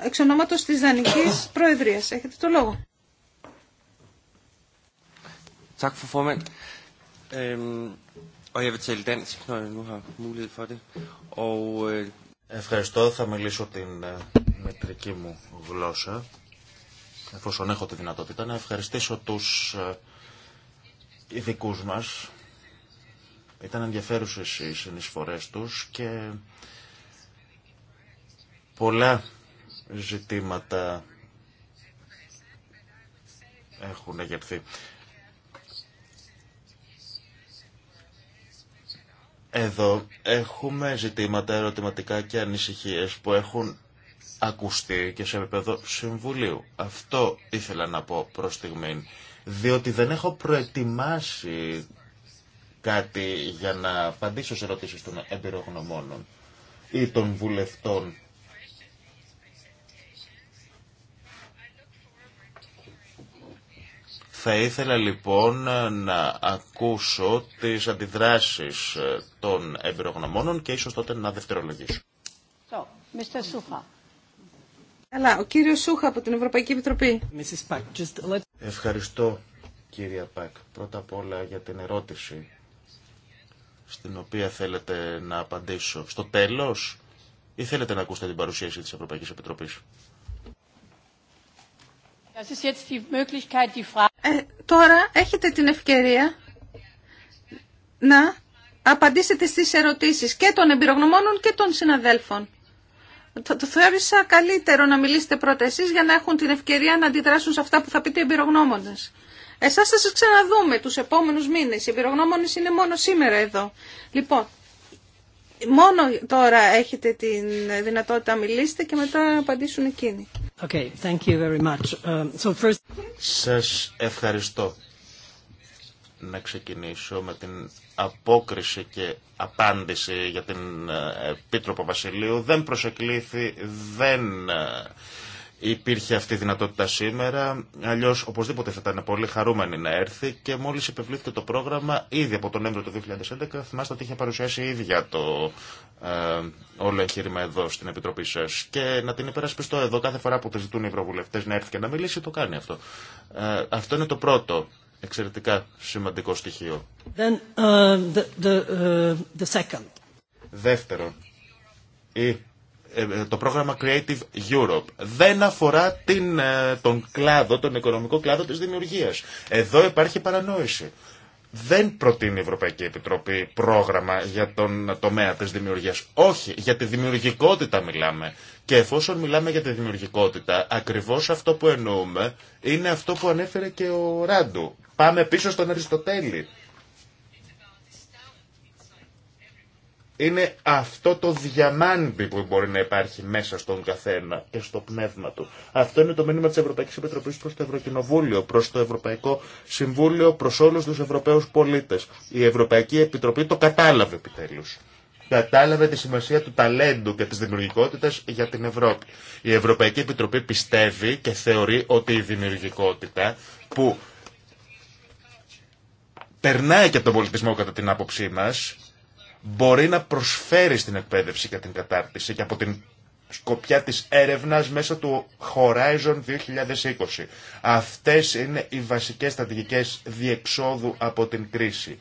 εξ ονόματος της Δανικής Προεδρίας. Έχετε το λόγο. Ευχαριστώ, θα μιλήσω την ε, μετρική μου γλώσσα, εφόσον έχω τη δυνατότητα, να ευχαριστήσω τους ε, ειδικού μας. Ήταν ενδιαφέρουσες οι συνεισφορές τους και πολλά ζητήματα έχουν αγερθεί. Εδώ έχουμε ζητήματα, ερωτηματικά και ανησυχίες που έχουν ακουστεί και σε επίπεδο συμβουλίου. Αυτό ήθελα να πω προ στιγμή, διότι δεν έχω προετοιμάσει κάτι για να απαντήσω σε ερωτήσεις των εμπειρογνωμόνων ή των βουλευτών. Θα ήθελα λοιπόν να ακούσω τις αντιδράσεις των εμπειρογνωμόνων και ίσως τότε να δευτερολογήσω. So, Mr. Καλά, ο κύριος Σούχα από την Ευρωπαϊκή Επιτροπή. Ευχαριστώ κύριε Πακ. Πρώτα απ' όλα για την ερώτηση στην οποία θέλετε να απαντήσω. Στο τέλος ή θέλετε να ακούσετε την παρουσίαση της Ευρωπαϊκής Επιτροπής. Ε, τώρα έχετε την ευκαιρία να απαντήσετε στις ερωτήσεις και των εμπειρογνωμόνων και των συναδέλφων το, το θεώρησα καλύτερο να μιλήσετε πρώτα εσεί για να έχουν την ευκαιρία να αντιδράσουν σε αυτά που θα πείτε οι εμπειρογνώμονε. Εσάς θα σας ξαναδούμε τους επόμενους μήνες. Οι εμπειρογνώμονε είναι μόνο σήμερα εδώ. Λοιπόν, μόνο τώρα έχετε τη δυνατότητα να μιλήσετε και μετά να απαντήσουν εκείνοι. Okay, thank you very much. Um, so first... Σας ευχαριστώ να ξεκινήσω με την απόκριση και απάντηση για την ε, Επίτροπο Βασιλείου. Δεν προσεκλήθη, δεν ε, υπήρχε αυτή η δυνατότητα σήμερα. Αλλιώ, οπωσδήποτε θα ήταν πολύ χαρούμενη να έρθει και μόλι υπευλήθηκε το πρόγραμμα ήδη από τον Νέμβριο του 2011, θυμάστε ότι είχε παρουσιάσει η ίδια το ε, όλο εγχείρημα εδώ στην Επιτροπή σα. Και να την υπερασπιστώ εδώ κάθε φορά που τη ζητούν οι Ευρωβουλευτέ να έρθει και να μιλήσει, το κάνει αυτό. Ε, αυτό είναι το πρώτο. Εξαιρετικά σημαντικό στοιχείο. Then, uh, the, the, uh, Δεύτερο, ε, ε, το πρόγραμμα Creative Europe δεν αφορά την, ε, τον κλάδο, τον οικονομικό κλάδο της δημιουργίας. Εδώ υπάρχει παρανόηση δεν προτείνει η Ευρωπαϊκή Επιτροπή πρόγραμμα για τον τομέα της δημιουργίας. Όχι, για τη δημιουργικότητα μιλάμε. Και εφόσον μιλάμε για τη δημιουργικότητα, ακριβώς αυτό που εννοούμε είναι αυτό που ανέφερε και ο Ράντου. Πάμε πίσω στον Αριστοτέλη. είναι αυτό το διαμάντι που μπορεί να υπάρχει μέσα στον καθένα και στο πνεύμα του. Αυτό είναι το μήνυμα της Ευρωπαϊκής Επιτροπής προς το Ευρωκοινοβούλιο, προς το Ευρωπαϊκό Συμβούλιο, προς όλους τους Ευρωπαίους πολίτες. Η Ευρωπαϊκή Επιτροπή το κατάλαβε επιτέλους. Κατάλαβε τη σημασία του ταλέντου και της δημιουργικότητας για την Ευρώπη. Η Ευρωπαϊκή Επιτροπή πιστεύει και θεωρεί ότι η δημιουργικότητα που περνάει και τον πολιτισμό κατά την άποψή μας, μπορεί να προσφέρει στην εκπαίδευση και την κατάρτιση και από την σκοπιά της έρευνας μέσα του Horizon 2020. Αυτές είναι οι βασικές στρατηγικές διεξόδου από την κρίση.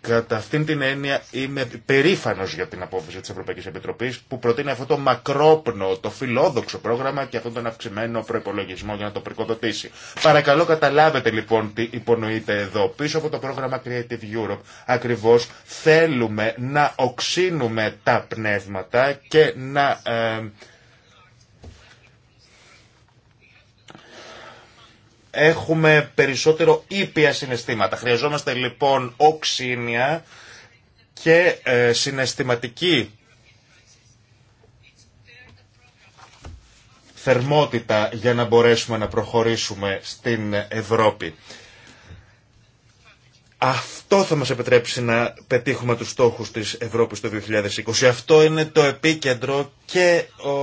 Κατά αυτήν την έννοια είμαι περήφανο για την απόφαση τη Ευρωπαϊκή Επιτροπή που προτείνει αυτό το μακρόπνο, το φιλόδοξο πρόγραμμα και αυτόν τον αυξημένο προπολογισμό για να το πρικοδοτήσει. Παρακαλώ καταλάβετε λοιπόν τι υπονοείται εδώ. Πίσω από το πρόγραμμα Creative Europe ακριβώ θέλουμε να οξύνουμε τα πνεύματα και να. Ε, έχουμε περισσότερο ήπια συναισθήματα. Χρειαζόμαστε λοιπόν οξύνια και ε, συναισθηματική θερμότητα για να μπορέσουμε να προχωρήσουμε στην Ευρώπη. Αυτό θα μας επιτρέψει να πετύχουμε τους στόχους της Ευρώπης το 2020. Αυτό είναι το επίκεντρο και ο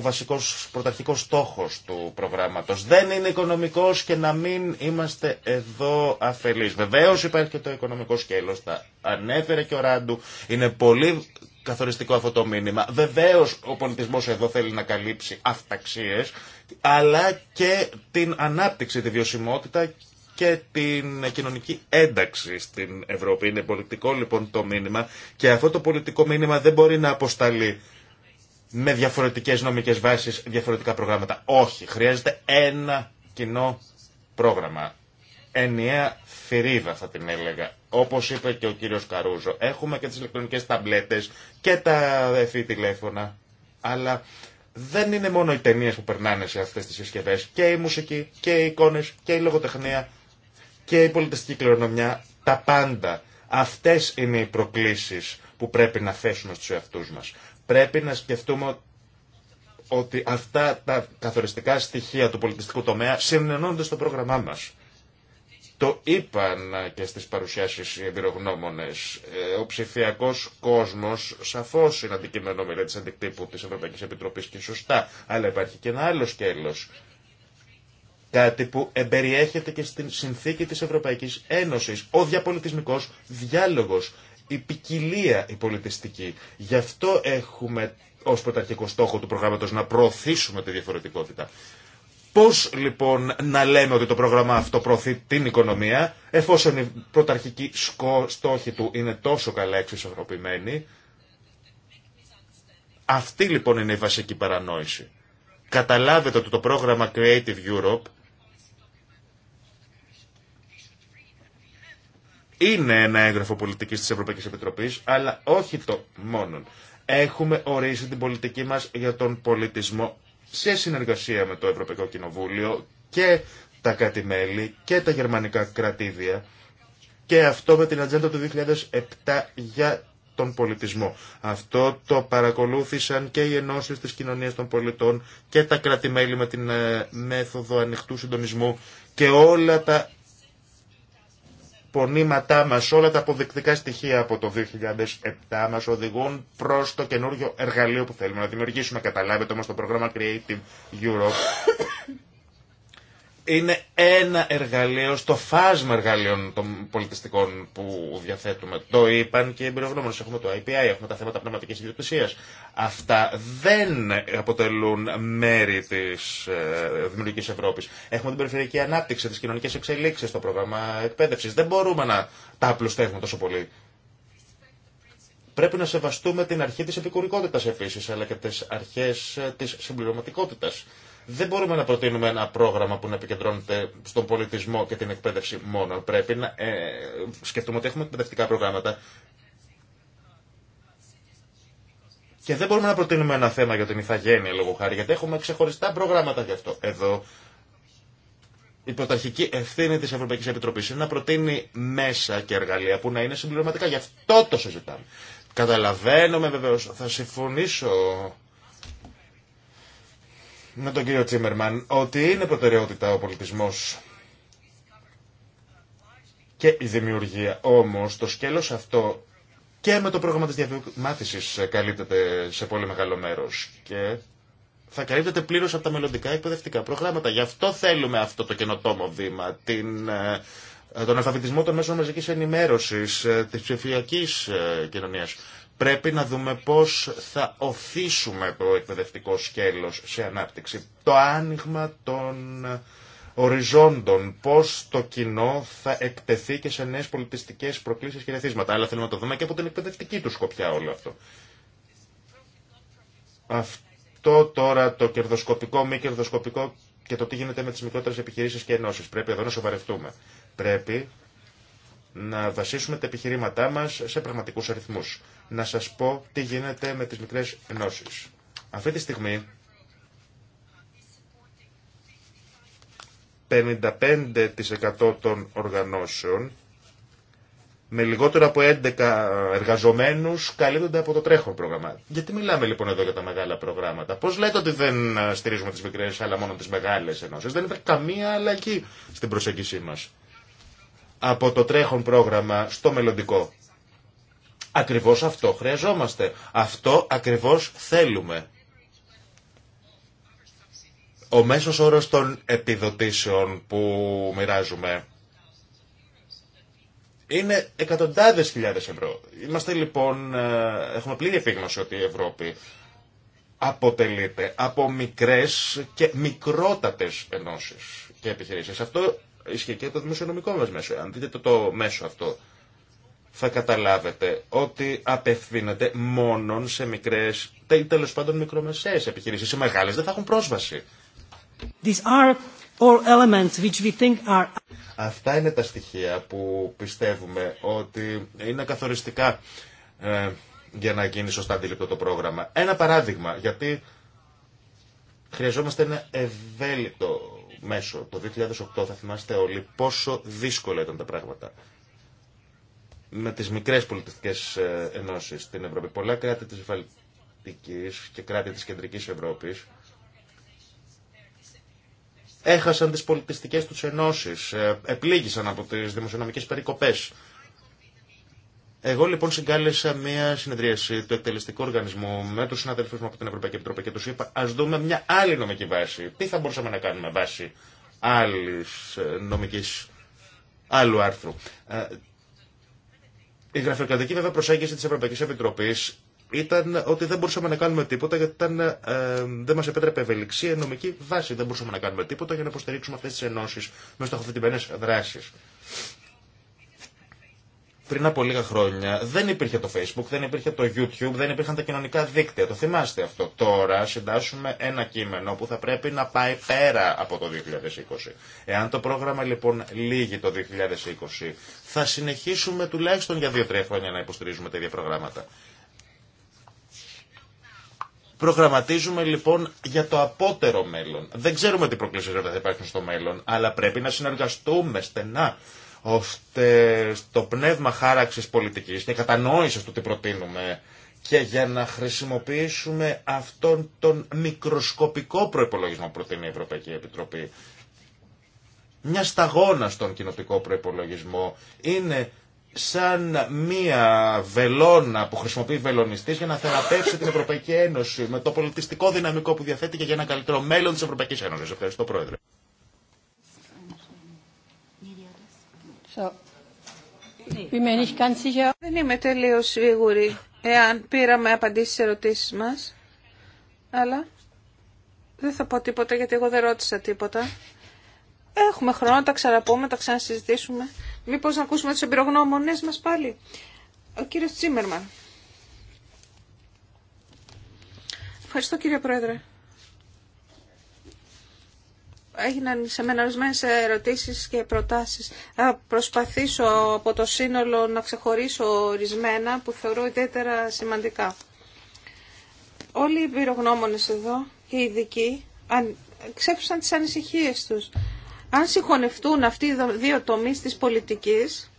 βασικός πρωταρχικός στόχος του προγράμματος. Δεν είναι οικονομικός και να μην είμαστε εδώ αφελείς. Βεβαίως υπάρχει και το οικονομικό σκέλος, τα ανέφερε και ο Ράντου. Είναι πολύ καθοριστικό αυτό το μήνυμα. Βεβαίως ο πολιτισμός εδώ θέλει να καλύψει αυταξίες αλλά και την ανάπτυξη, τη βιωσιμότητα και την κοινωνική ένταξη στην Ευρώπη. Είναι πολιτικό λοιπόν το μήνυμα και αυτό το πολιτικό μήνυμα δεν μπορεί να αποσταλεί με διαφορετικές νομικές βάσεις, διαφορετικά προγράμματα. Όχι, χρειάζεται ένα κοινό πρόγραμμα. Ενιαία θηρίδα θα την έλεγα. Όπως είπε και ο κύριος Καρούζο, έχουμε και τις ηλεκτρονικέ ταμπλέτες και τα εφή τηλέφωνα, αλλά δεν είναι μόνο οι ταινίε που περνάνε σε αυτέ τι συσκευέ. Και η μουσική και οι εικόνε και η λογοτεχνία και η πολιτιστική κληρονομιά, τα πάντα. Αυτές είναι οι προκλήσεις που πρέπει να θέσουμε στους εαυτούς μας. Πρέπει να σκεφτούμε ότι αυτά τα καθοριστικά στοιχεία του πολιτιστικού τομέα συνενώνονται στο πρόγραμμά μας. Το είπαν και στις παρουσιάσεις οι εμπειρογνώμονες. Ε, ο ψηφιακό κόσμος σαφώς είναι αντικείμενο της αντικτύπου της Ευρωπαϊκής Επιτροπής και σωστά, αλλά υπάρχει και ένα άλλο σκέλος Κάτι που εμπεριέχεται και στην συνθήκη της Ευρωπαϊκής Ένωσης. Ο διαπολιτισμικός διάλογος, η ποικιλία η πολιτιστική. Γι' αυτό έχουμε ως πρωταρχικό στόχο του προγράμματος να προωθήσουμε τη διαφορετικότητα. Πώς λοιπόν να λέμε ότι το πρόγραμμα αυτό προωθεί την οικονομία, εφόσον οι πρωταρχικοί στόχοι του είναι τόσο καλά εξισορροπημένοι. Αυτή λοιπόν είναι η βασική παρανόηση. Καταλάβετε ότι το πρόγραμμα Creative Europe είναι ένα έγγραφο πολιτικής της Ευρωπαϊκής Επιτροπής, αλλά όχι το μόνο. Έχουμε ορίσει την πολιτική μας για τον πολιτισμό σε συνεργασία με το Ευρωπαϊκό Κοινοβούλιο και τα κρατη και τα γερμανικά κρατήδια και αυτό με την ατζέντα του 2007 για τον πολιτισμό. Αυτό το παρακολούθησαν και οι ενώσεις της κοινωνίας των πολιτών και τα κρατη με την ε, μέθοδο ανοιχτού συντονισμού και όλα τα πονήματά μας, όλα τα αποδεικτικά στοιχεία από το 2007 μας οδηγούν προς το καινούριο εργαλείο που θέλουμε να δημιουργήσουμε. Καταλάβετε όμως το πρόγραμμα Creative Europe είναι ένα εργαλείο στο φάσμα εργαλείων των πολιτιστικών που διαθέτουμε. Το είπαν και οι εμπειρογνώμονες. Έχουμε το IPI, έχουμε τα θέματα πνευματική ιδιοκτησία. Αυτά δεν αποτελούν μέρη τη ε, δημιουργικής Ευρώπης. Έχουμε την περιφερειακή ανάπτυξη, τι κοινωνικέ εξελίξει το πρόγραμμα εκπαίδευση. Δεν μπορούμε να τα απλουστεύουμε τόσο πολύ. Πρέπει να σεβαστούμε την αρχή τη επικούρικότητα επίση, αλλά και τι αρχέ ε, τη συμπληρωματικότητα. Δεν μπορούμε να προτείνουμε ένα πρόγραμμα που να επικεντρώνεται στον πολιτισμό και την εκπαίδευση μόνο. Πρέπει να ε, σκεφτούμε ότι έχουμε εκπαιδευτικά προγράμματα. Και δεν μπορούμε να προτείνουμε ένα θέμα για την ηθαγένεια λόγω χάρη, γιατί έχουμε ξεχωριστά προγράμματα γι' αυτό. Εδώ η πρωταρχική ευθύνη τη Ευρωπαϊκή Επιτροπή είναι να προτείνει μέσα και εργαλεία που να είναι συμπληρωματικά. Γι' αυτό το συζητάμε. Καταλαβαίνουμε βεβαίω, θα συμφωνήσω με τον κύριο Τσίμερμαν ότι είναι προτεραιότητα ο πολιτισμός και η δημιουργία. Όμως το σκέλος αυτό και με το πρόγραμμα της διαβημάτισης καλύπτεται σε πολύ μεγάλο μέρος και θα καλύπτεται πλήρως από τα μελλοντικά εκπαιδευτικά προγράμματα. Γι' αυτό θέλουμε αυτό το καινοτόμο βήμα, την, ε, τον αλφαβητισμό των μέσων μαζικής ενημέρωσης, ε, της ψηφιακής ε, κοινωνίας. Πρέπει να δούμε πώς θα οθήσουμε το εκπαιδευτικό σκέλος σε ανάπτυξη. Το άνοιγμα των οριζόντων, πώς το κοινό θα εκτεθεί και σε νέες πολιτιστικές προκλήσεις και ρεθίσματα. Αλλά θέλουμε να το δούμε και από την εκπαιδευτική του σκοπιά όλο αυτό. Αυτό τώρα το κερδοσκοπικό, μη κερδοσκοπικό και το τι γίνεται με τις μικρότερες επιχειρήσεις και ενώσεις. Πρέπει εδώ να σοβαρευτούμε. Πρέπει να βασίσουμε τα επιχειρήματά μας σε πραγματικούς αριθμούς να σας πω τι γίνεται με τις μικρές ενώσεις. Αυτή τη στιγμή 55% των οργανώσεων με λιγότερο από 11 εργαζομένους καλύπτονται από το τρέχον πρόγραμμα. Γιατί μιλάμε λοιπόν εδώ για τα μεγάλα προγράμματα. Πώς λέτε ότι δεν στηρίζουμε τις μικρές αλλά μόνο τις μεγάλες ενώσεις. Δεν υπάρχει καμία αλλαγή στην προσέγγιση μας. Από το τρέχον πρόγραμμα στο μελλοντικό. Ακριβώς αυτό χρειαζόμαστε. Αυτό ακριβώς θέλουμε. Ο μέσος όρος των επιδοτήσεων που μοιράζουμε είναι εκατοντάδες χιλιάδες ευρώ. Είμαστε λοιπόν, ε, έχουμε πλήρη επίγνωση ότι η Ευρώπη αποτελείται από μικρές και μικρότατες ενώσεις και επιχειρήσεις. Αυτό ισχύει και το δημοσιονομικό μας μέσο. Αν δείτε το, το μέσο αυτό θα καταλάβετε ότι απευθύνεται μόνο σε μικρέ τέλο πάντων μικρομεσαίες επιχείρησει. Οι μεγάλες δεν θα έχουν πρόσβαση. Αυτά είναι τα στοιχεία που πιστεύουμε ότι είναι καθοριστικά ε, για να γίνει σωστά αντιληπτό το πρόγραμμα. Ένα παράδειγμα, γιατί χρειαζόμαστε ένα ευέλικτο μέσο. Το 2008 θα θυμάστε όλοι πόσο δύσκολα ήταν τα πράγματα με τις μικρές πολιτιστικές ε, ενώσεις στην Ευρώπη. Πολλά κράτη της Βαλτικής και κράτη της Κεντρικής Ευρώπης έχασαν τις πολιτιστικές τους ενώσεις, ε, επλήγησαν από τις δημοσιονομικές περικοπές. Εγώ λοιπόν συγκάλεσα μια συνεδρίαση του εκτελεστικού οργανισμού με τους συναδελφούς μου από την Ευρωπαϊκή Επιτροπή και του είπα: ας δούμε μια άλλη νομική βάση. Τι θα μπορούσαμε να κάνουμε βάση άλλη ε, νομική, άλλου άρθρου. Η γραφειοκρατική βέβαια προσέγγιση τη Ευρωπαϊκή Επιτροπή ήταν ότι δεν μπορούσαμε να κάνουμε τίποτα γιατί ήταν, ε, δεν μα επέτρεπε ευελιξία, νομική βάση. Δεν μπορούσαμε να κάνουμε τίποτα για να υποστηρίξουμε αυτέ τι ενώσει με στοχοθετημένε δράσει πριν από λίγα χρόνια δεν υπήρχε το Facebook, δεν υπήρχε το YouTube, δεν υπήρχαν τα κοινωνικά δίκτυα. Το θυμάστε αυτό. Τώρα συντάσσουμε ένα κείμενο που θα πρέπει να πάει πέρα από το 2020. Εάν το πρόγραμμα λοιπόν λύγει το 2020, θα συνεχίσουμε τουλάχιστον για δύο-τρία χρόνια να υποστηρίζουμε τα ίδια προγράμματα. Προγραμματίζουμε λοιπόν για το απότερο μέλλον. Δεν ξέρουμε τι προκλήσεις θα υπάρχουν στο μέλλον, αλλά πρέπει να συνεργαστούμε στενά ώστε στο πνεύμα χάραξης πολιτικής και κατανόησης του τι προτείνουμε και για να χρησιμοποιήσουμε αυτόν τον μικροσκοπικό προϋπολογισμό που προτείνει η Ευρωπαϊκή Επιτροπή μια σταγόνα στον κοινοτικό προϋπολογισμό είναι σαν μία βελόνα που χρησιμοποιεί βελονιστή για να θεραπεύσει την Ευρωπαϊκή Ένωση με το πολιτιστικό δυναμικό που διαθέτει και για ένα καλύτερο μέλλον τη Ευρωπαϊκή Ένωση. Ευχαριστώ Πρόεδρε. Ναι. Ναι. Δεν είμαι τελείω σίγουρη εάν πήραμε απαντήσει στι ερωτήσει μα. Αλλά δεν θα πω τίποτα γιατί εγώ δεν ρώτησα τίποτα. Έχουμε χρόνο, να τα ξαναπούμε, να τα ξανασυζητήσουμε. Μήπω να ακούσουμε του εμπειρογνώμονε μα πάλι. Ο κύριο Τσίμερμαν. Ευχαριστώ κύριε Πρόεδρε έγιναν σε μένα ορισμένες ερωτήσεις και προτάσεις. Θα προσπαθήσω από το σύνολο να ξεχωρίσω ορισμένα που θεωρώ ιδιαίτερα σημαντικά. Όλοι οι πυρογνώμονες εδώ και οι ειδικοί ξέφυσαν τις ανησυχίες τους. Αν συγχωνευτούν αυτοί οι δύο τομείς της πολιτικής,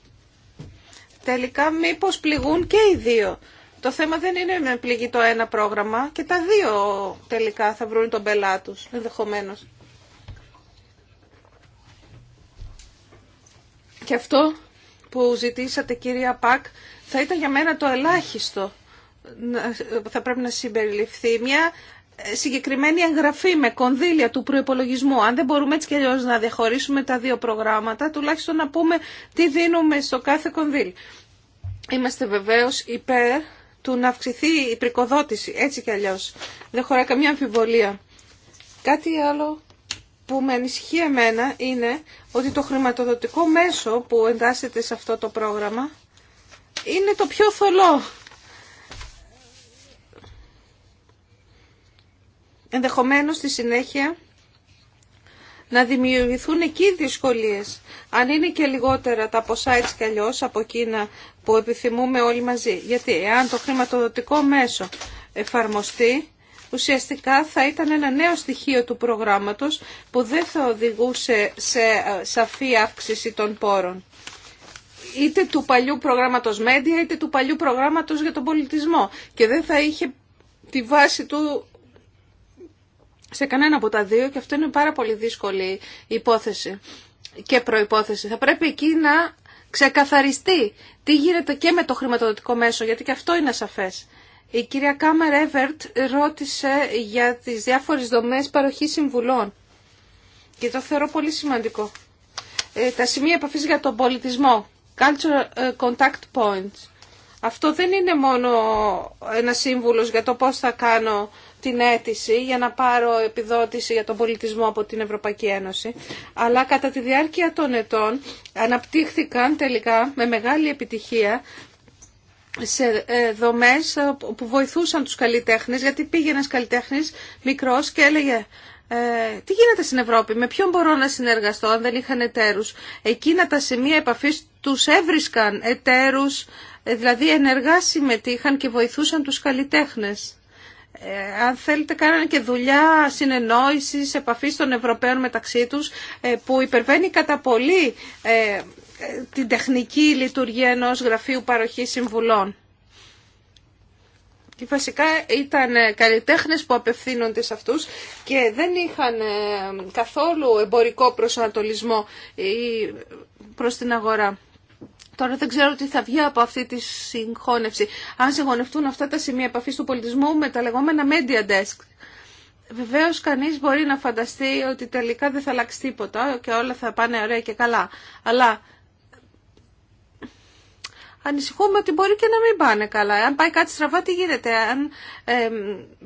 τελικά μήπως πληγούν και οι δύο. Το θέμα δεν είναι να πληγεί το ένα πρόγραμμα και τα δύο τελικά θα βρουν τον πελά τους, ενδεχομένως. Και αυτό που ζητήσατε κυρία Πακ θα ήταν για μένα το ελάχιστο που θα πρέπει να συμπεριληφθεί. Μια συγκεκριμένη εγγραφή με κονδύλια του προϋπολογισμού. Αν δεν μπορούμε έτσι και αλλιώς να διαχωρίσουμε τα δύο προγράμματα, τουλάχιστον να πούμε τι δίνουμε στο κάθε κονδύλι. Είμαστε βεβαίως υπέρ του να αυξηθεί η πρικοδότηση, έτσι κι αλλιώς. Δεν χωρά καμία αμφιβολία. Κάτι άλλο που με ανησυχεί εμένα είναι ότι το χρηματοδοτικό μέσο που εντάσσεται σε αυτό το πρόγραμμα είναι το πιο θολό. Ενδεχομένως στη συνέχεια να δημιουργηθούν εκεί δυσκολίες. Αν είναι και λιγότερα τα ποσά έτσι κι αλλιώς από εκείνα που επιθυμούμε όλοι μαζί. Γιατί εάν το χρηματοδοτικό μέσο εφαρμοστεί ουσιαστικά θα ήταν ένα νέο στοιχείο του προγράμματος που δεν θα οδηγούσε σε ε, σαφή αύξηση των πόρων είτε του παλιού προγράμματος Μέντια είτε του παλιού προγράμματος για τον πολιτισμό και δεν θα είχε τη βάση του σε κανένα από τα δύο και αυτό είναι πάρα πολύ δύσκολη υπόθεση και προϋπόθεση. Θα πρέπει εκεί να ξεκαθαριστεί τι γίνεται και με το χρηματοδοτικό μέσο γιατί και αυτό είναι σαφές. Η κυρία Κάμερ Εβερτ ρώτησε για τις διάφορες δομές παροχής συμβουλών και το θεωρώ πολύ σημαντικό. Ε, τα σημεία επαφής για τον πολιτισμό, Cultural ε, contact points. Αυτό δεν είναι μόνο ένα σύμβουλος για το πώς θα κάνω την αίτηση για να πάρω επιδότηση για τον πολιτισμό από την Ευρωπαϊκή Ένωση, αλλά κατά τη διάρκεια των ετών αναπτύχθηκαν τελικά με μεγάλη επιτυχία σε ε, δομές ε, που βοηθούσαν τους καλλιτέχνες, γιατί πήγε ένας καλλιτέχνης μικρός και έλεγε ε, τι γίνεται στην Ευρώπη, με ποιον μπορώ να συνεργαστώ αν δεν είχαν εταίρους. Εκείνα τα σημεία επαφής τους έβρισκαν εταίρους, ε, δηλαδή ενεργά συμμετείχαν και βοηθούσαν τους καλλιτέχνες. αν θέλετε κάνανε και δουλειά συνεννόησης, επαφής των Ευρωπαίων μεταξύ τους, που υπερβαίνει κατά πολύ την τεχνική λειτουργία ενός γραφείου παροχής συμβουλών. Και βασικά ήταν καλλιτέχνες που απευθύνονται σε αυτούς και δεν είχαν ε, καθόλου εμπορικό προσανατολισμό προς την αγορά. Τώρα δεν ξέρω τι θα βγει από αυτή τη συγχώνευση. Αν συγχωνευτούν αυτά τα σημεία επαφή του πολιτισμού με τα λεγόμενα media desk. Βεβαίω κανεί μπορεί να φανταστεί ότι τελικά δεν θα αλλάξει τίποτα και όλα θα πάνε ωραία και καλά. Αλλά ανησυχούμε ότι μπορεί και να μην πάνε καλά. Αν πάει κάτι στραβά, τι γίνεται. Αν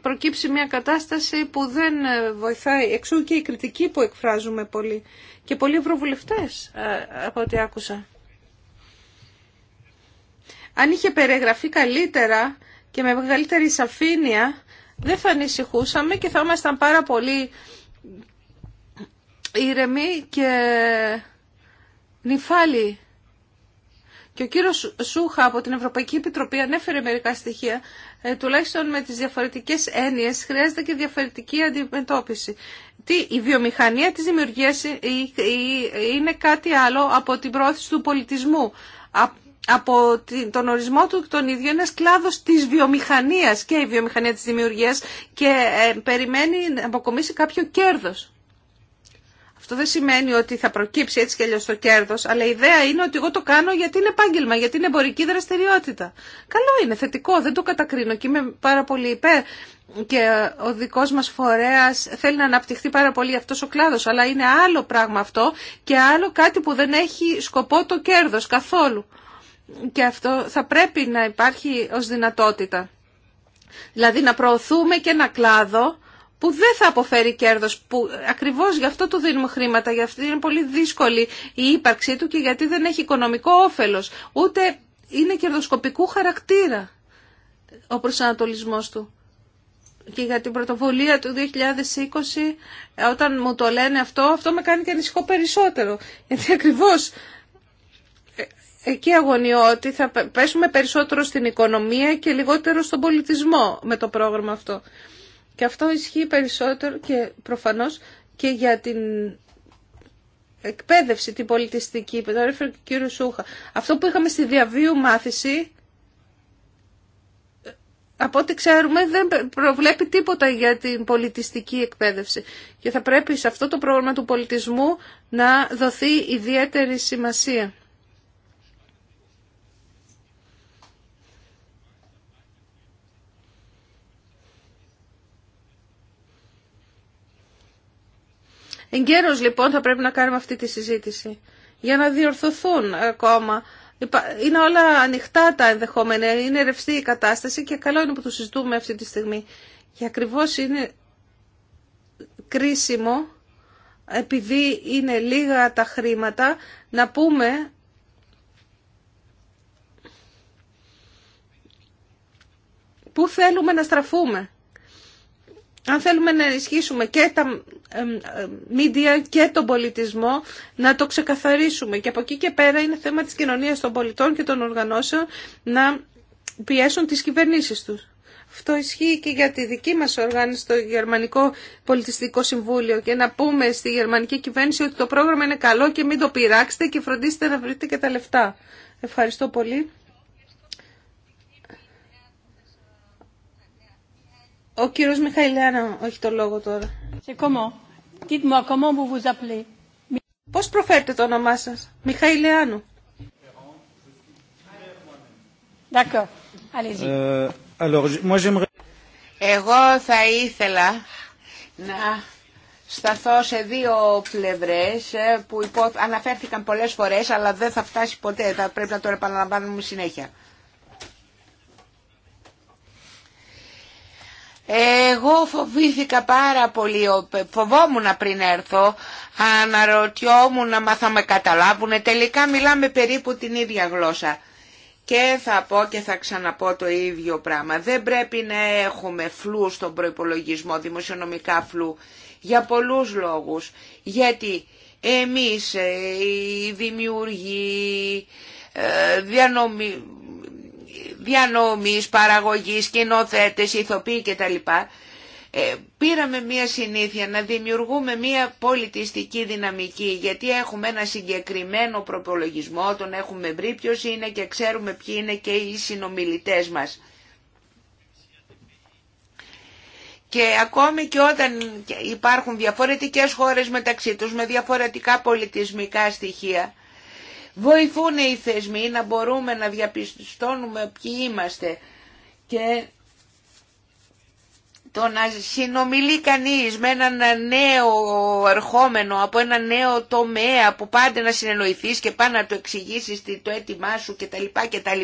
προκύψει μια κατάσταση που δεν ε, βοηθάει, εξού και η κριτική που εκφράζουμε πολύ. Και πολλοί ευρωβουλευτέ, ε, από ό,τι άκουσα. Αν είχε περιγραφεί καλύτερα και με μεγαλύτερη σαφήνεια, δεν θα ανησυχούσαμε και θα ήμασταν πάρα πολύ ήρεμοι και νυφάλιοι. Και ο κύριος Σούχα από την Ευρωπαϊκή Επιτροπή ανέφερε μερικά στοιχεία, ε, τουλάχιστον με τις διαφορετικές έννοιες, χρειάζεται και διαφορετική αντιμετώπιση. Τι, η βιομηχανία της δημιουργίας είναι κάτι άλλο από την πρόθεση του πολιτισμού. Από τον ορισμό του τον ίδιο ένας κλάδος της βιομηχανίας και η βιομηχανία της δημιουργίας και ε, περιμένει να αποκομίσει κάποιο κέρδος. Αυτό δεν σημαίνει ότι θα προκύψει έτσι και αλλιώ το κέρδο, αλλά η ιδέα είναι ότι εγώ το κάνω γιατί είναι επάγγελμα, γιατί είναι εμπορική δραστηριότητα. Καλό είναι, θετικό, δεν το κατακρίνω και είμαι πάρα πολύ υπέρ. Και ο δικό μα φορέα θέλει να αναπτυχθεί πάρα πολύ αυτό ο κλάδο, αλλά είναι άλλο πράγμα αυτό και άλλο κάτι που δεν έχει σκοπό το κέρδο καθόλου. Και αυτό θα πρέπει να υπάρχει ως δυνατότητα. Δηλαδή να προωθούμε και ένα κλάδο που δεν θα αποφέρει κέρδος, που ακριβώς γι' αυτό του δίνουμε χρήματα, γι' αυτό είναι πολύ δύσκολη η ύπαρξή του και γιατί δεν έχει οικονομικό όφελος, ούτε είναι κερδοσκοπικού χαρακτήρα ο προσανατολισμός του. Και για την πρωτοβουλία του 2020, όταν μου το λένε αυτό, αυτό με κάνει και ανησυχώ περισσότερο. Γιατί ακριβώς ε, εκεί αγωνιώ ότι θα πέσουμε περισσότερο στην οικονομία και λιγότερο στον πολιτισμό με το πρόγραμμα αυτό. Και αυτό ισχύει περισσότερο και προφανώς και για την εκπαίδευση, την πολιτιστική, που και ο Σούχα. Αυτό που είχαμε στη διαβίου μάθηση, από ό,τι ξέρουμε, δεν προβλέπει τίποτα για την πολιτιστική εκπαίδευση. Και θα πρέπει σε αυτό το πρόγραμμα του πολιτισμού να δοθεί ιδιαίτερη σημασία. Εγκαίρως λοιπόν θα πρέπει να κάνουμε αυτή τη συζήτηση για να διορθωθούν ακόμα. Είναι όλα ανοιχτά τα ενδεχόμενα, είναι ρευστή η κατάσταση και καλό είναι που το συζητούμε αυτή τη στιγμή. Και ακριβώς είναι κρίσιμο, επειδή είναι λίγα τα χρήματα, να πούμε πού θέλουμε να στραφούμε αν θέλουμε να ενισχύσουμε και τα μίντια και τον πολιτισμό, να το ξεκαθαρίσουμε. Και από εκεί και πέρα είναι θέμα της κοινωνίας των πολιτών και των οργανώσεων να πιέσουν τις κυβερνήσεις τους. Αυτό ισχύει και για τη δική μας οργάνωση, το Γερμανικό Πολιτιστικό Συμβούλιο και να πούμε στη γερμανική κυβέρνηση ότι το πρόγραμμα είναι καλό και μην το πειράξετε και φροντίστε να βρείτε και τα λεφτά. Ευχαριστώ πολύ. Ο κύριο Μιχαηλιάνο έχει το λόγο τώρα. Πώς προφέρετε το όνομά σας, Μιχαηλαιάνου? Euh, Εγώ θα ήθελα να σταθώ σε δύο πλευρές ε, που αναφέρθηκαν πολλές φορές αλλά δεν θα φτάσει ποτέ, θα πρέπει να το επαναλαμβάνουμε συνέχεια. Εγώ φοβήθηκα πάρα πολύ, φοβόμουν πριν έρθω, αναρωτιόμουν μα θα με καταλάβουν, τελικά μιλάμε περίπου την ίδια γλώσσα. Και θα πω και θα ξαναπώ το ίδιο πράγμα. Δεν πρέπει να έχουμε φλού στον προϋπολογισμό, δημοσιονομικά φλού, για πολλούς λόγους. Γιατί εμείς ε, οι δημιουργοί, ε, διανομι διανομής, παραγωγής, σκηνοθέτες, ηθοποίοι κτλ. Ε, πήραμε μία συνήθεια να δημιουργούμε μία πολιτιστική δυναμική γιατί έχουμε ένα συγκεκριμένο προπολογισμό, τον έχουμε βρει ποιο είναι και ξέρουμε ποιοι είναι και οι συνομιλητές μας. Και ακόμη και όταν υπάρχουν διαφορετικές χώρες μεταξύ τους με διαφορετικά πολιτισμικά στοιχεία βοηθούν οι θεσμοί να μπορούμε να διαπιστώνουμε ποιοι είμαστε και το να συνομιλεί κανείς με έναν νέο ερχόμενο από ένα νέο τομέα που πάντα να συνεννοηθείς και πάνω να του εξηγήσει το έτοιμά σου κτλ. κτλ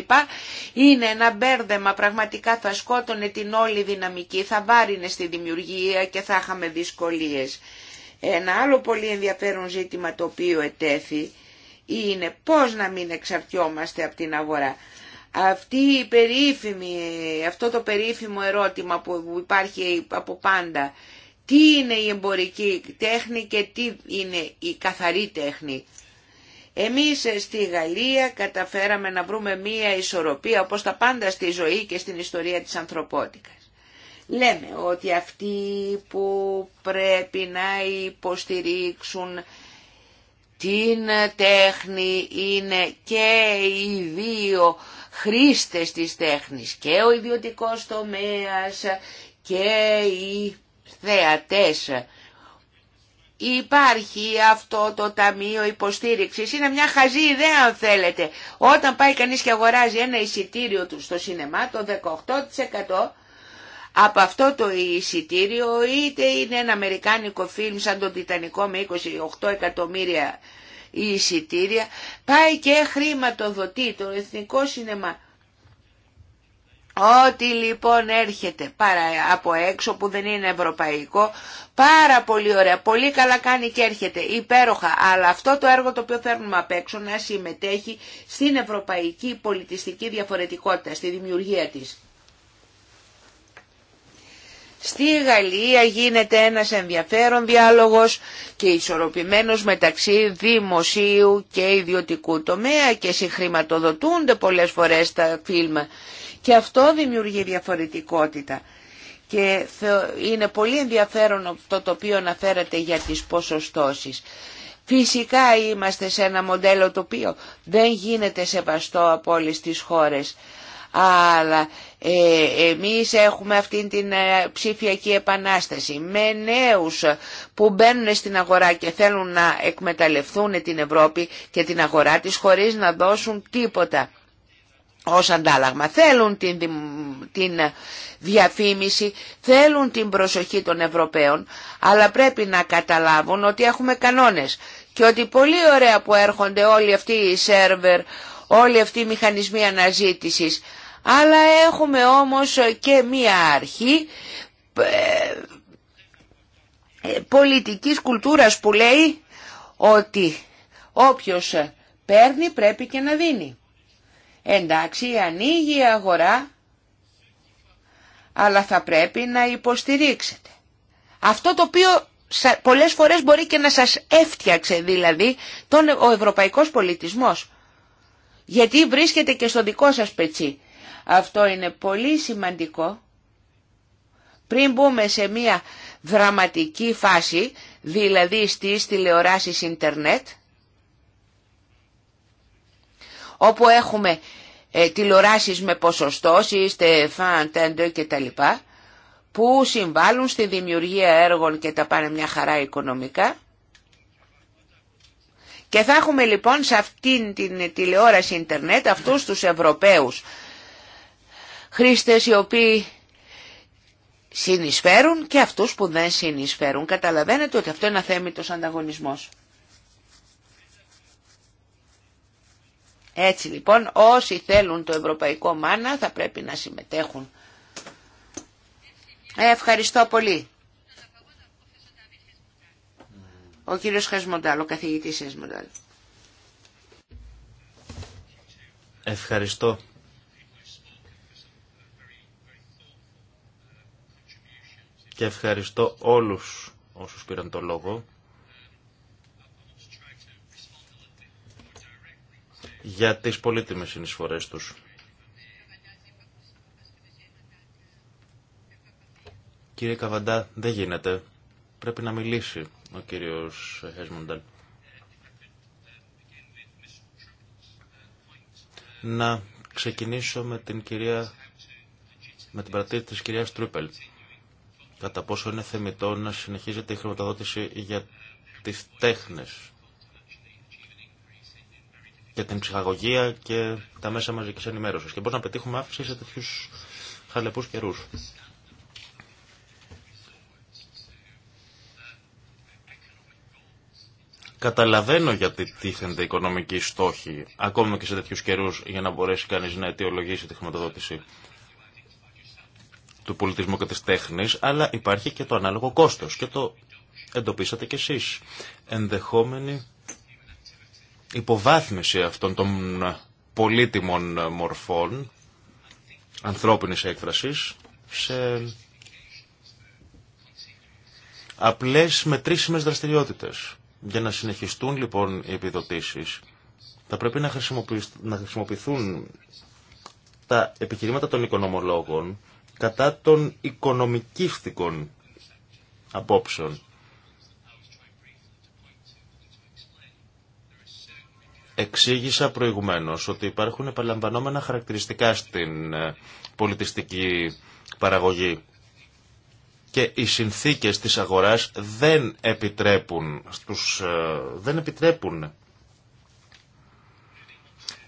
είναι ένα μπέρδεμα πραγματικά θα σκότωνε την όλη δυναμική, θα βάρινε στη δημιουργία και θα είχαμε δυσκολίες. Ένα άλλο πολύ ενδιαφέρον ζήτημα το οποίο ετέθη είναι πώς να μην εξαρτιόμαστε από την αγορά. Αυτή η περίφημη, αυτό το περίφημο ερώτημα που υπάρχει από πάντα, τι είναι η εμπορική τέχνη και τι είναι η καθαρή τέχνη. Εμείς στη Γαλλία καταφέραμε να βρούμε μία ισορροπία όπως τα πάντα στη ζωή και στην ιστορία της ανθρωπότητας. Λέμε ότι αυτοί που πρέπει να υποστηρίξουν την τέχνη είναι και οι δύο χρήστες της τέχνης, και ο ιδιωτικός τομέας και οι θεατές. Υπάρχει αυτό το ταμείο υποστήριξης, είναι μια χαζή ιδέα αν θέλετε. Όταν πάει κανείς και αγοράζει ένα εισιτήριο του στο σινεμά, το 18% από αυτό το εισιτήριο είτε είναι ένα αμερικάνικο φιλμ σαν τον Τιτανικό με 28 εκατομμύρια εισιτήρια πάει και χρηματοδοτεί το εθνικό σινεμά. Ό,τι λοιπόν έρχεται παρά από έξω που δεν είναι ευρωπαϊκό, πάρα πολύ ωραία, πολύ καλά κάνει και έρχεται, υπέροχα, αλλά αυτό το έργο το οποίο θέλουμε απ' έξω να συμμετέχει στην ευρωπαϊκή πολιτιστική διαφορετικότητα, στη δημιουργία της. Στη Γαλλία γίνεται ένας ενδιαφέρον διάλογος και ισορροπημένος μεταξύ δημοσίου και ιδιωτικού τομέα και συγχρηματοδοτούνται πολλές φορές τα φίλμα. και αυτό δημιουργεί διαφορετικότητα. Και είναι πολύ ενδιαφέρον αυτό το οποίο αναφέρατε για τις ποσοστώσεις. Φυσικά είμαστε σε ένα μοντέλο το οποίο δεν γίνεται σεβαστό από όλες τις χώρες, αλλά ε, εμείς έχουμε αυτή την ε, ψηφιακή επανάσταση με νέους που μπαίνουν στην αγορά και θέλουν να εκμεταλλευτούν την Ευρώπη και την αγορά της χωρίς να δώσουν τίποτα ως αντάλλαγμα. Θέλουν την, την διαφήμιση, θέλουν την προσοχή των Ευρωπαίων, αλλά πρέπει να καταλάβουν ότι έχουμε κανόνες και ότι πολύ ωραία που έρχονται όλοι αυτοί οι σερβερ, όλοι αυτοί οι μηχανισμοί αναζήτησης, αλλά έχουμε όμως και μία αρχή ε, πολιτικής κουλτούρας που λέει ότι όποιος παίρνει πρέπει και να δίνει. Εντάξει, ανοίγει η αγορά, αλλά θα πρέπει να υποστηρίξετε. Αυτό το οποίο πολλές φορές μπορεί και να σας έφτιαξε δηλαδή τον, ο ευρωπαϊκός πολιτισμός. Γιατί βρίσκεται και στο δικό σας πετσί. Αυτό είναι πολύ σημαντικό. Πριν μπούμε σε μια δραματική φάση, δηλαδή στις τηλεοράσεις ίντερνετ, όπου έχουμε ε, τηλεοράσεις με ποσοστώσεις, τεφάν, τέντε και τα λοιπά, που συμβάλλουν στη δημιουργία έργων και τα πάνε μια χαρά οικονομικά. Και θα έχουμε λοιπόν σε αυτήν την τηλεόραση ίντερνετ αυτούς τους Ευρωπαίους χρήστες οι οποίοι συνεισφέρουν και αυτούς που δεν συνεισφέρουν. Καταλαβαίνετε ότι αυτό είναι αθέμητος ανταγωνισμός. Έτσι λοιπόν όσοι θέλουν το ευρωπαϊκό μάνα θα πρέπει να συμμετέχουν. Ε, ευχαριστώ πολύ. Ο κύριος Χασμοντάλ, ο καθηγητής Χασμοντάλ. Ευχαριστώ και ευχαριστώ όλους όσους πήραν το λόγο για τις πολύτιμες συνεισφορές τους. Κύριε Καβαντά, δεν γίνεται. Πρέπει να μιλήσει ο κύριος Χέσμονταλ. Να ξεκινήσω με την κυρία με την παρατήρηση της κυρίας Τρούπελ κατά πόσο είναι θεμητό να συνεχίζεται η χρηματοδότηση για τις τέχνες και την ψυχαγωγία και τα μέσα μαζικής ενημέρωσης και πώς να πετύχουμε αύξηση σε τέτοιους χαλεπούς καιρούς. Καταλαβαίνω γιατί τίθενται οικονομικοί στόχοι, ακόμα και σε τέτοιου καιρού, για να μπορέσει κανεί να αιτιολογήσει τη χρηματοδότηση του πολιτισμού και της τέχνης, αλλά υπάρχει και το ανάλογο κόστος και το εντοπίσατε κι εσείς. Ενδεχόμενη υποβάθμιση αυτών των πολύτιμων μορφών ανθρώπινης έκφρασης σε απλές μετρήσιμες δραστηριότητες. Για να συνεχιστούν λοιπόν οι επιδοτήσεις θα πρέπει να, χρησιμοποιηθούν τα επιχειρήματα των οικονομολόγων κατά των οικονομικίστικων απόψεων. Εξήγησα προηγουμένως ότι υπάρχουν επαλαμβανόμενα χαρακτηριστικά στην ε, πολιτιστική παραγωγή και οι συνθήκες της αγοράς δεν επιτρέπουν, στους, ε, δεν επιτρέπουν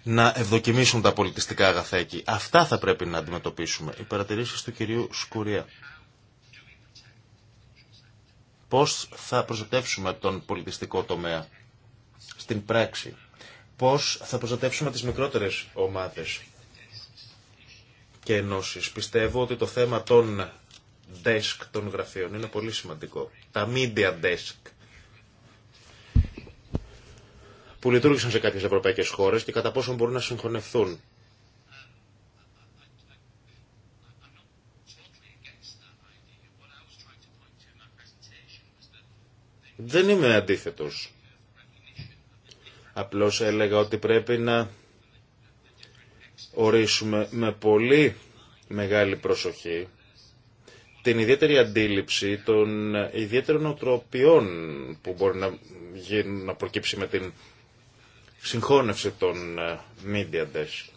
να ευδοκιμήσουν τα πολιτιστικά αγαθά εκεί. Αυτά θα πρέπει να αντιμετωπίσουμε. Οι παρατηρήσει του κυρίου Σκουρία. Πώς θα προστατεύσουμε τον πολιτιστικό τομέα στην πράξη. Πώς θα προστατεύσουμε τις μικρότερες ομάδες και ενώσει, Πιστεύω ότι το θέμα των desk των γραφείων είναι πολύ σημαντικό. Τα media desk που λειτουργήσαν σε κάποιες ευρωπαϊκές χώρες και κατά πόσο μπορούν να συγχωνευθούν. Δεν είμαι αντίθετος. Απλώς έλεγα ότι πρέπει να ορίσουμε με πολύ μεγάλη προσοχή την ιδιαίτερη αντίληψη των ιδιαίτερων οτροπιών που μπορεί να, γίνει να προκύψει με την συγχώνευση των ε, media desk.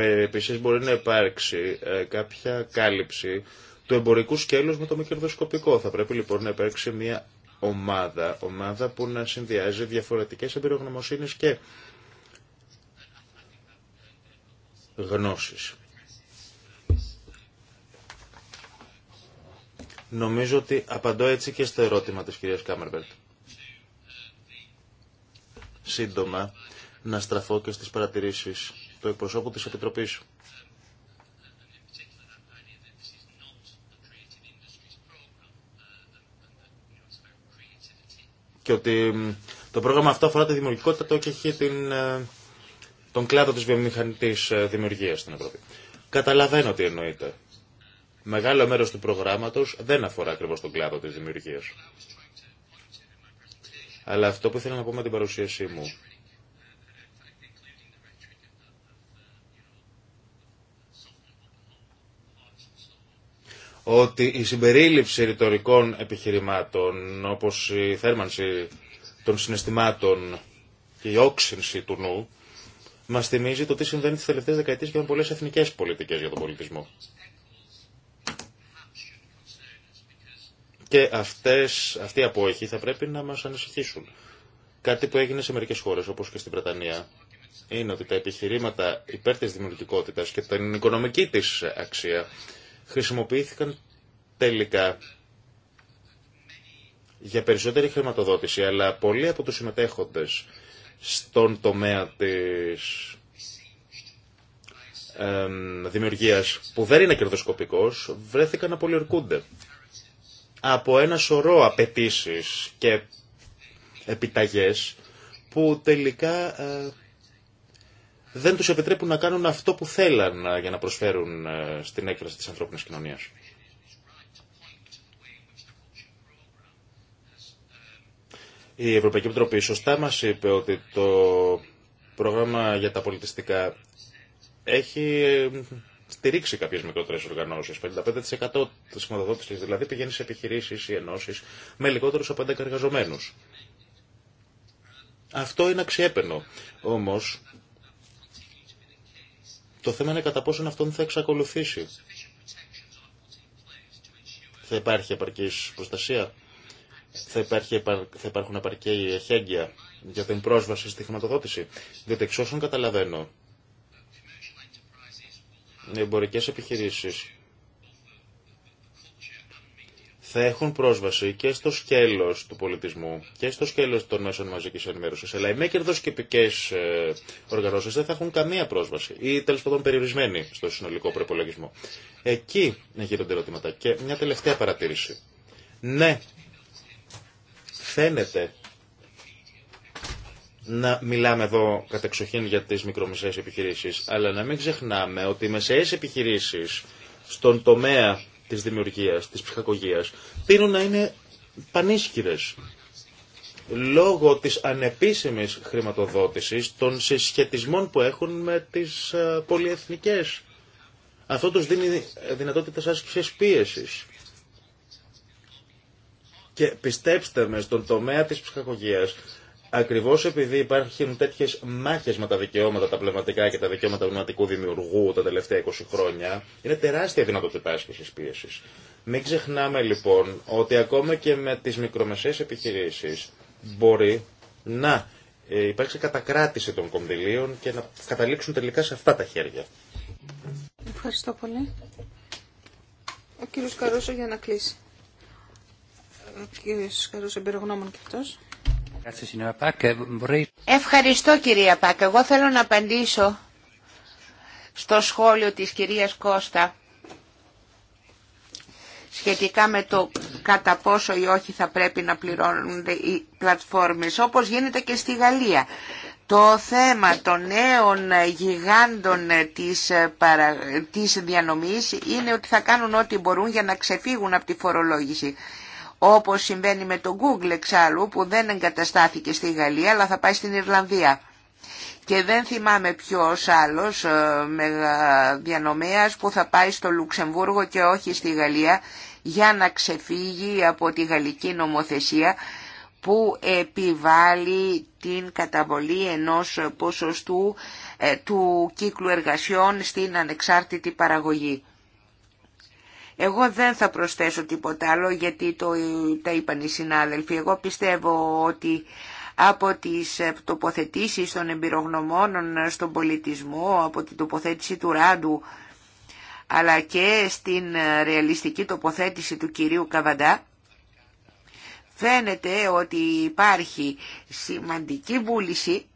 Επίσης μπορεί να υπάρξει ε, κάποια κάλυψη του εμπορικού σκέλους με το μη κερδοσκοπικό. Θα πρέπει λοιπόν να υπάρξει μια ομάδα, ομάδα που να συνδυάζει διαφορετικές εμπειρογνωμοσύνες και γνώσεις. Νομίζω ότι απαντώ έτσι και στο ερώτημα της κυρίας Κάμερβερτ σύντομα να στραφώ και στις παρατηρήσεις του εκπροσώπου της Επιτροπής. Και ότι το πρόγραμμα αυτό αφορά τη δημιουργικότητα, το και έχει την, ε, τον κλάδο της βιομηχανικής ε, δημιουργίας στην Ευρώπη. Καταλαβαίνω τι εννοείται. Μεγάλο μέρος του προγράμματος δεν αφορά ακριβώς τον κλάδο της δημιουργίας. Αλλά αυτό που ήθελα να πω με την παρουσίασή μου ότι η συμπερίληψη ρητορικών επιχειρημάτων, όπως η θέρμανση των συναισθημάτων και η όξυνση του νου, μας θυμίζει το τι συμβαίνει τις τελευταίες δεκαετίες για πολλές εθνικές πολιτικές για τον πολιτισμό. Και αυτές, αυτοί οι απόέχοι θα πρέπει να μας ανησυχήσουν. Κάτι που έγινε σε μερικές χώρες, όπως και στην Πρετανία, είναι ότι τα επιχειρήματα υπέρ της δημιουργικότητας και την οικονομική της αξία χρησιμοποιήθηκαν τελικά για περισσότερη χρηματοδότηση, αλλά πολλοί από τους συμμετέχοντες στον τομέα της ε, δημιουργίας που δεν είναι κερδοσκοπικός βρέθηκαν να πολιορκούνται από ένα σωρό απαιτήσει και επιταγές που τελικά ε, δεν τους επιτρέπουν να κάνουν αυτό που θέλαν ε, για να προσφέρουν ε, στην έκφραση της ανθρώπινης κοινωνίας. Η Ευρωπαϊκή Επιτροπή σωστά μας είπε ότι το πρόγραμμα για τα πολιτιστικά έχει στηρίξει κάποιε μικρότερε οργανώσει. 55% τη χρηματοδότηση δηλαδή πηγαίνει σε επιχειρήσει ή ενώσει με λιγότερου από 11 εργαζομένου. Αυτό είναι αξιέπαινο. Όμω, το θέμα είναι κατά πόσον αυτόν θα εξακολουθήσει. Θα υπάρχει επαρκή προστασία. Θα, υπάρχει, θα υπάρχουν επαρκή εχέγγυα για την πρόσβαση στη χρηματοδότηση. Διότι εξ όσων καταλαβαίνω, οι εμπορικές επιχειρήσεις θα έχουν πρόσβαση και στο σκέλος του πολιτισμού και στο σκέλος των μέσων μαζικής ενημέρωσης. Αλλά οι μη κερδοσκοπικές ε, οργανώσεις δεν θα έχουν καμία πρόσβαση ή τέλος πάντων περιορισμένοι στο συνολικό προπολογισμό. Εκεί γίνονται ερωτήματα. Και μια τελευταία παρατήρηση. Ναι, φαίνεται να μιλάμε εδώ κατεξοχήν για τις μικρομεσαίες επιχειρήσεις, αλλά να μην ξεχνάμε ότι οι μεσαίες επιχειρήσεις στον τομέα της δημιουργίας, της ψυχακογίας, πίνουν να είναι πανίσχυρες λόγω της ανεπίσημης χρηματοδότησης των συσχετισμών που έχουν με τις ε, πολυεθνικές. Αυτό τους δίνει δυνατότητα άσκησης πίεσης. Και πιστέψτε με, στον τομέα της ψυχαγωγίας Ακριβώ επειδή υπάρχουν τέτοιε μάχε με τα δικαιώματα τα πνευματικά και τα δικαιώματα πνευματικού δημιουργού τα τελευταία 20 χρόνια, είναι τεράστια δυνατότητα άσκηση πίεση. Μην ξεχνάμε λοιπόν ότι ακόμα και με τι μικρομεσαίε επιχειρήσει μπορεί να ε, υπάρξει κατακράτηση των κονδυλίων και να καταλήξουν τελικά σε αυτά τα χέρια. Ευχαριστώ πολύ. Ο κύριος Καρόσο για να κλείσει. Ο κύριος Καρόσο εμπειρογνώμων και αυτό. Ευχαριστώ κυρία Πάκ. Εγώ θέλω να απαντήσω στο σχόλιο της κυρίας Κώστα σχετικά με το κατά πόσο ή όχι θα πρέπει να πληρώνονται οι πλατφόρμες, όπως γίνεται και στη Γαλλία. Το θέμα των νέων γιγάντων της, παρα... της διανομής είναι ότι θα κάνουν ό,τι μπορούν για να ξεφύγουν από τη φορολόγηση όπως συμβαίνει με το Google εξάλλου που δεν εγκαταστάθηκε στη Γαλλία αλλά θα πάει στην Ιρλανδία. Και δεν θυμάμαι ποιος άλλος ε, διανομέας που θα πάει στο Λουξεμβούργο και όχι στη Γαλλία για να ξεφύγει από τη γαλλική νομοθεσία που επιβάλλει την καταβολή ενός ποσοστού ε, του κύκλου εργασιών στην ανεξάρτητη παραγωγή. Εγώ δεν θα προσθέσω τίποτα άλλο γιατί το, τα είπαν οι συνάδελφοι. Εγώ πιστεύω ότι από τις τοποθετήσεις των εμπειρογνωμόνων στον πολιτισμό, από την τοποθέτηση του Ράντου, αλλά και στην ρεαλιστική τοποθέτηση του κυρίου Καβαντά, φαίνεται ότι υπάρχει σημαντική βούληση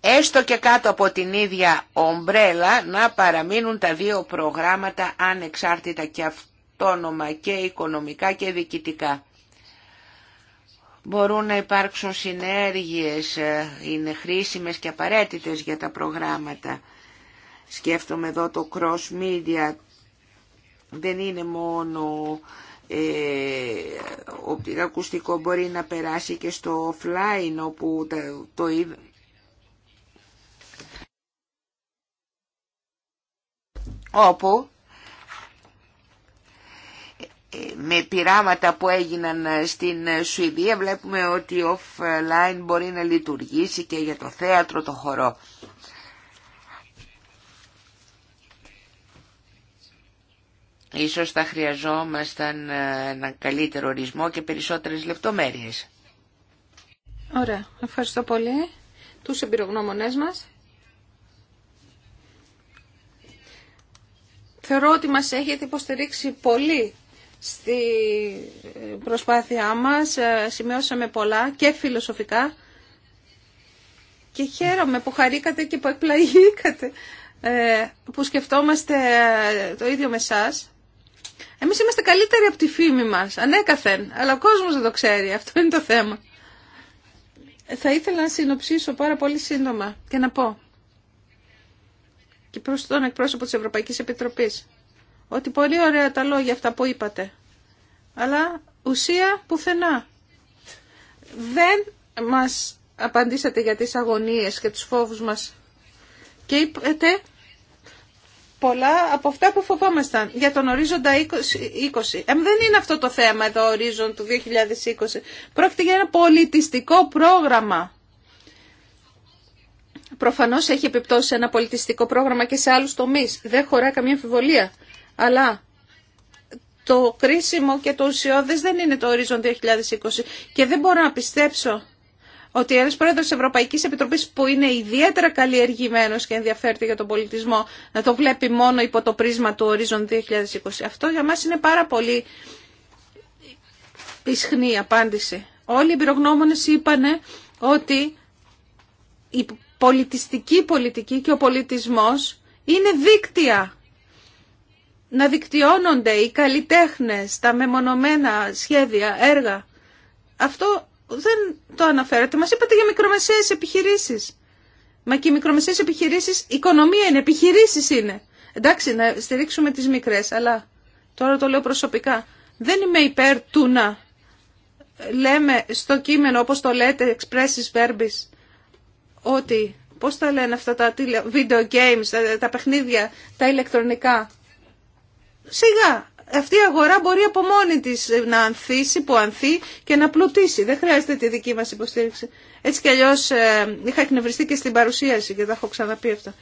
έστω και κάτω από την ίδια ομπρέλα να παραμείνουν τα δύο προγράμματα ανεξάρτητα και αυτόνομα και οικονομικά και διοικητικά. Μπορούν να υπάρξουν συνέργειες, ε, είναι χρήσιμες και απαραίτητες για τα προγράμματα. Σκέφτομαι εδώ το cross media, δεν είναι μόνο ε, ακουστικό, μπορεί να περάσει και στο offline όπου το, το όπου με πειράματα που έγιναν στην Σουηδία βλέπουμε ότι offline μπορεί να λειτουργήσει και για το θέατρο, το χορό. Ίσως θα χρειαζόμασταν ε, ένα καλύτερο ορισμό και περισσότερες λεπτομέρειες. Ωραία, ευχαριστώ πολύ τους εμπειρογνώμονές μας. Θεωρώ ότι μας έχετε υποστηρίξει πολύ στη προσπάθειά μας. Ε, σημειώσαμε πολλά και φιλοσοφικά και χαίρομαι που χαρήκατε και που εκπλαγήκατε ε, που σκεφτόμαστε ε, το ίδιο με εσά. Εμείς είμαστε καλύτεροι από τη φήμη μας, ανέκαθεν, αλλά ο κόσμος δεν το ξέρει, αυτό είναι το θέμα. Θα ήθελα να συνοψίσω πάρα πολύ σύντομα και να πω και προς τον εκπρόσωπο της Ευρωπαϊκής Επιτροπής ότι πολύ ωραία τα λόγια αυτά που είπατε αλλά ουσία πουθενά. Δεν μας απαντήσατε για τις αγωνίες και τους φόβους μας και είπατε πολλά από αυτά που φοβόμασταν για τον ορίζοντα 20. δεν είναι αυτό το θέμα εδώ ορίζον του 2020. Πρόκειται για ένα πολιτιστικό πρόγραμμα. Προφανώ έχει επιπτώσει σε ένα πολιτιστικό πρόγραμμα και σε άλλου τομεί. Δεν χωρά καμία αμφιβολία. Αλλά το κρίσιμο και το ουσιώδε δεν είναι το ορίζον 2020 και δεν μπορώ να πιστέψω ότι ένα πρόεδρο τη Ευρωπαϊκής Επιτροπής που είναι ιδιαίτερα καλλιεργημένο και ενδιαφέρεται για τον πολιτισμό να το βλέπει μόνο υπό το πρίσμα του ορίζον 2020. Αυτό για μας είναι πάρα πολύ ισχνή απάντηση. Όλοι οι πυρογνώμονε είπαν ότι πολιτιστική πολιτική και ο πολιτισμός είναι δίκτυα. Να δικτυώνονται οι καλλιτέχνες, τα μεμονωμένα σχέδια, έργα. Αυτό δεν το αναφέρατε. Μας είπατε για μικρομεσαίες επιχειρήσεις. Μα και οι μικρομεσαίες επιχειρήσεις, οικονομία είναι, επιχειρήσεις είναι. Εντάξει, να στηρίξουμε τις μικρές, αλλά τώρα το λέω προσωπικά. Δεν είμαι υπέρ του να λέμε στο κείμενο, όπως το λέτε, expresses verbis, ότι, πώς τα λένε αυτά τα video games, τα, παιχνίδια, τα ηλεκτρονικά. Σιγά, αυτή η αγορά μπορεί από μόνη της να ανθίσει, που ανθεί και να πλουτίσει. Δεν χρειάζεται τη δική μας υποστήριξη. Έτσι κι αλλιώς ε, είχα εκνευριστεί και στην παρουσίαση και τα έχω ξαναπεί αυτά.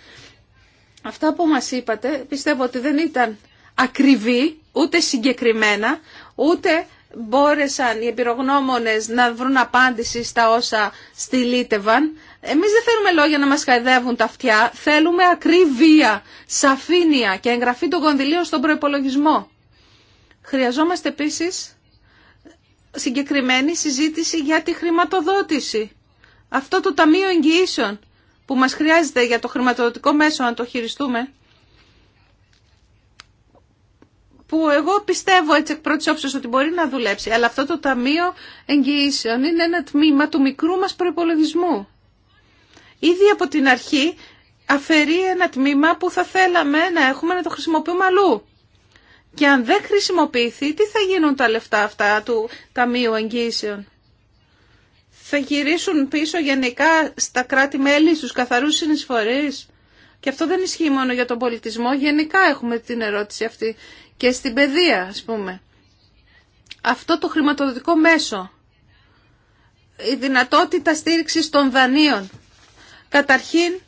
Αυτά που μας είπατε πιστεύω ότι δεν ήταν ακριβή, ούτε συγκεκριμένα, ούτε μπόρεσαν οι επιρογνώμονες να βρουν απάντηση στα όσα στυλίτευαν. Εμείς δεν θέλουμε λόγια να μας χαϊδεύουν τα αυτιά, θέλουμε ακρίβεια, σαφήνεια και εγγραφή των κονδυλίων στον προϋπολογισμό. Χρειαζόμαστε επίσης συγκεκριμένη συζήτηση για τη χρηματοδότηση. Αυτό το Ταμείο Εγγυήσεων που μας χρειάζεται για το χρηματοδοτικό μέσο να το χειριστούμε, που εγώ πιστεύω έτσι εκ πρώτης όψης ότι μπορεί να δουλέψει, αλλά αυτό το Ταμείο Εγγυήσεων είναι ένα τμήμα του μικρού μας προϋπολογισμού ήδη από την αρχή αφαιρεί ένα τμήμα που θα θέλαμε να έχουμε να το χρησιμοποιούμε αλλού. Και αν δεν χρησιμοποιηθεί, τι θα γίνουν τα λεφτά αυτά του Ταμείου Εγγύσεων. Θα γυρίσουν πίσω γενικά στα κράτη-μέλη, στους καθαρούς συνεισφορείς. Και αυτό δεν ισχύει μόνο για τον πολιτισμό, γενικά έχουμε την ερώτηση αυτή. Και στην παιδεία, ας πούμε. Αυτό το χρηματοδοτικό μέσο, η δυνατότητα στήριξης των δανείων Καταρχήν,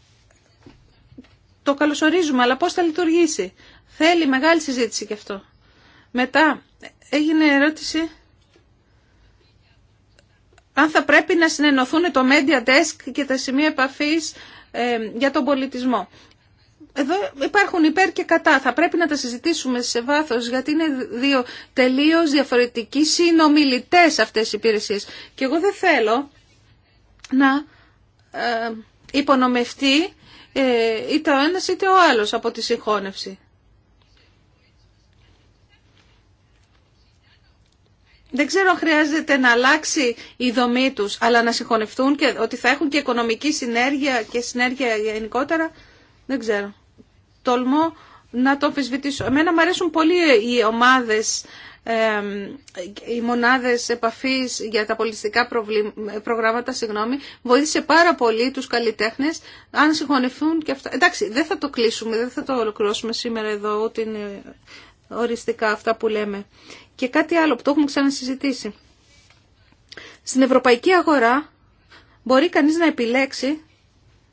το καλωσορίζουμε, αλλά πώς θα λειτουργήσει. Θέλει μεγάλη συζήτηση και αυτό. Μετά έγινε ερώτηση αν θα πρέπει να συνενωθούν το Media Desk και τα σημεία επαφής ε, για τον πολιτισμό. Εδώ υπάρχουν υπέρ και κατά. Θα πρέπει να τα συζητήσουμε σε βάθος γιατί είναι δύο τελείως διαφορετικοί συνομιλητές αυτές οι υπηρεσίες. Και εγώ δεν θέλω να ε, υπονομευτεί ε, είτε ο ένας είτε ο άλλος από τη συγχώνευση. Δεν ξέρω αν χρειάζεται να αλλάξει η δομή τους, αλλά να συγχωνευτούν και ότι θα έχουν και οικονομική συνέργεια και συνέργεια γενικότερα, δεν ξέρω. Τολμώ να το αμφισβητήσω. Εμένα μου αρέσουν πολύ οι ομάδες οι μονάδες επαφής για τα πολιτιστικά προγράμματα συγγνώμη, βοήθησε πάρα πολύ τους καλλιτέχνες αν συγχωνευτούν και αυτά. Εντάξει, δεν θα το κλείσουμε, δεν θα το ολοκληρώσουμε σήμερα εδώ ότι είναι οριστικά αυτά που λέμε. Και κάτι άλλο που το έχουμε ξανασυζητήσει. Στην ευρωπαϊκή αγορά μπορεί κανείς να επιλέξει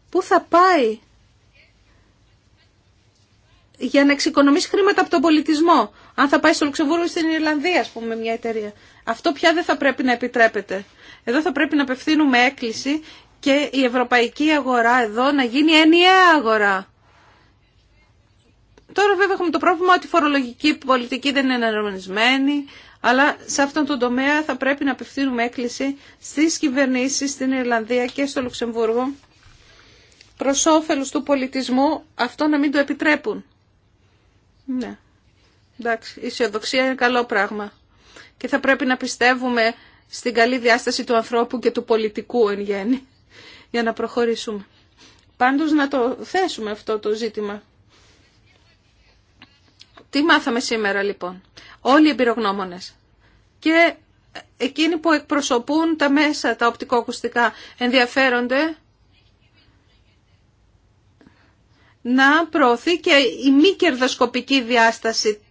πού θα πάει για να εξοικονομήσει χρήματα από τον πολιτισμό. Αν θα πάει στο Λουξεμβούργο ή στην Ιρλανδία, α πούμε, μια εταιρεία. Αυτό πια δεν θα πρέπει να επιτρέπεται. Εδώ θα πρέπει να απευθύνουμε έκκληση και η ευρωπαϊκή αγορά εδώ να γίνει ενιαία αγορά. Τώρα βέβαια έχουμε το πρόβλημα ότι η φορολογική πολιτική δεν είναι εναρμονισμένη, αλλά σε αυτόν τον τομέα θα πρέπει να απευθύνουμε έκκληση στις κυβερνήσεις στην Ιρλανδία και στο Λουξεμβούργο προς όφελος του πολιτισμού αυτό να μην το επιτρέπουν. Ναι. Εντάξει, η αισιοδοξία είναι καλό πράγμα. Και θα πρέπει να πιστεύουμε στην καλή διάσταση του ανθρώπου και του πολιτικού εν γέννη, για να προχωρήσουμε. Πάντως να το θέσουμε αυτό το ζήτημα. Τι μάθαμε σήμερα λοιπόν. Όλοι οι εμπειρογνώμονες και εκείνοι που εκπροσωπούν τα μέσα, τα οπτικοακουστικά, ενδιαφέρονται να προωθεί και η μη κερδοσκοπική διάσταση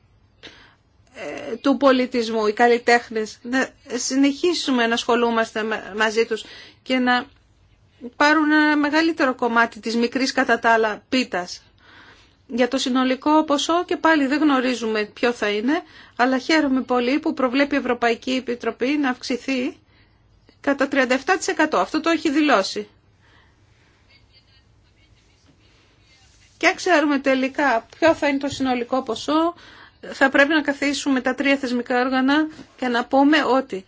ε, του πολιτισμού, οι καλλιτέχνες, να συνεχίσουμε να ασχολούμαστε μαζί τους και να πάρουν ένα μεγαλύτερο κομμάτι της μικρής κατά τα άλλα πίτας. Για το συνολικό ποσό και πάλι δεν γνωρίζουμε ποιο θα είναι, αλλά χαίρομαι πολύ που προβλέπει η Ευρωπαϊκή Επιτροπή να αυξηθεί κατά 37%. Αυτό το έχει δηλώσει. Και αν ξέρουμε τελικά ποιο θα είναι το συνολικό ποσό, θα πρέπει να καθίσουμε τα τρία θεσμικά όργανα και να πούμε ότι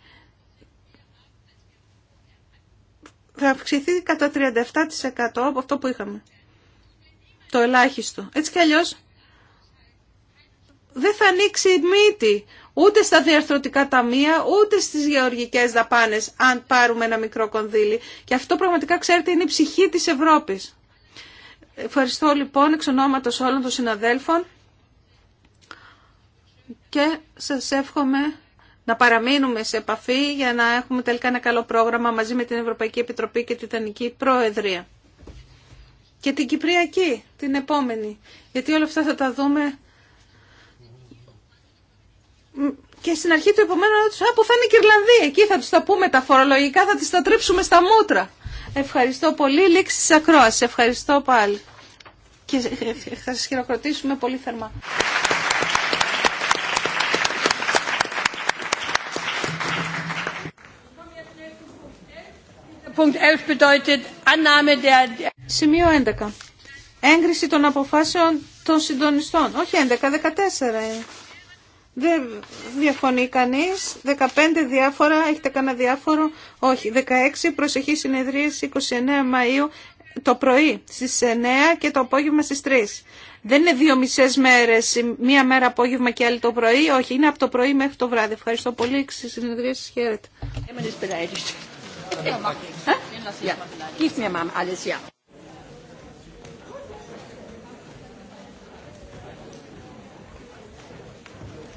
θα αυξηθεί κατά 37% από αυτό που είχαμε. Το ελάχιστο. Έτσι κι αλλιώς δεν θα ανοίξει η μύτη ούτε στα διαρθρωτικά ταμεία, ούτε στις γεωργικές δαπάνες, αν πάρουμε ένα μικρό κονδύλι. Και αυτό πραγματικά, ξέρετε, είναι η ψυχή της Ευρώπης. Ευχαριστώ λοιπόν εξ ονόματος όλων των συναδέλφων και σας εύχομαι να παραμείνουμε σε επαφή για να έχουμε τελικά ένα καλό πρόγραμμα μαζί με την Ευρωπαϊκή Επιτροπή και την Τιτανική Προεδρία. Και την Κυπριακή, την επόμενη. Γιατί όλα αυτά θα τα δούμε και στην αρχή του επομένου α, που θα είναι η Κυρλανδία, Εκεί θα τους τα πούμε τα φορολογικά, θα τις τα τρίψουμε στα μούτρα. Ευχαριστώ πολύ. Λήξη της ακρόασης. Ευχαριστώ πάλι. Και θα σας χειροκροτήσουμε πολύ θερμά. Σημείο 11. Έγκριση των αποφάσεων των συντονιστών. Όχι 11, 14 Δεν διαφωνεί κανείς. 15 διάφορα, έχετε κανένα διάφορο. Όχι, 16 προσεχή συνεδρίες 29 Μαΐου το πρωί στις 9 και το απόγευμα στις 3. Δεν είναι δύο μισές μέρες, μία μέρα απόγευμα και άλλη το πρωί. Όχι, είναι από το πρωί μέχρι το βράδυ. Ευχαριστώ πολύ. Συνεδρίες, χαίρετε. Gib mir mal alles, ja.